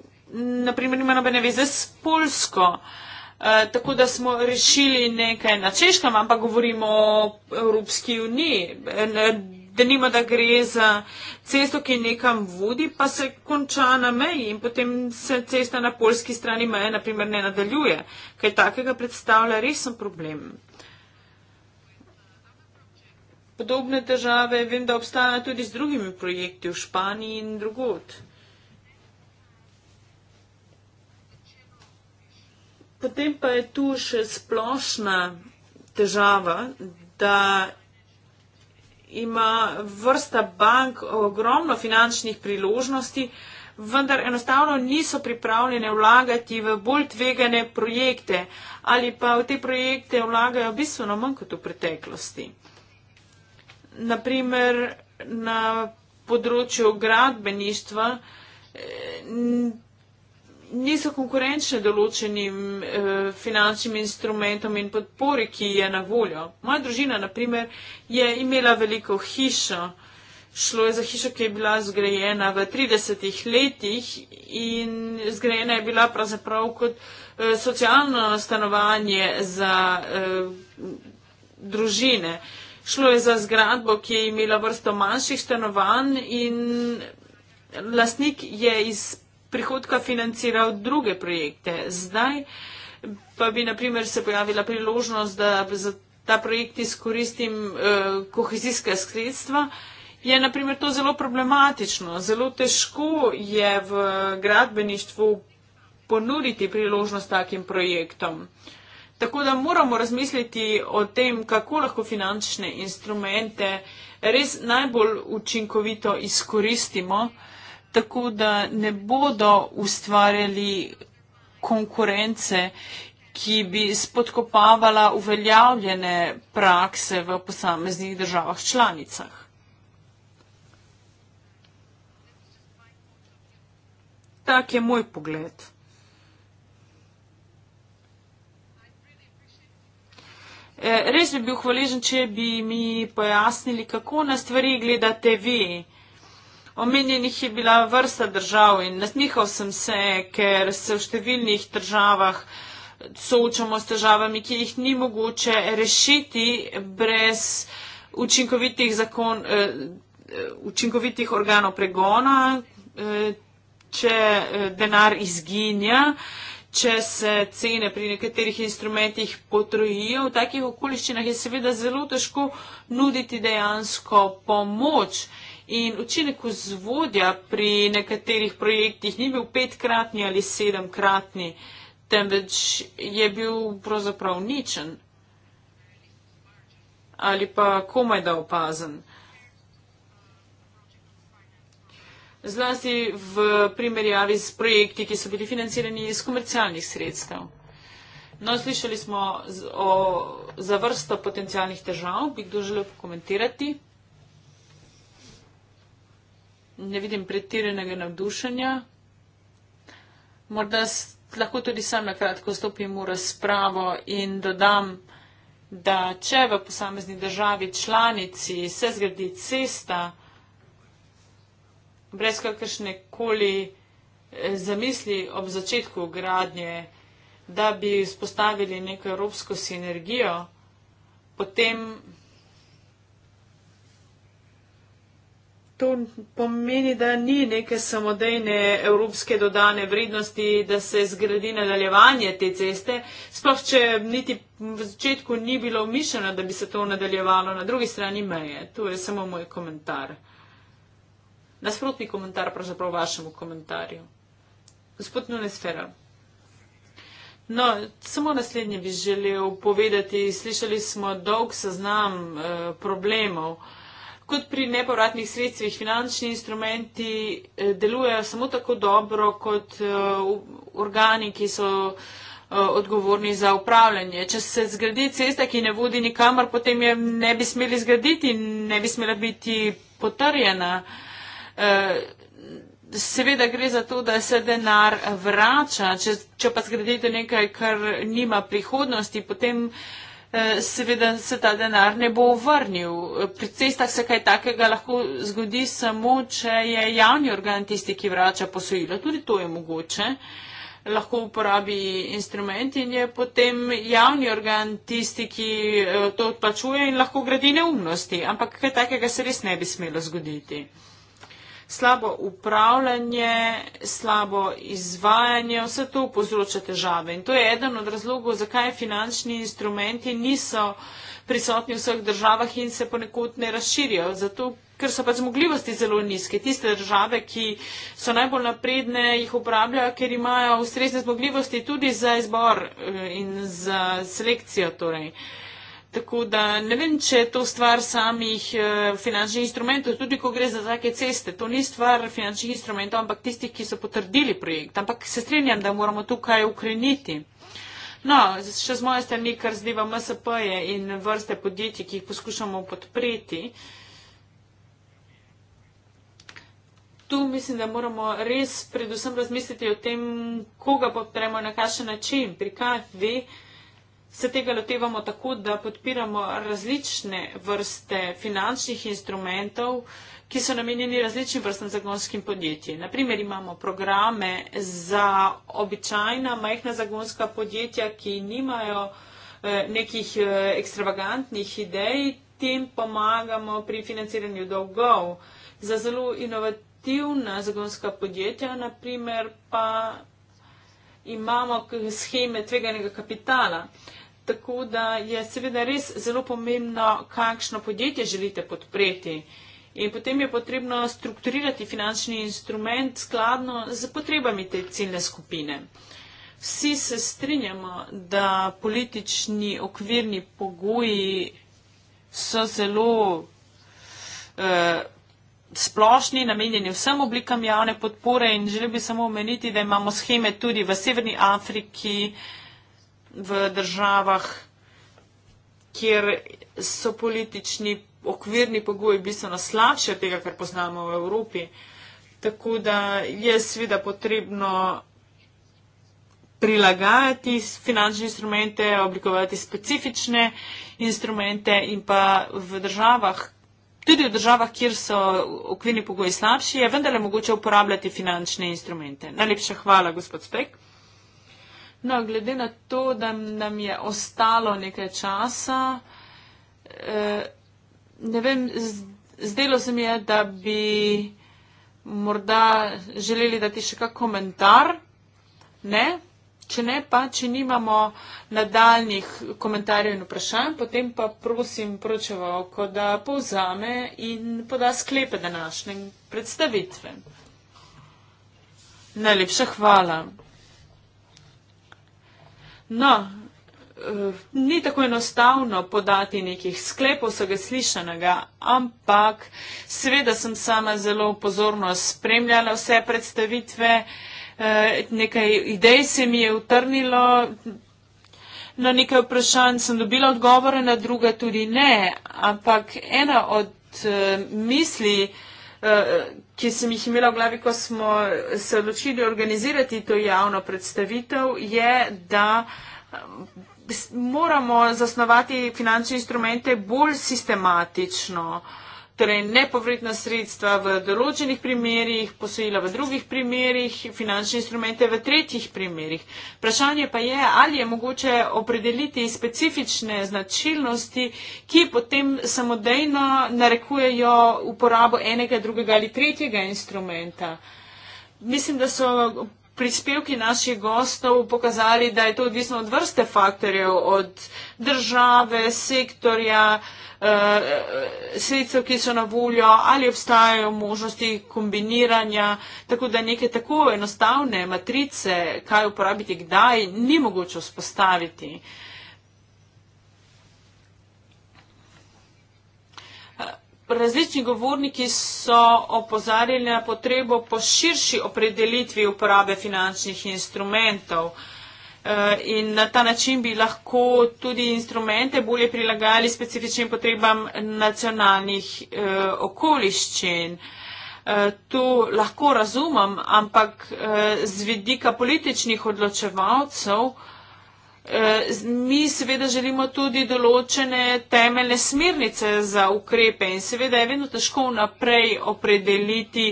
Speaker 2: naprimer ima nobene veze s Polsko. Eh, tako da smo rešili nekaj na Češkem, ampak govorimo o Evropski uniji. Eh, denimo, da gre za cesto, ki nekam vodi, pa se konča na meji in potem se cesta na polski strani meje naprimer ne nadaljuje. Kaj takega predstavlja resen problem podobne države, vem, da obstaja tudi z drugimi projekti v Španiji in drugot. Potem pa je tu še splošna težava, da ima vrsta bank ogromno finančnih priložnosti, vendar enostavno niso pripravljene vlagati v bolj tvegane projekte ali pa v te projekte vlagajo bistveno manj kot v preteklosti naprimer na področju gradbeništva eh, niso konkurenčne določenim eh, finančnim instrumentom in podpori, ki je na voljo. Moja družina, naprimer, je imela veliko hišo. Šlo je za hišo, ki je bila zgrajena v 30 letih in zgrajena je bila pravzaprav kot eh, socialno stanovanje za eh, družine. Eh, Šlo je za zgradbo, ki je imela vrsto manjših stanovanj in lasnik je iz prihodka financiral druge projekte. Zdaj pa bi naprimer se pojavila priložnost, da za ta projekt izkoristim eh, kohezijske sredstva. Je naprimer to zelo problematično, zelo težko je v gradbeništvu ponuditi priložnost takim projektom. Eh, Tako da moramo razmisliti o tem, kako lahko finančne instrumente res najbolj učinkovito izkoristimo, tako da ne bodo ustvarjali konkurence, ki bi spodkopavala uveljavljene prakse v posameznih državah članicah. Tak je moj pogled. Eh, res bi bil hvaležen, če bi mi pojasnili, kako na stvari gledate vi. Omenjenih je bila vrsta držav in nasmihal sem se, ker se v številnih državah soočamo s težavami, ki jih ni mogoče rešiti brez učinkovitih, zakon, eh, učinkovitih organov pregona, eh, če denar izginja če se cene pri nekaterih instrumentih potrojijo, v takih okoliščinah je seveda zelo težko nuditi dejansko pomoč. In učinek vzvodja pri nekaterih projektih ni bil petkratni ali sedemkratni, temveč je bil pravzaprav ničen ali pa komaj da opazen. zlasti v primerjavi z projekti, ki so bili financirani iz komercialnih sredstev. No, slišali smo o zavrsto potencijalnih težav, bi kdo želel pokomentirati. Ne vidim pretiranega navdušenja. Morda lahko tudi sam na kratko stopim v razpravo in dodam, da če v posamezni državi članici se zgradi cesta, brez kakršne koli eh, zamisli ob začetku gradnje, da bi spostavili neko evropsko sinergijo, potem to pomeni, da ni neke samodejne evropske dodane vrednosti, da se zgradi nadaljevanje te ceste, sploh če niti v začetku ni bilo mišljeno, da bi se to nadaljevalo na drugi strani meje. To je samo moj komentar nasprotni komentar pravzaprav vašemu komentarju. Gospod Nunes Ferrer. No, samo naslednje bi želel povedati. Slišali smo dolg seznam eh, problemov. Kot pri nepovratnih sredstvih, finančni instrumenti eh, delujejo samo tako dobro kot eh, organi, ki so eh, odgovorni za upravljanje. Če se zgradi cesta, ki ne vodi nikamor, potem je ne bi smeli zgraditi, ne bi smela biti potrjena. Eh, Eh, seveda gre za to, da se denar vrača. Če, če pa zgradite nekaj, kar nima prihodnosti, potem eh, seveda se ta denar ne bo vrnil. Pri cestah se kaj takega lahko zgodi samo, če je javni organ tisti, ki vrača posojilo. Tudi to je mogoče. Lahko uporabi instrument in je potem javni organ tisti, ki eh, to odplačuje in lahko gradi neumnosti. Ampak kaj takega se res ne bi smelo zgoditi slabo upravljanje, slabo izvajanje, vse to povzroča težave. In to je eden od razlogov, zakaj finančni instrumenti niso prisotni v vseh državah in se ponekod ne razširijo. Zato, ker so pa zmogljivosti zelo nizke. Tiste države, ki so najbolj napredne, jih uporabljajo, ker imajo ustrezne zmogljivosti tudi za izbor eh, in za selekcijo. Torej. Uh, Tako da ne vem, če je to stvar samih uh, finančnih instrumentov, tudi ko gre za take ceste. To ni stvar finančnih instrumentov, ampak tistih, ki so potrdili projekt. Ampak se strinjam, da moramo tukaj ukreniti. No, še z moje strani, kar zdiva MSP-je in vrste podjetij, ki jih poskušamo podpreti. Tu mislim, da moramo res predvsem razmisliti o tem, koga podpremo, na kakšen način, pri kakšni se tega lotevamo tako, da podpiramo različne vrste finančnih instrumentov, ki so namenjeni različnim vrstam zagonskim podjetjem. Naprimer, imamo programe za običajna majhna zagonska podjetja, ki nimajo eh, nekih eh, ekstravagantnih idej, tem pomagamo pri financiranju dolgov. Za zelo inovativna zagonska podjetja, naprimer, pa imamo scheme tveganega kapitala. Tako da je seveda res zelo pomembno, kakšno podjetje želite podpreti. In potem je potrebno strukturirati finančni instrument skladno z potrebami te ciljne skupine. Vsi se strinjamo, da politični okvirni pogoji so zelo eh, splošni, namenjeni vsem oblikam javne podpore in želel bi samo omeniti, da imamo scheme tudi v Severni Afriki, eh, v državah, kjer so politični okvirni pogoji bistveno slabši od tega, kar poznamo v Evropi. Tako da je sveda potrebno prilagajati finančne instrumente, oblikovati specifične instrumente in pa v državah, tudi v državah, kjer so okvirni pogoji slabši, je vendarle mogoče uporabljati finančne instrumente. Najlepša hvala, gospod Spek. No, glede na to, da nam je ostalo nekaj časa, eh, ne vem, zdelo se mi je, da bi morda želeli dati še kak komentar. Ne? Če ne, pa če nimamo nadaljnih komentarjev in vprašanj, potem pa prosim pročevalko, da povzame in poda sklepe današnje predstavitve. Najlepša hvala. No, eh, ni tako enostavno podati nekih sklepov vsega slišanega, ampak seveda sem sama zelo pozorno spremljala vse predstavitve, eh, nekaj idej se mi je utrnilo, na nekaj vprašanj sem dobila odgovore, na druga tudi ne, ampak ena od eh, misli, ki sem jih imela v glavi, ko smo se odločili organizirati to javno predstavitev, je, da eh, moramo zasnovati finančne instrumente bolj sistematično. Uh, torej nepovredna sredstva v določenih primerjih, posojila v drugih primerjih, finančne instrumente v tretjih primerjih. Vprašanje pa je, ali je mogoče opredeliti specifične značilnosti, ki potem samodejno narekujejo uporabo enega, drugega ali tretjega instrumenta. Mislim, da so prispevki naših gostov pokazali, da je to odvisno od vrste faktorjev, od države, sektorja, eh, sredstev, ki so na voljo, ali obstajajo možnosti kombiniranja. Tako da neke tako enostavne matrice, kaj uporabiti, kdaj, ni mogoče vzpostaviti. Eh, različni govorniki so opozarjali na potrebo po širši opredelitvi uporabe finančnih instrumentov. Eh, in na ta način bi lahko tudi instrumente bolje prilagajali specifičnim potrebam nacionalnih eh, okoliščin. Eh, to lahko razumem, ampak eh, z vidika političnih odločevalcev eh, Eh, mi seveda želimo tudi določene temeljne smernice za ukrepe in seveda je vedno težko naprej opredeliti,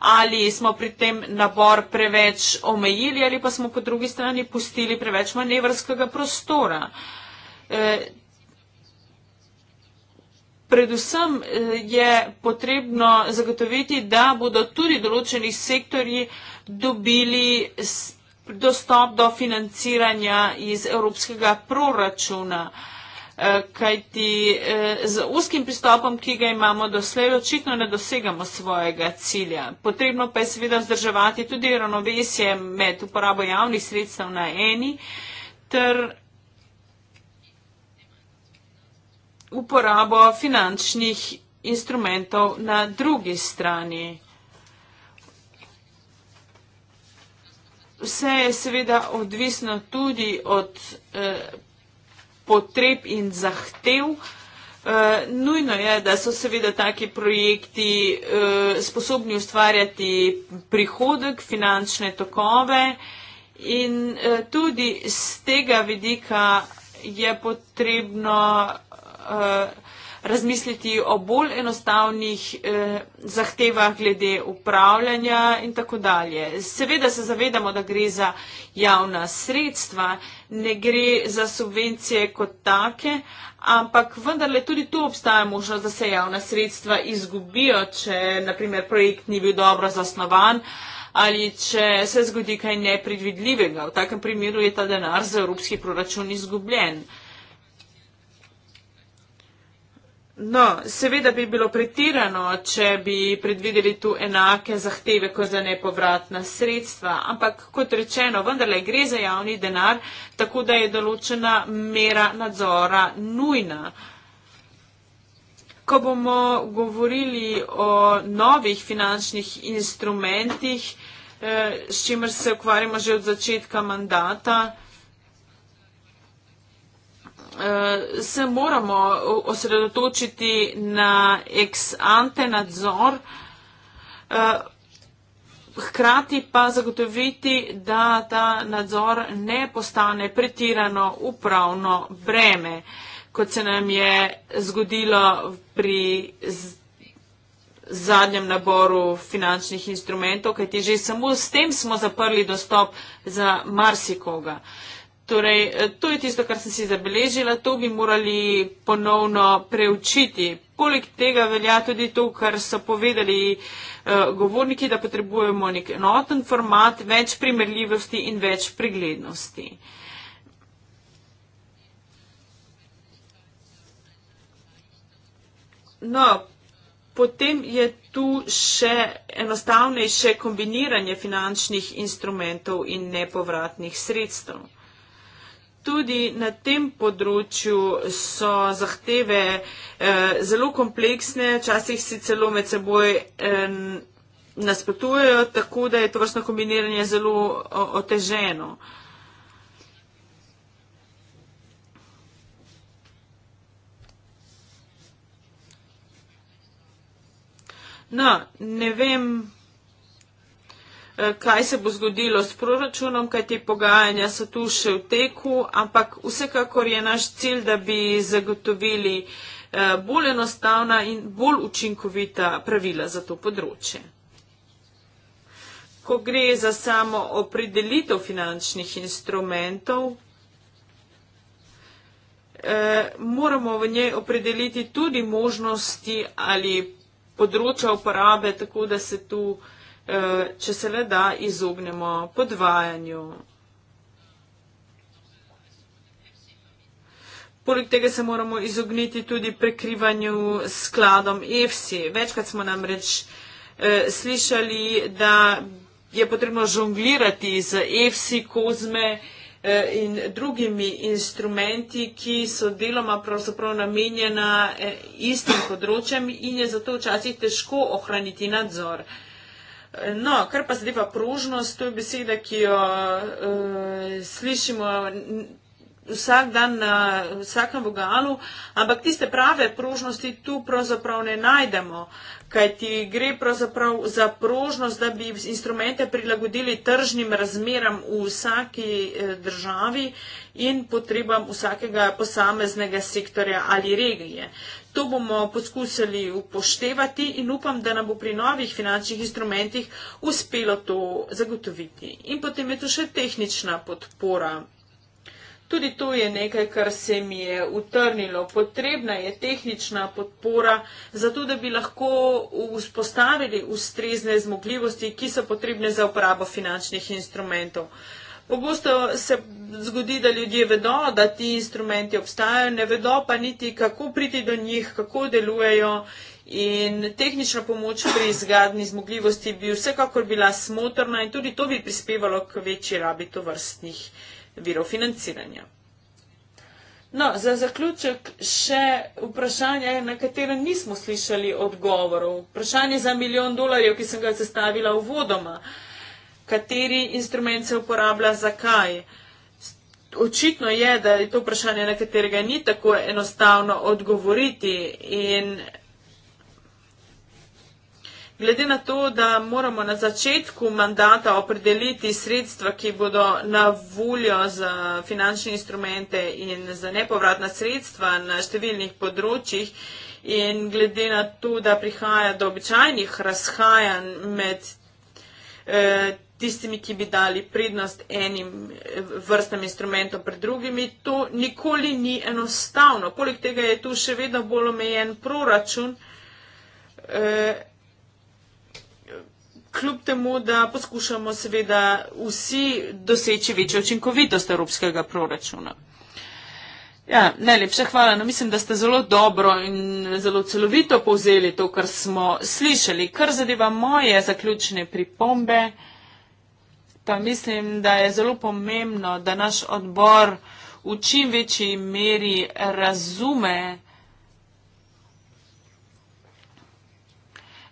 Speaker 2: ali smo pri tem nabor preveč omejili ali pa smo po drugi strani pustili preveč manevrskega prostora. Eh, predvsem eh, je potrebno zagotoviti, da bodo tudi določeni sektori dobili dostop do financiranja iz evropskega proračuna. Eh, kajti eh, z uskim pristopom, ki ga imamo doslej, očitno ne dosegamo svojega cilja. Potrebno pa je seveda vzdrževati tudi ravnovesje med uporabo javnih sredstev na eni ter uporabo finančnih instrumentov na drugi strani. vse je seveda odvisno tudi od eh, potreb in zahtev. Eh, nujno je, da so seveda taki projekti eh, sposobni ustvarjati prihodek, finančne tokove in tudi z tega vidika je potrebno razmisliti o bolj enostavnih eh, zahtevah glede upravljanja in tako dalje. Seveda se zavedamo, da gre za javna sredstva, ne gre za subvencije kot take, ampak vendarle tudi tu obstaja možnost, da se javna sredstva izgubijo, če naprimer projekt ni bil dobro zasnovan ali če se zgodi kaj nepredvidljivega. V takem primeru je ta denar za evropski proračun izgubljen. No, seveda bi bilo pretirano, če bi predvideli tu enake zahteve kot za nepovratna sredstva, ampak kot rečeno, vendarle gre za javni denar, tako da je določena mera nadzora nujna. Ko bomo govorili o novih finančnih instrumentih, eh, s čimer se ukvarjamo že od začetka mandata, uh, se moramo osredotočiti na ex ante nadzor, uh, hkrati pa zagotoviti, da ta nadzor ne postane pretirano upravno breme, kot se nam je zgodilo pri zadnjem naboru finančnih instrumentov, kajti že samo s tem smo zaprli dostop za marsikoga. Uh, Torej, eh, to je tisto, kar sem si zabeležila, to bi morali ponovno preučiti. Poleg tega velja tudi to, kar so povedali eh, govorniki, da potrebujemo nek enoten format, več primerljivosti in več preglednosti. No, potem je tu še enostavnejše kombiniranje finančnih instrumentov in nepovratnih sredstev tudi na tem področju so zahteve eh, zelo kompleksne, včasih si celo med seboj eh, nasprotujejo, tako da je to vrstno kombiniranje zelo o, oteženo. No, ne vem. Eh, kaj se bo zgodilo s proračunom, kaj ti pogajanja so tu še v teku, ampak vsekakor je naš cilj, da bi zagotovili eh, bolj enostavna in bolj učinkovita pravila za to področje. Ko gre za samo opredelitev finančnih instrumentov, eh, moramo v njej opredeliti tudi možnosti ali področja uporabe, tako da se tu Eh, če se le da izognemo podvajanju. Poleg tega se moramo izogniti tudi prekrivanju skladom EFSI. Večkrat smo namreč eh, slišali, da je potrebno žonglirati z EFSI, kozme eh, in drugimi instrumenti, ki so deloma pravzaprav namenjena eh, istim področjem in je zato včasih težko ohraniti nadzor. Eh, No, kar pa zadeva pružnost, to je beseda, ki jo uh, slišimo vsak dan na vsakem vogalu, ampak tiste prave prožnosti tu pravzaprav ne najdemo, kajti gre pravzaprav za prožnost, da bi instrumente prilagodili tržnim razmeram v vsaki eh, državi in potrebam vsakega posameznega sektorja ali regije. To bomo poskusili upoštevati in upam, da nam bo pri novih finančnih instrumentih uspelo to zagotoviti. In potem je tu še tehnična podpora Tudi to je nekaj, kar se mi je utrnilo. Potrebna je tehnična podpora, zato da bi lahko vzpostavili ustrezne zmogljivosti, ki so potrebne za uporabo finančnih instrumentov. Pogosto se zgodi, da ljudje vedo, da ti instrumenti obstajajo, ne vedo pa niti, kako priti do njih, kako delujejo in tehnična pomoč pri izgradni zmogljivosti bi vsekakor bila smotrna in tudi to bi prispevalo k večji rabi tovrstnih instrumentov virov financiranja. No, za zaključek še vprašanje, na katero nismo slišali odgovorov. Vprašanje za milijon dolarjev, ki sem ga zastavila v vodoma. Kateri instrument se uporablja, zakaj? Očitno je, da je to vprašanje, na katerega ni tako enostavno odgovoriti. In, Glede na to, da moramo na začetku mandata opredeliti sredstva, ki bodo na voljo za finančne instrumente in za nepovratna sredstva na številnih področjih in glede na to, da prihaja do običajnih razhajanj med eh, tistimi, ki bi dali prednost enim eh, vrstam instrumentov pred drugimi, to nikoli ni enostavno. Poleg tega je tu še vedno bolj omejen proračun. Eh, kljub temu, da poskušamo seveda vsi doseči večjo učinkovitost evropskega proračuna. Ja, najlepša hvala. No, mislim, da ste zelo dobro in zelo celovito povzeli to, kar smo slišali. Kar zadeva moje zaključne pripombe, pa mislim, da je zelo pomembno, da naš odbor v čim večji meri razume.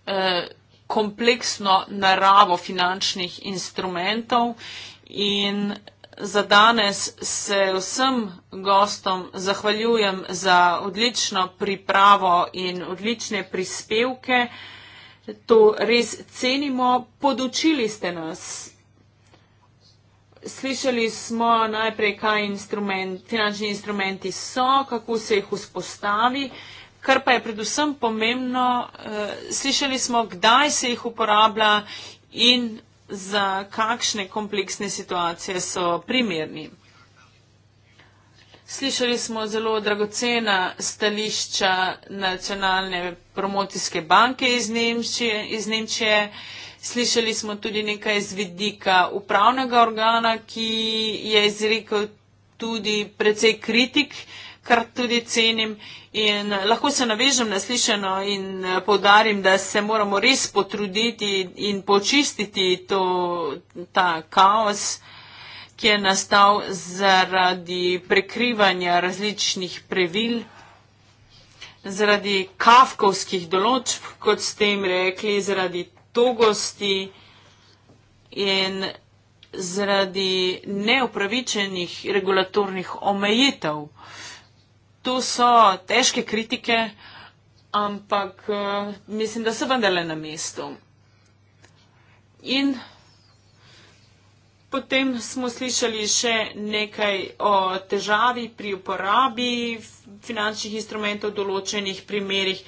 Speaker 2: Uh, kompleksno naravo finančnih instrumentov in za danes se vsem gostom zahvaljujem za odlično pripravo in odlične prispevke. To res cenimo. Podučili ste nas. Slišali smo najprej, kaj instrument, finančni instrumenti so, kako se jih vzpostavi. Kar pa je predvsem pomembno, uh, slišali smo, kdaj se jih uporablja in za kakšne kompleksne situacije so primerni. Slišali smo zelo dragocena stališča Nacionalne promocijske banke iz Nemčije, iz Nemčije. Slišali smo tudi nekaj z vidika upravnega organa, ki je izrekel tudi precej kritik eh, kar tudi cenim. In eh, lahko se navežem na slišeno in eh, povdarim, da se moramo res potruditi in počistiti to, ta kaos, ki je nastal zaradi prekrivanja različnih previl, zaradi kafkovskih določb, kot ste jim rekli, zaradi togosti in zaradi neupravičenih regulatornih omejitev. Uh, tu so težke kritike, ampak uh, mislim, da so vendarle na mestu. In potem smo slišali še nekaj o težavi pri uporabi finančnih instrumentov v določenih primerjih.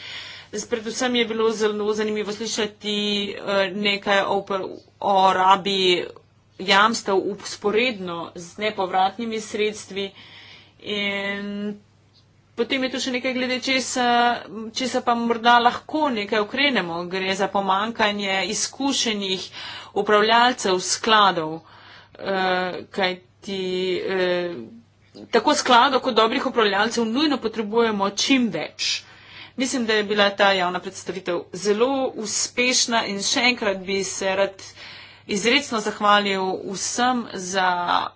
Speaker 2: Predvsem je bilo zelo zanimivo slišati eh, nekaj o, o rabi jamstev usporedno z nepovratnimi sredstvi. In Potem je tu še nekaj glede, če se pa morda lahko nekaj ukrenemo. Gre za pomankanje izkušenih upravljalcev skladov, eh, kaj ti eh, tako sklado kot dobrih upravljalcev nujno potrebujemo čim več. Mislim, da je bila ta javna predstavitev zelo uspešna in še enkrat bi se rad izredno zahvalil vsem za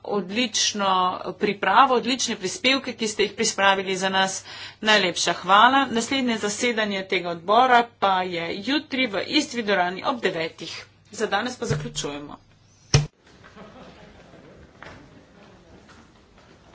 Speaker 2: odlično pripravo, odlične prispevke, ki ste jih pripravili za nas. Najlepša hvala. Naslednje zasedanje tega odbora pa je jutri v Istvidorani ob 9. Za danes pa zaključujemo.